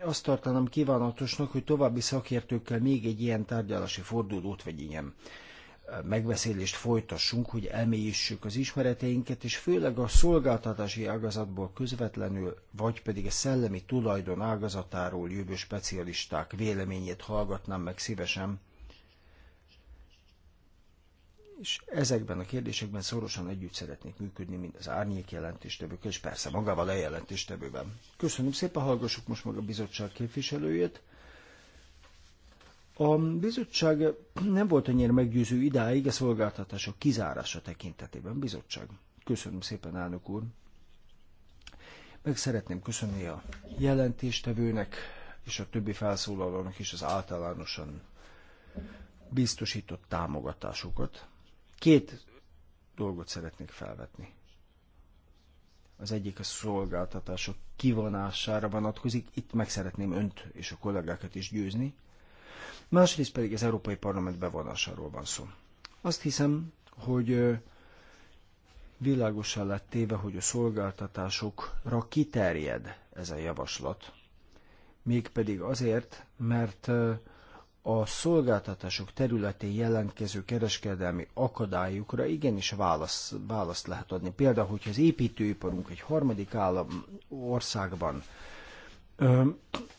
azt tartanám kívánatosnak, hogy további szakértőkkel még egy ilyen tárgyalási fordulót vegyünk megbeszélést folytassunk, hogy elmélyítsük az ismereteinket, és főleg a szolgáltatási ágazatból közvetlenül, vagy pedig a szellemi tulajdon ágazatáról jövő specialisták véleményét hallgatnám meg szívesen. És ezekben a kérdésekben szorosan együtt szeretnék működni, mint az árnyék jelentéstevőkkel, és persze magával a jelentéstevőben. Köszönöm szépen, hallgassuk most meg a bizottság képviselőjét. A bizottság nem volt annyira meggyőző idáig a szolgáltatások kizárása tekintetében. Bizottság. Köszönöm szépen, elnök úr. Meg szeretném köszönni a jelentéstevőnek és a többi felszólalónak is az általánosan biztosított támogatásukat. Két dolgot szeretnék felvetni. Az egyik a szolgáltatások kivonására vonatkozik, itt meg szeretném önt és a kollégákat is győzni másrészt pedig az Európai Parlament bevonásáról van szó. Azt hiszem, hogy világosá lett téve, hogy a szolgáltatásokra kiterjed ez a javaslat, mégpedig azért, mert a szolgáltatások területén jelentkező kereskedelmi akadályokra igenis válasz, választ lehet adni. Például, hogyha az építőiparunk egy harmadik állam országban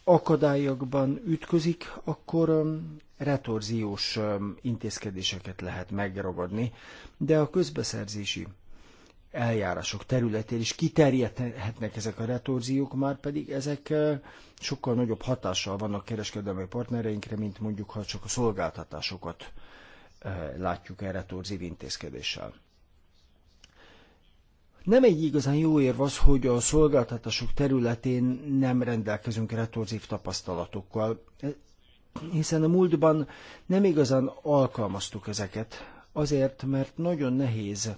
akadályokban ütközik, akkor retorziós intézkedéseket lehet megragadni, de a közbeszerzési eljárások területén is kiterjedhetnek ezek a retorziók, már pedig ezek sokkal nagyobb hatással vannak kereskedelmi partnereinkre, mint mondjuk, ha csak a szolgáltatásokat látjuk el retorzív intézkedéssel. Nem egy igazán jó érv az, hogy a szolgáltatások területén nem rendelkezünk retorzív tapasztalatokkal, hiszen a múltban nem igazán alkalmaztuk ezeket, azért, mert nagyon nehéz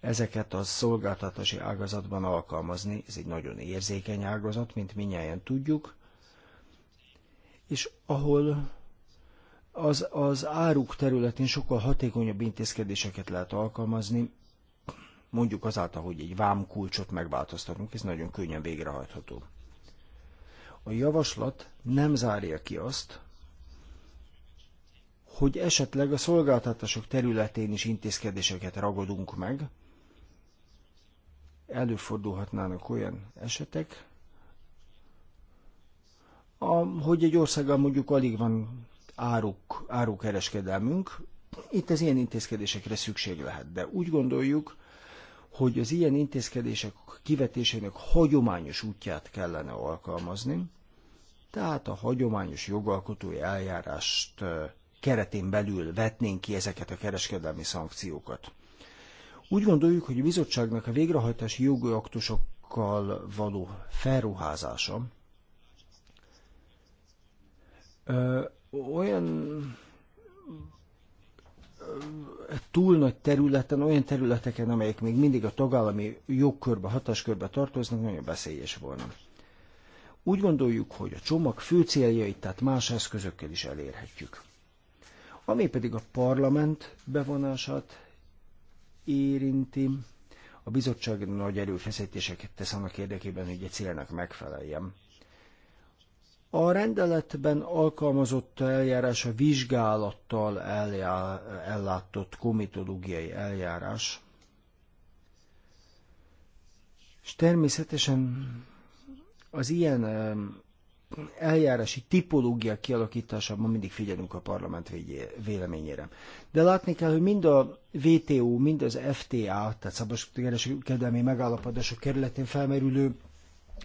ezeket a szolgáltatási ágazatban alkalmazni. Ez egy nagyon érzékeny ágazat, mint minnyáján tudjuk, és ahol az, az áruk területén sokkal hatékonyabb intézkedéseket lehet alkalmazni, mondjuk azáltal, hogy egy vámkulcsot megváltoztatunk, ez nagyon könnyen végrehajtható. A javaslat nem zárja ki azt, hogy esetleg a szolgáltatások területén is intézkedéseket ragadunk meg, előfordulhatnának olyan esetek, hogy egy országgal mondjuk alig van áruk, árukereskedelmünk, itt az ilyen intézkedésekre szükség lehet, de úgy gondoljuk, hogy az ilyen intézkedések kivetésének hagyományos útját kellene alkalmazni, tehát a hagyományos jogalkotói eljárást keretén belül vetnénk ki ezeket a kereskedelmi szankciókat. Úgy gondoljuk, hogy a bizottságnak a végrehajtási jogi aktusokkal való felruházása ö, olyan túl nagy területen, olyan területeken, amelyek még mindig a tagállami jogkörbe, hatáskörbe tartoznak, nagyon veszélyes volna. Úgy gondoljuk, hogy a csomag fő céljait, tehát más eszközökkel is elérhetjük. Ami pedig a parlament bevonását érinti, a bizottság nagy erőfeszítéseket tesz annak érdekében, hogy egy célnak megfeleljen. A rendeletben alkalmazott eljárás a vizsgálattal ellátott komitológiai eljárás. És természetesen az ilyen eljárási tipológia kialakításában mindig figyelünk a parlament véleményére. De látni kell, hogy mind a WTO, mind az FTA, tehát szabadságkereskedelmi megállapodások kerületén felmerülő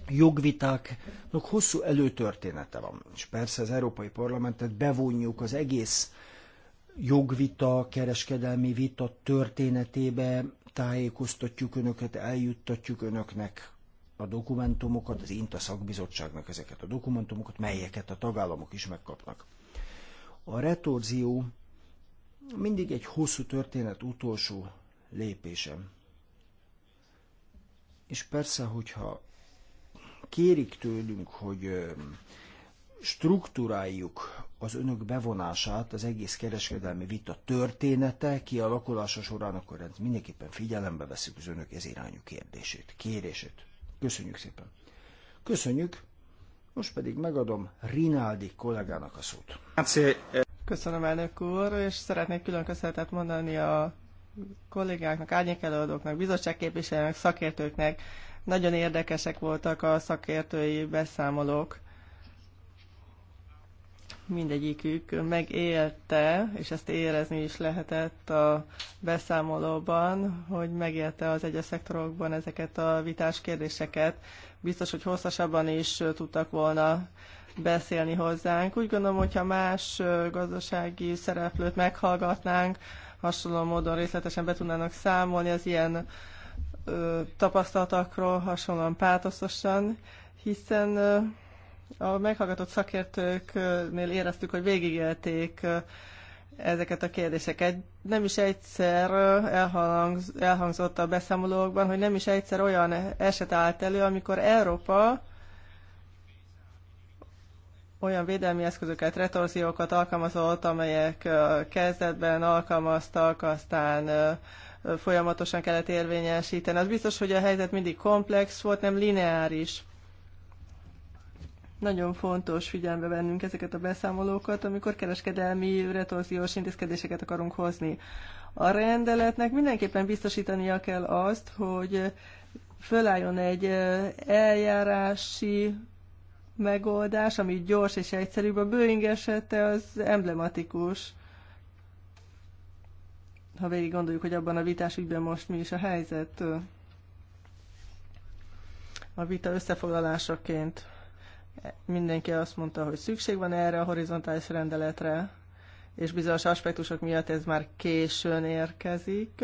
jogvitáknak hosszú előtörténete van. És persze az Európai Parlamentet bevonjuk az egész jogvita, kereskedelmi vita történetébe, tájékoztatjuk önöket, eljuttatjuk önöknek a dokumentumokat, az INTA szakbizottságnak ezeket a dokumentumokat, melyeket a tagállamok is megkapnak. A retorzió mindig egy hosszú történet utolsó lépése. És persze, hogyha kérik tőlünk, hogy struktúráljuk az önök bevonását, az egész kereskedelmi vita története kialakulása során, akkor ez mindenképpen figyelembe veszük az önök ez irányú kérdését, kérését. Köszönjük szépen. Köszönjük. Most pedig megadom Rinaldi kollégának a szót. Köszönöm, elnök úr, és szeretnék külön köszönetet mondani a kollégáknak, árnyékelőadóknak, bizottságképviselőnek, szakértőknek, nagyon érdekesek voltak a szakértői beszámolók. Mindegyikük megélte, és ezt érezni is lehetett a beszámolóban, hogy megélte az egyes szektorokban ezeket a vitás kérdéseket. Biztos, hogy hosszasabban is tudtak volna beszélni hozzánk. Úgy gondolom, hogyha más gazdasági szereplőt meghallgatnánk, hasonló módon részletesen be tudnának számolni az ilyen tapasztalatokról hasonlóan pártososan, hiszen a meghallgatott szakértőknél éreztük, hogy végigélték ezeket a kérdéseket. Nem is egyszer elhangzott a beszámolókban, hogy nem is egyszer olyan eset állt elő, amikor Európa olyan védelmi eszközöket, retorziókat alkalmazott, amelyek kezdetben alkalmaztak, aztán folyamatosan kellett érvényesíteni. Az biztos, hogy a helyzet mindig komplex volt, nem lineáris. Nagyon fontos figyelme vennünk ezeket a beszámolókat, amikor kereskedelmi retorziós intézkedéseket akarunk hozni. A rendeletnek mindenképpen biztosítania kell azt, hogy fölálljon egy eljárási megoldás, ami gyors és egyszerűbb. A Boeing esete az emblematikus ha végig gondoljuk, hogy abban a vitás ügyben most mi is a helyzet a vita összefoglalásaként e, mindenki azt mondta, hogy szükség van erre a horizontális rendeletre, és bizonyos aspektusok miatt ez már későn érkezik.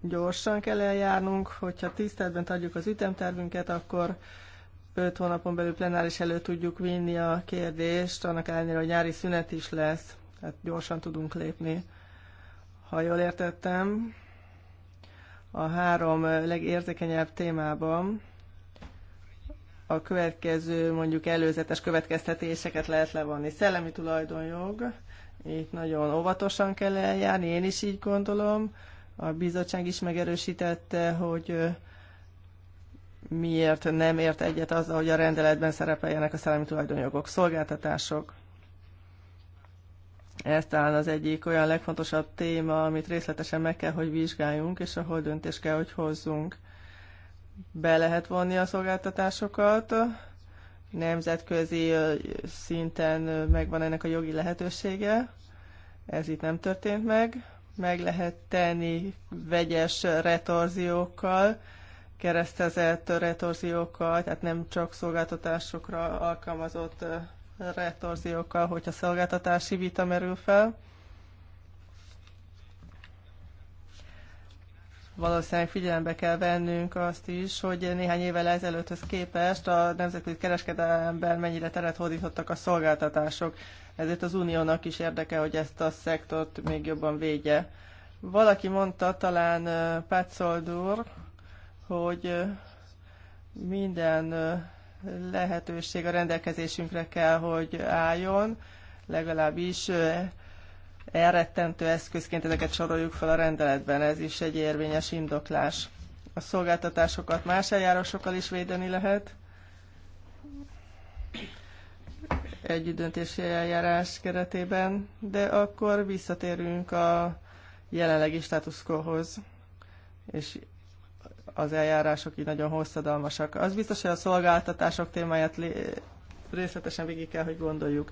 Gyorsan kell eljárnunk, hogyha tiszteletben tartjuk az ütemtervünket, akkor öt hónapon belül plenáris elő tudjuk vinni a kérdést, annak ellenére, hogy nyári szünet is lesz, tehát gyorsan tudunk lépni. Ha jól értettem, a három legérzékenyebb témában a következő mondjuk előzetes következtetéseket lehet levonni. Szellemi tulajdonjog, itt nagyon óvatosan kell eljárni, én is így gondolom. A bizottság is megerősítette, hogy miért nem ért egyet azzal, hogy a rendeletben szerepeljenek a szellemi tulajdonjogok, szolgáltatások. Ez talán az egyik olyan legfontosabb téma, amit részletesen meg kell, hogy vizsgáljunk, és ahol döntést kell, hogy hozzunk. Be lehet vonni a szolgáltatásokat, nemzetközi szinten megvan ennek a jogi lehetősége, ez itt nem történt meg, meg lehet tenni vegyes retorziókkal, keresztezett retorziókkal, tehát nem csak szolgáltatásokra alkalmazott retorziókkal, hogyha szolgáltatási vita merül fel. Valószínűleg figyelembe kell vennünk azt is, hogy néhány évvel ezelőtthöz képest a nemzetközi kereskedelemben mennyire teret hódítottak a szolgáltatások. Ezért az uniónak is érdeke, hogy ezt a szektort még jobban védje. Valaki mondta, talán Pátszoldur, hogy minden lehetőség a rendelkezésünkre kell, hogy álljon, legalábbis elrettentő eszközként ezeket soroljuk fel a rendeletben, ez is egy érvényes indoklás. A szolgáltatásokat más eljárásokkal is védeni lehet. Együttdöntési eljárás keretében, de akkor visszatérünk a jelenlegi státuszkóhoz, és az eljárások így nagyon hosszadalmasak. Az biztos, hogy a szolgáltatások témáját részletesen végig kell, hogy gondoljuk.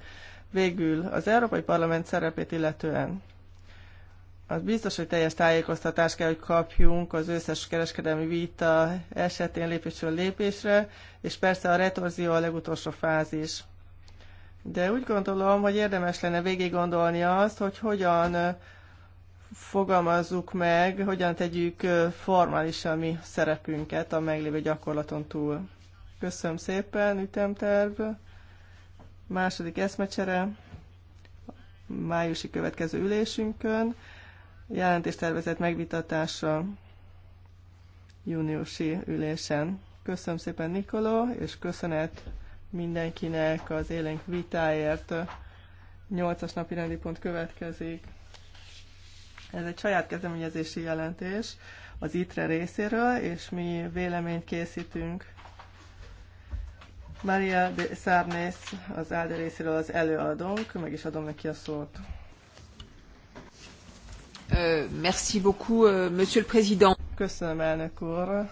Végül az Európai Parlament szerepét illetően az biztos, hogy teljes tájékoztatást kell, hogy kapjunk az összes kereskedelmi vita esetén lépésről lépésre, és persze a retorzió a legutolsó fázis. De úgy gondolom, hogy érdemes lenne végig gondolni azt, hogy hogyan fogalmazzuk meg, hogyan tegyük formálisan mi szerepünket a meglévő gyakorlaton túl. Köszönöm szépen, ütemterv, második eszmecsere, májusi következő ülésünkön, jelentéstervezet megvitatása júniusi ülésen. Köszönöm szépen Nikoló, és köszönet mindenkinek az élénk vitáért. Nyolcas napi rendi pont következik. Ez egy saját kezdeményezési jelentés az ITRE részéről, és mi véleményt készítünk. Maria de Sarnes az Álde részéről az előadónk, meg is adom neki a szót. Merci beaucoup, Monsieur le Président. Köszönöm, elnök úr.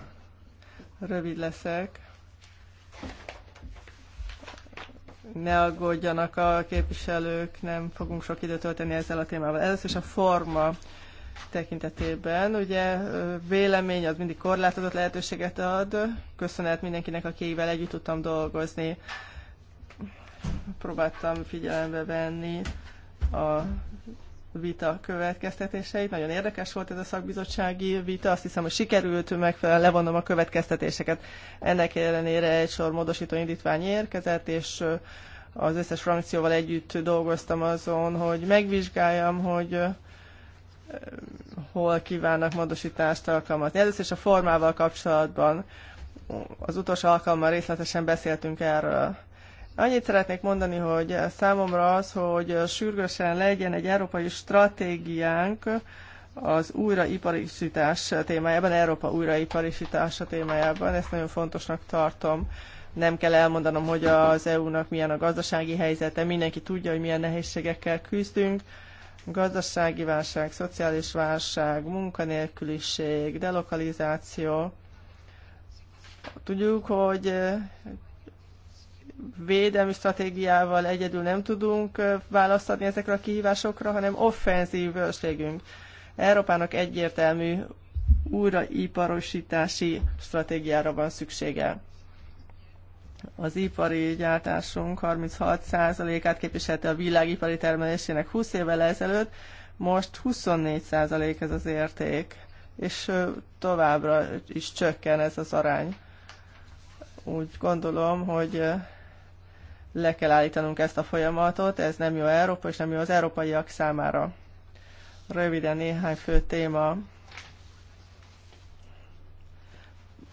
Rövid leszek. ne aggódjanak a képviselők, nem fogunk sok időt tölteni ezzel a témával. Először is a forma tekintetében. Ugye vélemény az mindig korlátozott lehetőséget ad. Köszönet mindenkinek, akivel együtt tudtam dolgozni. Próbáltam figyelembe venni a vita következtetéseit. Nagyon érdekes volt ez a szakbizottsági vita, azt hiszem, hogy sikerült megfelelően levonnom a következtetéseket. Ennek ellenére egy sor módosító indítvány érkezett, és az összes frakcióval együtt dolgoztam azon, hogy megvizsgáljam, hogy hol kívánnak módosítást alkalmazni. Először is a formával kapcsolatban az utolsó alkalommal részletesen beszéltünk erről Annyit szeretnék mondani, hogy számomra az, hogy sürgősen legyen egy európai stratégiánk az újraiparisítás témájában, Európa újraiparisítása témájában, ezt nagyon fontosnak tartom. Nem kell elmondanom, hogy az EU-nak milyen a gazdasági helyzete, mindenki tudja, hogy milyen nehézségekkel küzdünk. Gazdasági válság, szociális válság, munkanélküliség, delokalizáció. Tudjuk, hogy védelmi stratégiával egyedül nem tudunk választ adni ezekre a kihívásokra, hanem offenzív vörségünk. Európának egyértelmű újraiparosítási stratégiára van szüksége. Az ipari gyártásunk 36%-át képviselte a világipari termelésének 20 évvel ezelőtt, most 24% ez az érték, és továbbra is csökken ez az arány úgy gondolom, hogy le kell állítanunk ezt a folyamatot, ez nem jó Európa, és nem jó az európaiak számára. Röviden néhány fő téma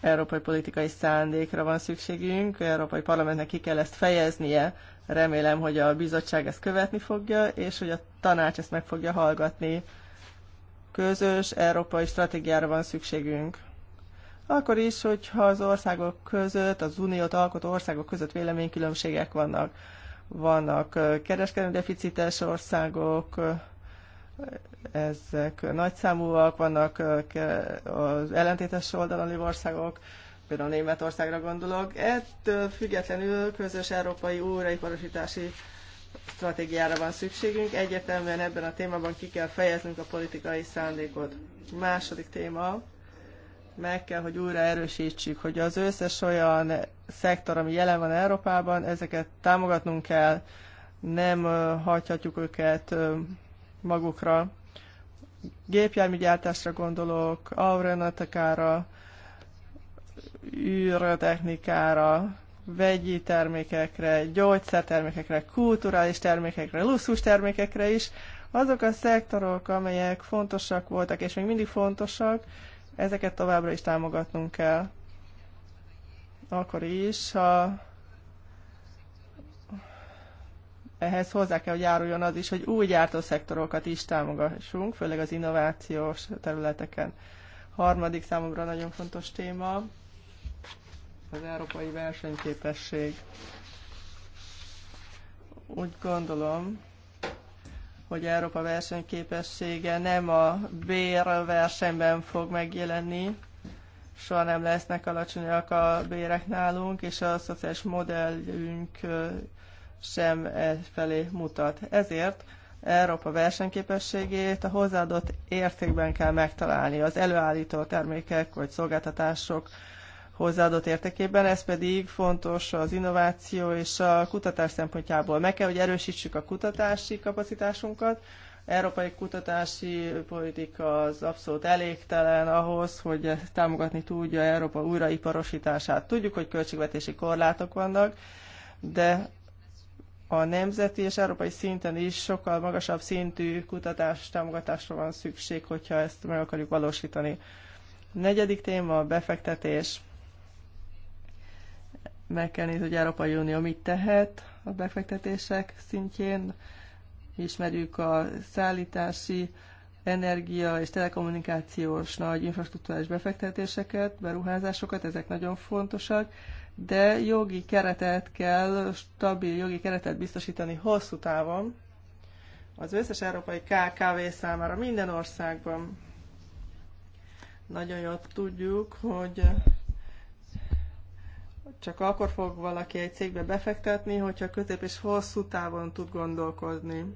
európai politikai szándékra van szükségünk, európai parlamentnek ki kell ezt fejeznie, remélem, hogy a bizottság ezt követni fogja, és hogy a tanács ezt meg fogja hallgatni. Közös európai stratégiára van szükségünk akkor is, hogyha az országok között, az uniót alkotó országok között véleménykülönbségek vannak. Vannak kereskedelmi deficites országok, ezek nagyszámúak, vannak az ellentétes oldalon lévő országok, például Németországra gondolok. Ettől függetlenül közös európai újraiparosítási stratégiára van szükségünk. Egyetemben ebben a témában ki kell fejeznünk a politikai szándékot. Második téma, meg kell, hogy újra erősítsük, hogy az összes olyan szektor, ami jelen van Európában, ezeket támogatnunk kell, nem hagyhatjuk őket magukra. Gépjárműgyártásra gondolok, aurenatekára, űrtechnikára, vegyi termékekre, gyógyszertermékekre, kulturális termékekre, luxus termékekre is. Azok a szektorok, amelyek fontosak voltak, és még mindig fontosak, Ezeket továbbra is támogatnunk kell. Akkor is, ha ehhez hozzá kell, hogy járuljon az is, hogy új gyártószektorokat is támogassunk, főleg az innovációs területeken. Harmadik számomra nagyon fontos téma az európai versenyképesség. Úgy gondolom, hogy Európa versenyképessége nem a bérversenyben fog megjelenni, soha nem lesznek alacsonyak a bérek nálunk, és a szociális modellünk sem e felé mutat. Ezért Európa versenyképességét a hozzáadott értékben kell megtalálni, az előállító termékek vagy szolgáltatások hozzáadott értekében, ez pedig fontos az innováció és a kutatás szempontjából. Meg kell, hogy erősítsük a kutatási kapacitásunkat. Európai kutatási politika az abszolút elégtelen ahhoz, hogy támogatni tudja Európa újraiparosítását. Tudjuk, hogy költségvetési korlátok vannak, de a nemzeti és európai szinten is sokkal magasabb szintű kutatás támogatásra van szükség, hogyha ezt meg akarjuk valósítani. Negyedik téma a befektetés meg kell nézni, hogy Európai Unió mit tehet a befektetések szintjén. Ismerjük a szállítási, energia és telekommunikációs nagy infrastruktúrális befektetéseket, beruházásokat, ezek nagyon fontosak, de jogi keretet kell, stabil jogi keretet biztosítani hosszú távon az összes európai KKV számára minden országban. Nagyon jól tudjuk, hogy csak akkor fog valaki egy cégbe befektetni, hogyha közép és hosszú távon tud gondolkodni.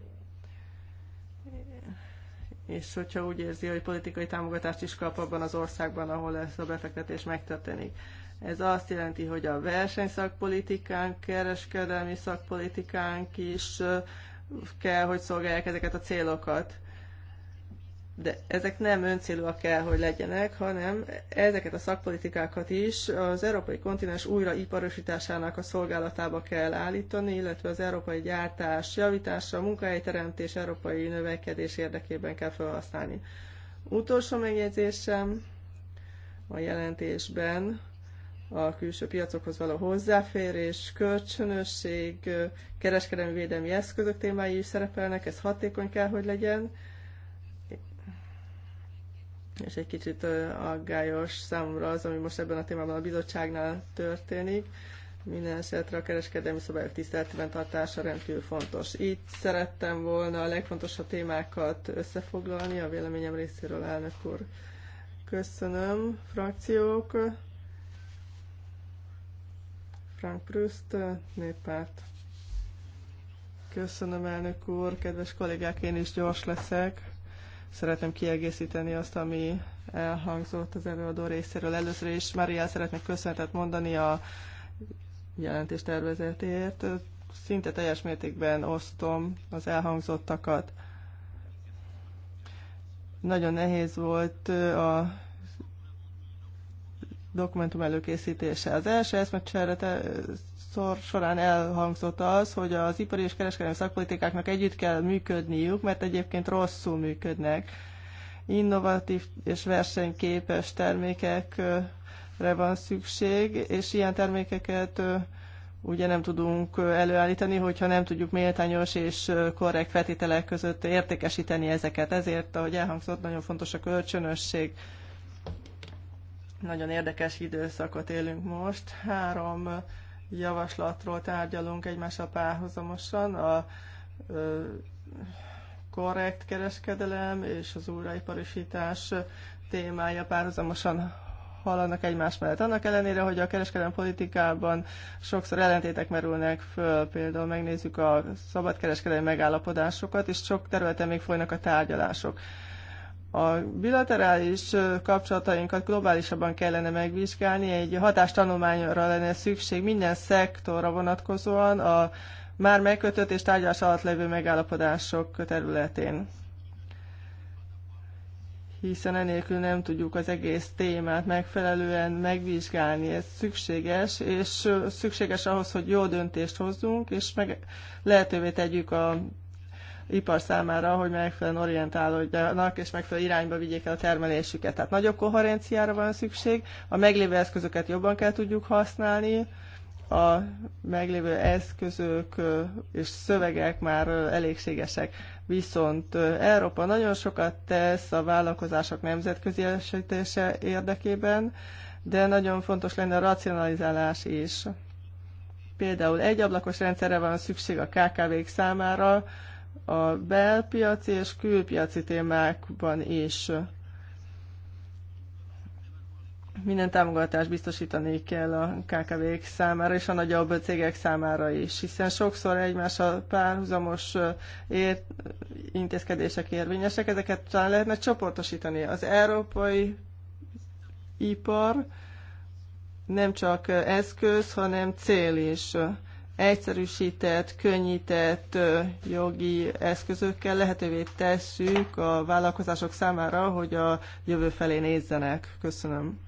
És hogyha úgy érzi, hogy politikai támogatást is kap abban az országban, ahol ez a befektetés megtörténik. Ez azt jelenti, hogy a versenyszakpolitikánk, kereskedelmi szakpolitikánk is kell, hogy szolgálják ezeket a célokat de ezek nem öncélúak kell, hogy legyenek, hanem ezeket a szakpolitikákat is az európai kontinens újraiparosításának a szolgálatába kell állítani, illetve az európai gyártás javítása, munkahelyteremtés, európai növekedés érdekében kell felhasználni. Utolsó megjegyzésem a jelentésben a külső piacokhoz való hozzáférés, kölcsönösség, kereskedelmi védelmi eszközök témái is szerepelnek, ez hatékony kell, hogy legyen és egy kicsit aggályos számomra az, ami most ebben a témában a bizottságnál történik. Minden esetre a kereskedelmi szabályok tiszteletben tartása rendkívül fontos. Így szerettem volna a legfontosabb témákat összefoglalni a véleményem részéről, elnök úr. Köszönöm, frakciók. Frank Prüst, néppárt. Köszönöm, elnök úr, kedves kollégák, én is gyors leszek szeretném kiegészíteni azt, ami elhangzott az előadó részéről. Először is Mariel szeretnék köszönetet mondani a tervezetért. Szinte teljes mértékben osztom az elhangzottakat. Nagyon nehéz volt a dokumentum előkészítése. Az első eszmecserre szor során elhangzott az, hogy az ipari és kereskedelmi szakpolitikáknak együtt kell működniük, mert egyébként rosszul működnek. Innovatív és versenyképes termékekre van szükség, és ilyen termékeket ugye nem tudunk előállítani, hogyha nem tudjuk méltányos és korrekt feltételek között értékesíteni ezeket. Ezért, ahogy elhangzott, nagyon fontos a kölcsönösség. Nagyon érdekes időszakot élünk most. Három javaslatról tárgyalunk egymással párhuzamosan, a ö, korrekt kereskedelem és az újraiparosítás témája párhuzamosan hallanak egymás mellett. Annak ellenére, hogy a kereskedelmi politikában sokszor ellentétek merülnek föl, például megnézzük a szabadkereskedelmi megállapodásokat, és sok területen még folynak a tárgyalások. A bilaterális kapcsolatainkat globálisabban kellene megvizsgálni, egy hatástanulmányra lenne szükség minden szektorra vonatkozóan a már megkötött és tárgyalás alatt levő megállapodások területén hiszen enélkül nem tudjuk az egész témát megfelelően megvizsgálni. Ez szükséges, és szükséges ahhoz, hogy jó döntést hozzunk, és meg lehetővé tegyük a ipar számára, hogy megfelelően orientálódjanak, és megfelelő irányba vigyék el a termelésüket. Tehát nagyobb koherenciára van szükség, a meglévő eszközöket jobban kell tudjuk használni, a meglévő eszközök és szövegek már elégségesek. Viszont Európa nagyon sokat tesz a vállalkozások nemzetközi esetése érdekében, de nagyon fontos lenne a racionalizálás is. Például egy ablakos rendszerre van szükség a KKV-k számára, a belpiaci és külpiaci témákban is. Minden támogatást biztosítani kell a KKV-k számára és a nagyobb cégek számára is, hiszen sokszor egymással párhuzamos ért, intézkedések érvényesek, ezeket talán lehetne csoportosítani. Az európai ipar nem csak eszköz, hanem cél is egyszerűsített, könnyített jogi eszközökkel lehetővé tesszük a vállalkozások számára, hogy a jövő felé nézzenek. Köszönöm.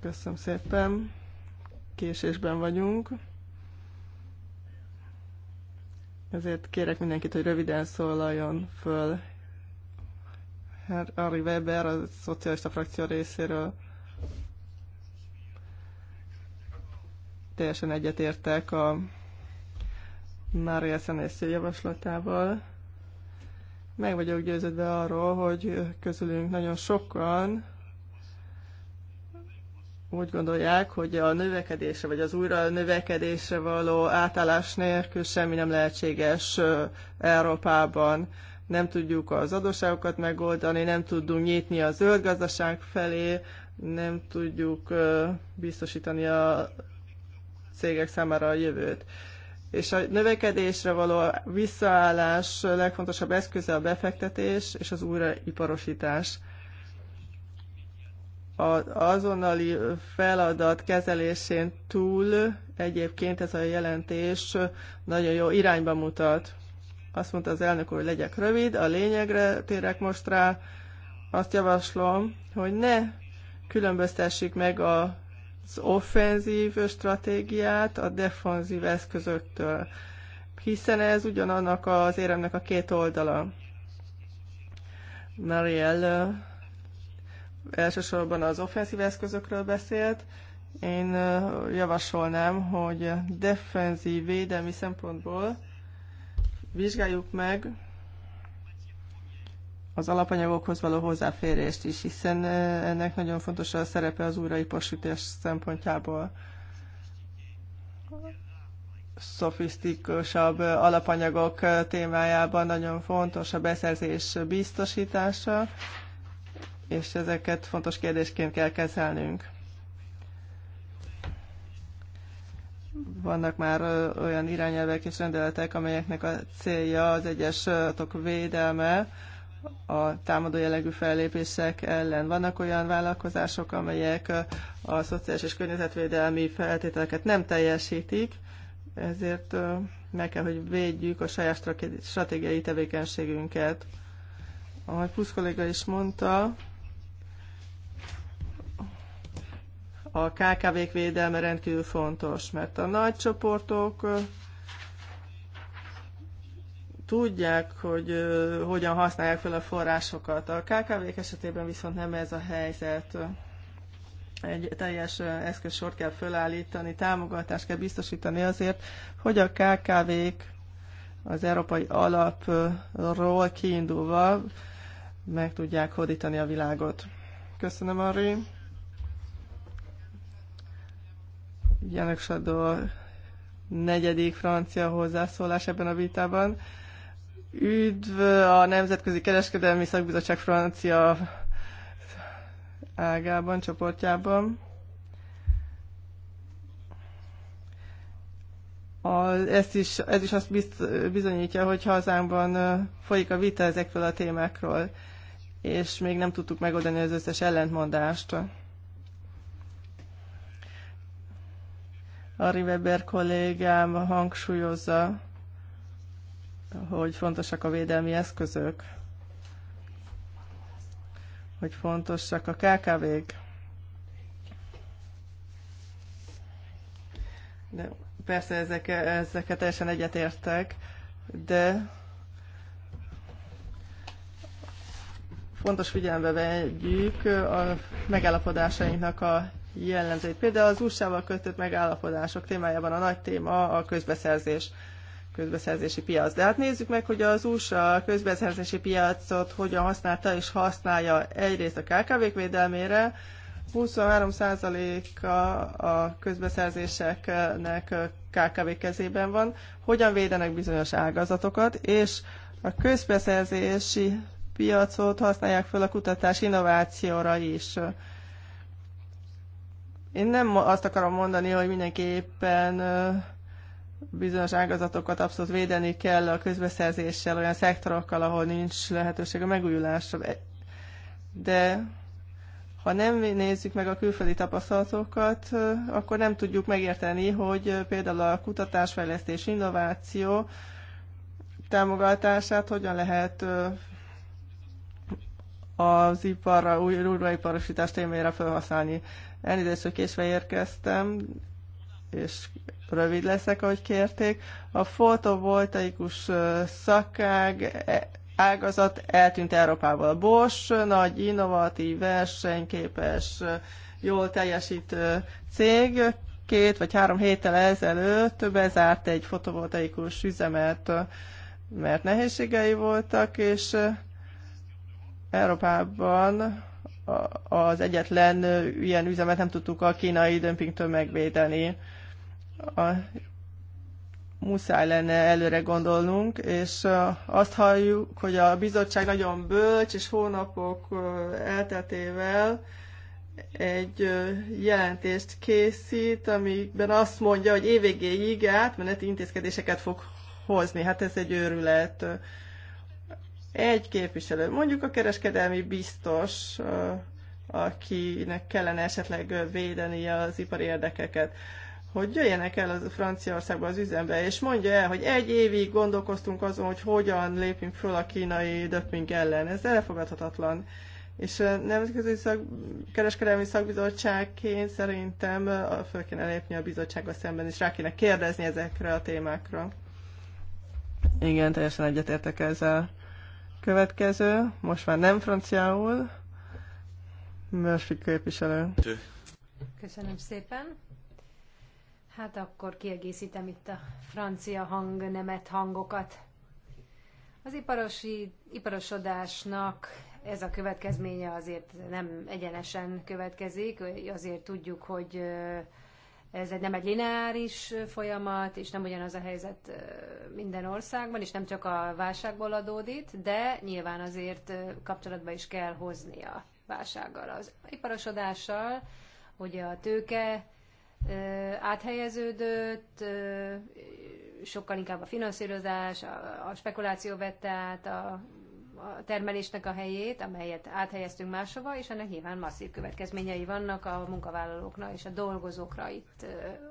Köszönöm szépen. Késésben vagyunk. Ezért kérek mindenkit, hogy röviden szólaljon föl. Harry Weber a szocialista frakció részéről. teljesen egyetértek a Mária Szenésző javaslatával. Meg vagyok győződve arról, hogy közülünk nagyon sokan úgy gondolják, hogy a növekedésre, vagy az újra növekedésre való átállás nélkül semmi nem lehetséges Európában. Nem tudjuk az adósságokat megoldani, nem tudunk nyitni a zöld gazdaság felé, nem tudjuk biztosítani a cégek számára a jövőt. És a növekedésre való visszaállás legfontosabb eszköze a befektetés és az újraiparosítás. A azonnali feladat kezelésén túl egyébként ez a jelentés nagyon jó irányba mutat. Azt mondta az elnök hogy legyek rövid, a lényegre térek most rá. Azt javaslom, hogy ne különböztessük meg a az offenzív stratégiát a defenzív eszközöktől, hiszen ez ugyanannak az éremnek a két oldala. Marielle elsősorban az offenzív eszközökről beszélt. Én javasolnám, hogy defenzív védelmi szempontból vizsgáljuk meg az alapanyagokhoz való hozzáférést is, hiszen ennek nagyon fontos a szerepe az újraiposítás szempontjából szofisztikusabb alapanyagok témájában nagyon fontos a beszerzés biztosítása, és ezeket fontos kérdésként kell kezelnünk. Vannak már olyan irányelvek és rendeletek, amelyeknek a célja az egyes adatok védelme, a támadó jellegű fellépések ellen. Vannak olyan vállalkozások, amelyek a szociális és környezetvédelmi feltételeket nem teljesítik, ezért meg kell, hogy védjük a saját stratégiai tevékenységünket. Ahogy Plusz kolléga is mondta, a KKV-k védelme rendkívül fontos, mert a nagy csoportok tudják, hogy uh, hogyan használják fel a forrásokat. A KKV-k esetében viszont nem ez a helyzet. Egy teljes eszközsort kell felállítani, támogatást kell biztosítani azért, hogy a KKV-k az európai alapról kiindulva meg tudják hódítani a világot. Köszönöm, Ari. Janok Sadó negyedik francia hozzászólás ebben a vitában. Üdv a Nemzetközi Kereskedelmi Szakbizottság francia ágában, csoportjában. A, ez is, ez is azt bizt, bizonyítja, hogy hazánkban folyik a vita ezekről a témákról, és még nem tudtuk megoldani az összes ellentmondást. Ari Weber kollégám hangsúlyozza, hogy fontosak a védelmi eszközök, hogy fontosak a KKV-k. De persze ezek, ezeket teljesen egyetértek, de fontos figyelembe vegyük a megállapodásainknak a jellemzőit. Például az USA-val kötött megállapodások témájában a nagy téma a közbeszerzés közbeszerzési piac. De hát nézzük meg, hogy az USA közbeszerzési piacot hogyan használta és használja egyrészt a KKV-k védelmére, 23%-a a közbeszerzéseknek KKV kezében van, hogyan védenek bizonyos ágazatokat, és a közbeszerzési piacot használják fel a kutatás innovációra is. Én nem azt akarom mondani, hogy mindenképpen bizonyos ágazatokat abszolút védeni kell a közbeszerzéssel, olyan szektorokkal, ahol nincs lehetőség a megújulásra. De ha nem nézzük meg a külföldi tapasztalatokat, akkor nem tudjuk megérteni, hogy például a kutatásfejlesztés, innováció támogatását hogyan lehet az iparra, új, újraiparosítás témájára felhasználni. Elnézést, hogy késve érkeztem, és rövid leszek, ahogy kérték. A fotovoltaikus szakág e, ágazat eltűnt Európából. A Bosch nagy, innovatív, versenyképes, jól teljesítő cég két vagy három héttel ezelőtt bezárt egy fotovoltaikus üzemet, mert nehézségei voltak, és Európában az egyetlen ilyen üzemet nem tudtuk a kínai dömpingtől megvédeni a, muszáj lenne előre gondolnunk, és azt halljuk, hogy a bizottság nagyon bölcs, és hónapok elteltével egy jelentést készít, amiben azt mondja, hogy évvégéig átmeneti intézkedéseket fog hozni. Hát ez egy őrület. Egy képviselő, mondjuk a kereskedelmi biztos, akinek kellene esetleg védeni az ipari érdekeket hogy jöjjenek el az Franciaországba az üzembe, és mondja el, hogy egy évig gondolkoztunk azon, hogy hogyan lépünk föl a kínai döping ellen. Ez elfogadhatatlan. És a eh, Nemzetközi Szak, Kereskedelmi Szakbizottságként szerintem eh, föl kéne lépni a bizottsága szemben, és rá kéne kérdezni ezekre a témákra. Igen, teljesen egyetértek ezzel. Következő, most már nem franciául, Murphy képviselő. Köszönöm szépen. Hát akkor kiegészítem itt a francia hang, nemet hangokat. Az iparosi, iparosodásnak ez a következménye azért nem egyenesen következik, azért tudjuk, hogy ez egy, nem egy lineáris folyamat, és nem ugyanaz a helyzet minden országban, és nem csak a válságból adódik, de nyilván azért kapcsolatba is kell hozni a válsággal, az iparosodással, hogy a tőke áthelyeződött, sokkal inkább a finanszírozás, a, a spekuláció vette át a, a termelésnek a helyét, amelyet áthelyeztünk máshova, és ennek nyilván masszív következményei vannak a munkavállalóknak és a dolgozókra itt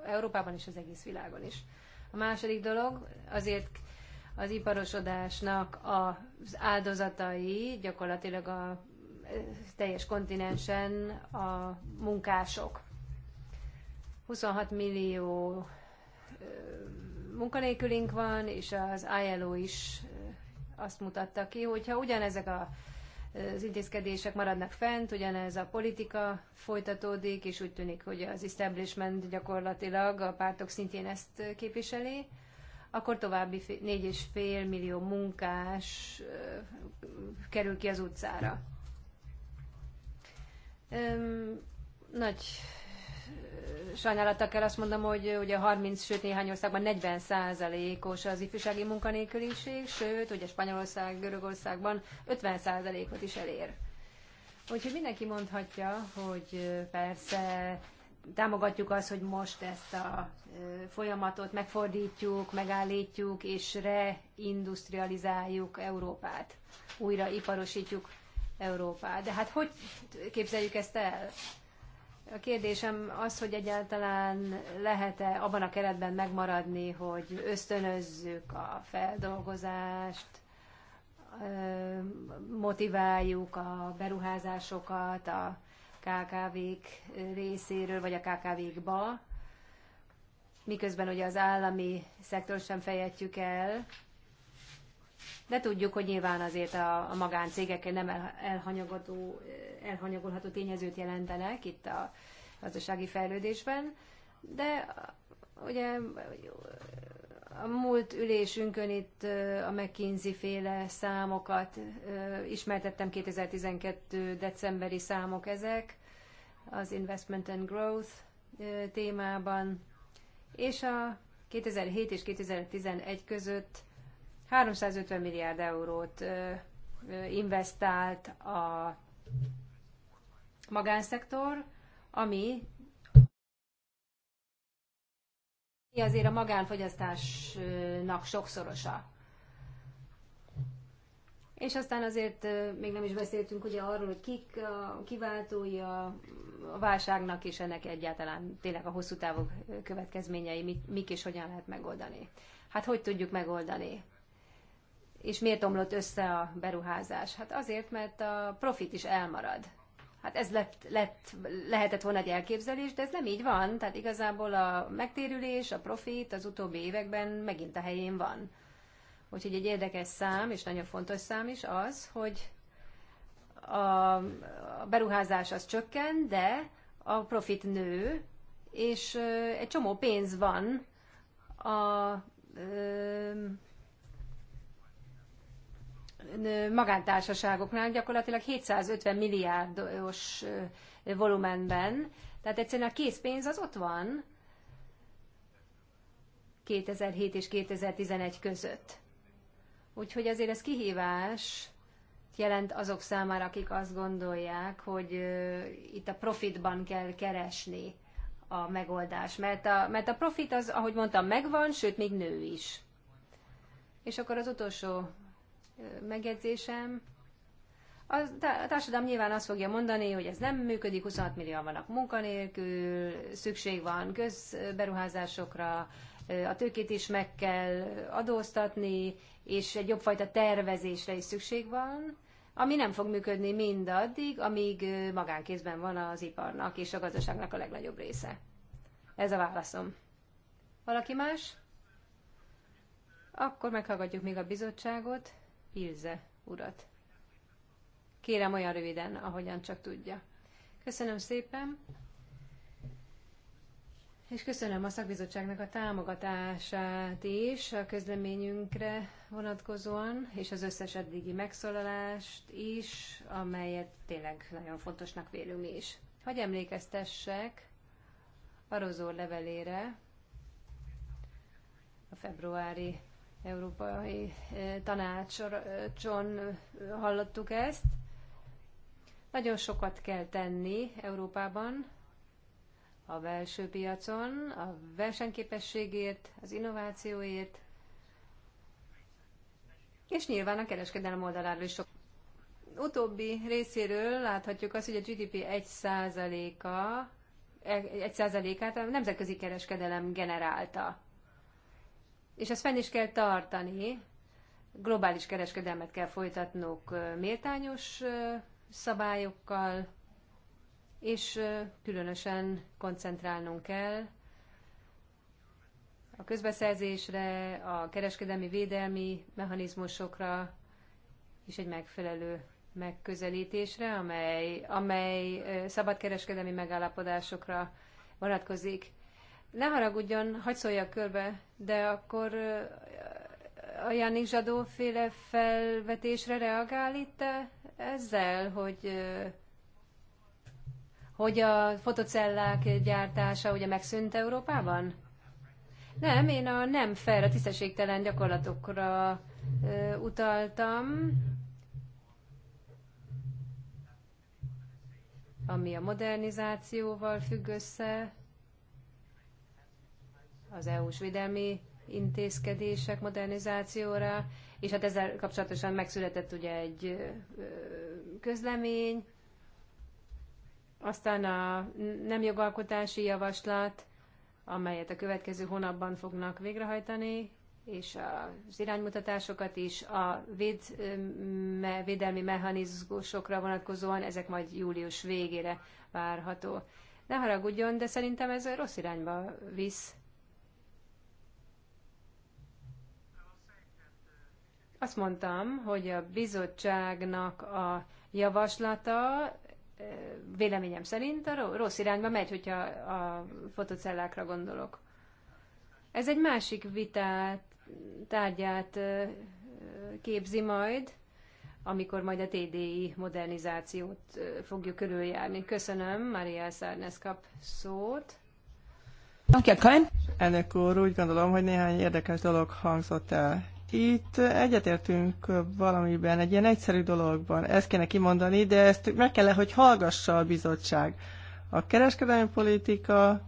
Európában és az egész világon is. A második dolog azért az iparosodásnak az áldozatai gyakorlatilag a teljes kontinensen a munkások 26 millió munkanélkülünk van, és az ILO is azt mutatta ki, hogyha ugyanezek a az intézkedések maradnak fent, ugyanez a politika folytatódik, és úgy tűnik, hogy az establishment gyakorlatilag a pártok szintjén ezt képviseli, akkor további 4,5 millió munkás kerül ki az utcára. Nagy sajnálattal kell azt mondom, hogy ugye 30, sőt néhány országban 40 százalékos az ifjúsági munkanélküliség, sőt, ugye Spanyolország, Görögországban 50 százalékot is elér. Úgyhogy mindenki mondhatja, hogy persze támogatjuk azt, hogy most ezt a folyamatot megfordítjuk, megállítjuk és reindustrializáljuk Európát. Újra iparosítjuk Európát. De hát hogy képzeljük ezt el? A kérdésem az, hogy egyáltalán lehet-e abban a keretben megmaradni, hogy ösztönözzük a feldolgozást, motiváljuk a beruházásokat a KKV-k részéről, vagy a KKV-kba, miközben ugye az állami szektor sem fejetjük el, de tudjuk, hogy nyilván azért a, a magáncégek nem elhanyagodó, elhanyagolható tényezőt jelentenek itt a gazdasági fejlődésben, de ugye a múlt ülésünkön itt a McKinsey féle számokat ismertettem, 2012. decemberi számok ezek, az Investment and Growth témában, és a 2007 és 2011 között 350 milliárd eurót investált a magánszektor, ami azért a magánfogyasztásnak sokszorosa. És aztán azért még nem is beszéltünk ugye arról, hogy kik a kiváltói a válságnak, és ennek egyáltalán tényleg a hosszú távú következményei mik és hogyan lehet megoldani. Hát hogy tudjuk megoldani? És miért omlott össze a beruházás? Hát azért, mert a profit is elmarad. Hát ez lett, lett, lehetett volna egy elképzelés, de ez nem így van. Tehát igazából a megtérülés, a profit az utóbbi években megint a helyén van. Úgyhogy egy érdekes szám, és nagyon fontos szám is az, hogy a beruházás az csökken, de a profit nő, és egy csomó pénz van a magántársaságoknál gyakorlatilag 750 milliárdos volumenben, tehát egyszerűen a készpénz az ott van 2007 és 2011 között. Úgyhogy azért ez kihívás jelent azok számára, akik azt gondolják, hogy itt a profitban kell keresni a megoldás, mert a, mert a profit az, ahogy mondtam, megvan, sőt, még nő is. És akkor az utolsó megjegyzésem. A társadalom nyilván azt fogja mondani, hogy ez nem működik, 26 millió vannak munkanélkül, szükség van közberuházásokra, a tőkét is meg kell adóztatni, és egy jobbfajta tervezésre is szükség van, ami nem fog működni mindaddig, amíg magánkézben van az iparnak és a gazdaságnak a legnagyobb része. Ez a válaszom. Valaki más? Akkor meghallgatjuk még a bizottságot. Pilze urat. Kérem olyan röviden, ahogyan csak tudja. Köszönöm szépen, és köszönöm a szakbizottságnak a támogatását is a közleményünkre vonatkozóan, és az összes eddigi megszólalást is, amelyet tényleg nagyon fontosnak vélünk mi is. Hogy emlékeztessek Arozó levelére, a februári Európai eh, Tanácson eh, hallottuk ezt. Nagyon sokat kell tenni Európában, a belső piacon, a versenyképességért, az innovációért, és nyilván a kereskedelem oldaláról is sok. Utóbbi részéről láthatjuk azt, hogy a GDP 1%-a, 1%-át a nemzetközi kereskedelem generálta és ezt fenn is kell tartani, globális kereskedelmet kell folytatnunk méltányos szabályokkal, és különösen koncentrálnunk kell a közbeszerzésre, a kereskedelmi védelmi mechanizmusokra és egy megfelelő megközelítésre, amely, amely szabadkereskedelmi megállapodásokra vonatkozik. Ne haragudjon, hagyd szóljak körbe, de akkor a Jánik Zsadó féle felvetésre reagál itt ezzel, hogy hogy a fotocellák gyártása ugye megszűnt Európában? Nem, én a nem fel, a tisztességtelen gyakorlatokra ö, utaltam, ami a modernizációval függ össze az EU-s védelmi intézkedések modernizációra, és hát ezzel kapcsolatosan megszületett ugye egy közlemény, aztán a nem jogalkotási javaslat, amelyet a következő hónapban fognak végrehajtani, és az iránymutatásokat is, a véd, me, védelmi mechanizmusokra vonatkozóan, ezek majd július végére várható. Ne haragudjon, de szerintem ez rossz irányba visz, Azt mondtam, hogy a bizottságnak a javaslata eh, véleményem szerint a rossz irányba megy, hogyha a fotocellákra gondolok. Ez egy másik vitát, tárgyát eh, képzi majd, amikor majd a TDI modernizációt eh, fogjuk körüljárni. Köszönöm, Maria Szárnesz kap szót. Elnök úr, úgy gondolom, hogy néhány érdekes dolog hangzott el itt egyetértünk valamiben, egy ilyen egyszerű dologban. Ezt kéne kimondani, de ezt meg kell, hogy hallgassa a bizottság. A kereskedelmi politika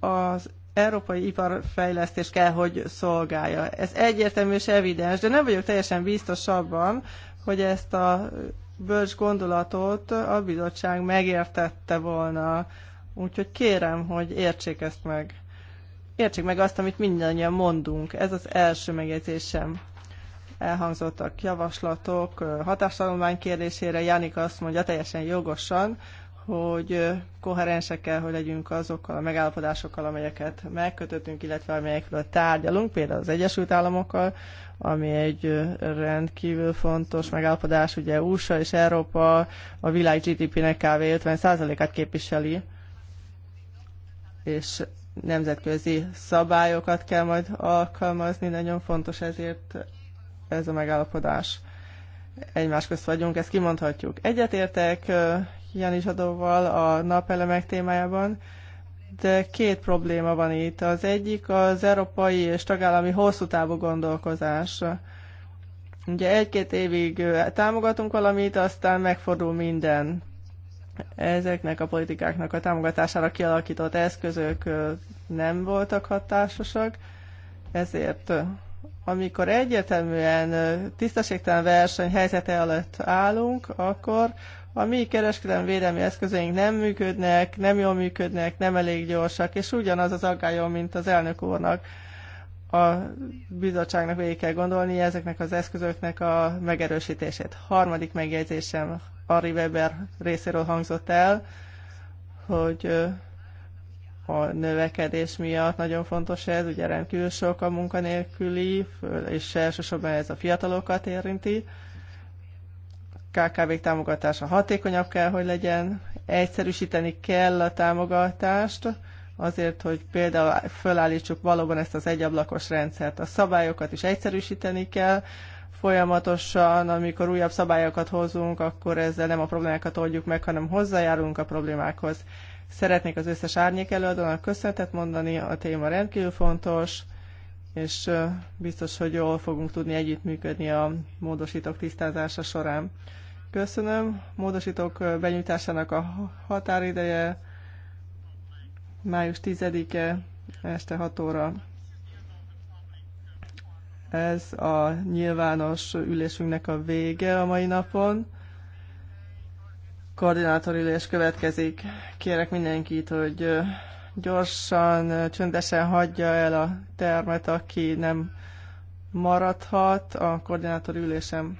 az európai iparfejlesztés kell, hogy szolgálja. Ez egyértelmű és evidens, de nem vagyok teljesen biztos abban, hogy ezt a bölcs gondolatot a bizottság megértette volna. Úgyhogy kérem, hogy értsék ezt meg értsék meg azt, amit mindannyian mondunk. Ez az első megjegyzésem. Elhangzottak javaslatok hatástanulmány kérdésére. Jánik azt mondja teljesen jogosan, hogy koherensek kell, hogy legyünk azokkal a megállapodásokkal, amelyeket megkötöttünk, illetve amelyekről tárgyalunk, például az Egyesült Államokkal, ami egy rendkívül fontos megállapodás, ugye USA és Európa a világ GDP-nek kb. 50%-át képviseli, és nemzetközi szabályokat kell majd alkalmazni, nagyon fontos ezért ez a megállapodás. Egymás közt vagyunk, ezt kimondhatjuk. Egyetértek Janis Adóval a napelemek témájában, de két probléma van itt. Az egyik az európai és tagállami hosszú távú gondolkozás. Ugye egy-két évig támogatunk valamit, aztán megfordul minden ezeknek a politikáknak a támogatására kialakított eszközök nem voltak hatásosak, ezért amikor egyértelműen tisztességtelen verseny helyzete alatt állunk, akkor a mi kereskedelmi védelmi eszközeink nem működnek, nem jól működnek, nem elég gyorsak, és ugyanaz az aggályom, mint az elnök úrnak. A bizottságnak végig kell gondolni ezeknek az eszközöknek a megerősítését. Harmadik megjegyzésem, Ari Weber részéről hangzott el, hogy a növekedés miatt nagyon fontos ez, ugye rendkívül sok a munkanélküli, és elsősorban ez a fiatalokat érinti. KKV támogatása hatékonyabb kell, hogy legyen, egyszerűsíteni kell a támogatást, azért, hogy például fölállítsuk valóban ezt az egyablakos rendszert. A szabályokat is egyszerűsíteni kell, folyamatosan, amikor újabb szabályokat hozunk, akkor ezzel nem a problémákat oldjuk meg, hanem hozzájárulunk a problémákhoz. Szeretnék az összes árnyék előadónak köszönetet mondani, a téma rendkívül fontos, és biztos, hogy jól fogunk tudni együttműködni a módosítók tisztázása során. Köszönöm. Módosítók benyújtásának a határideje május 10-e este 6 óra. Ez a nyilvános ülésünknek a vége a mai napon. Koordinátorülés következik. Kérek mindenkit, hogy gyorsan, csöndesen hagyja el a termet, aki nem maradhat a koordinátorülésem.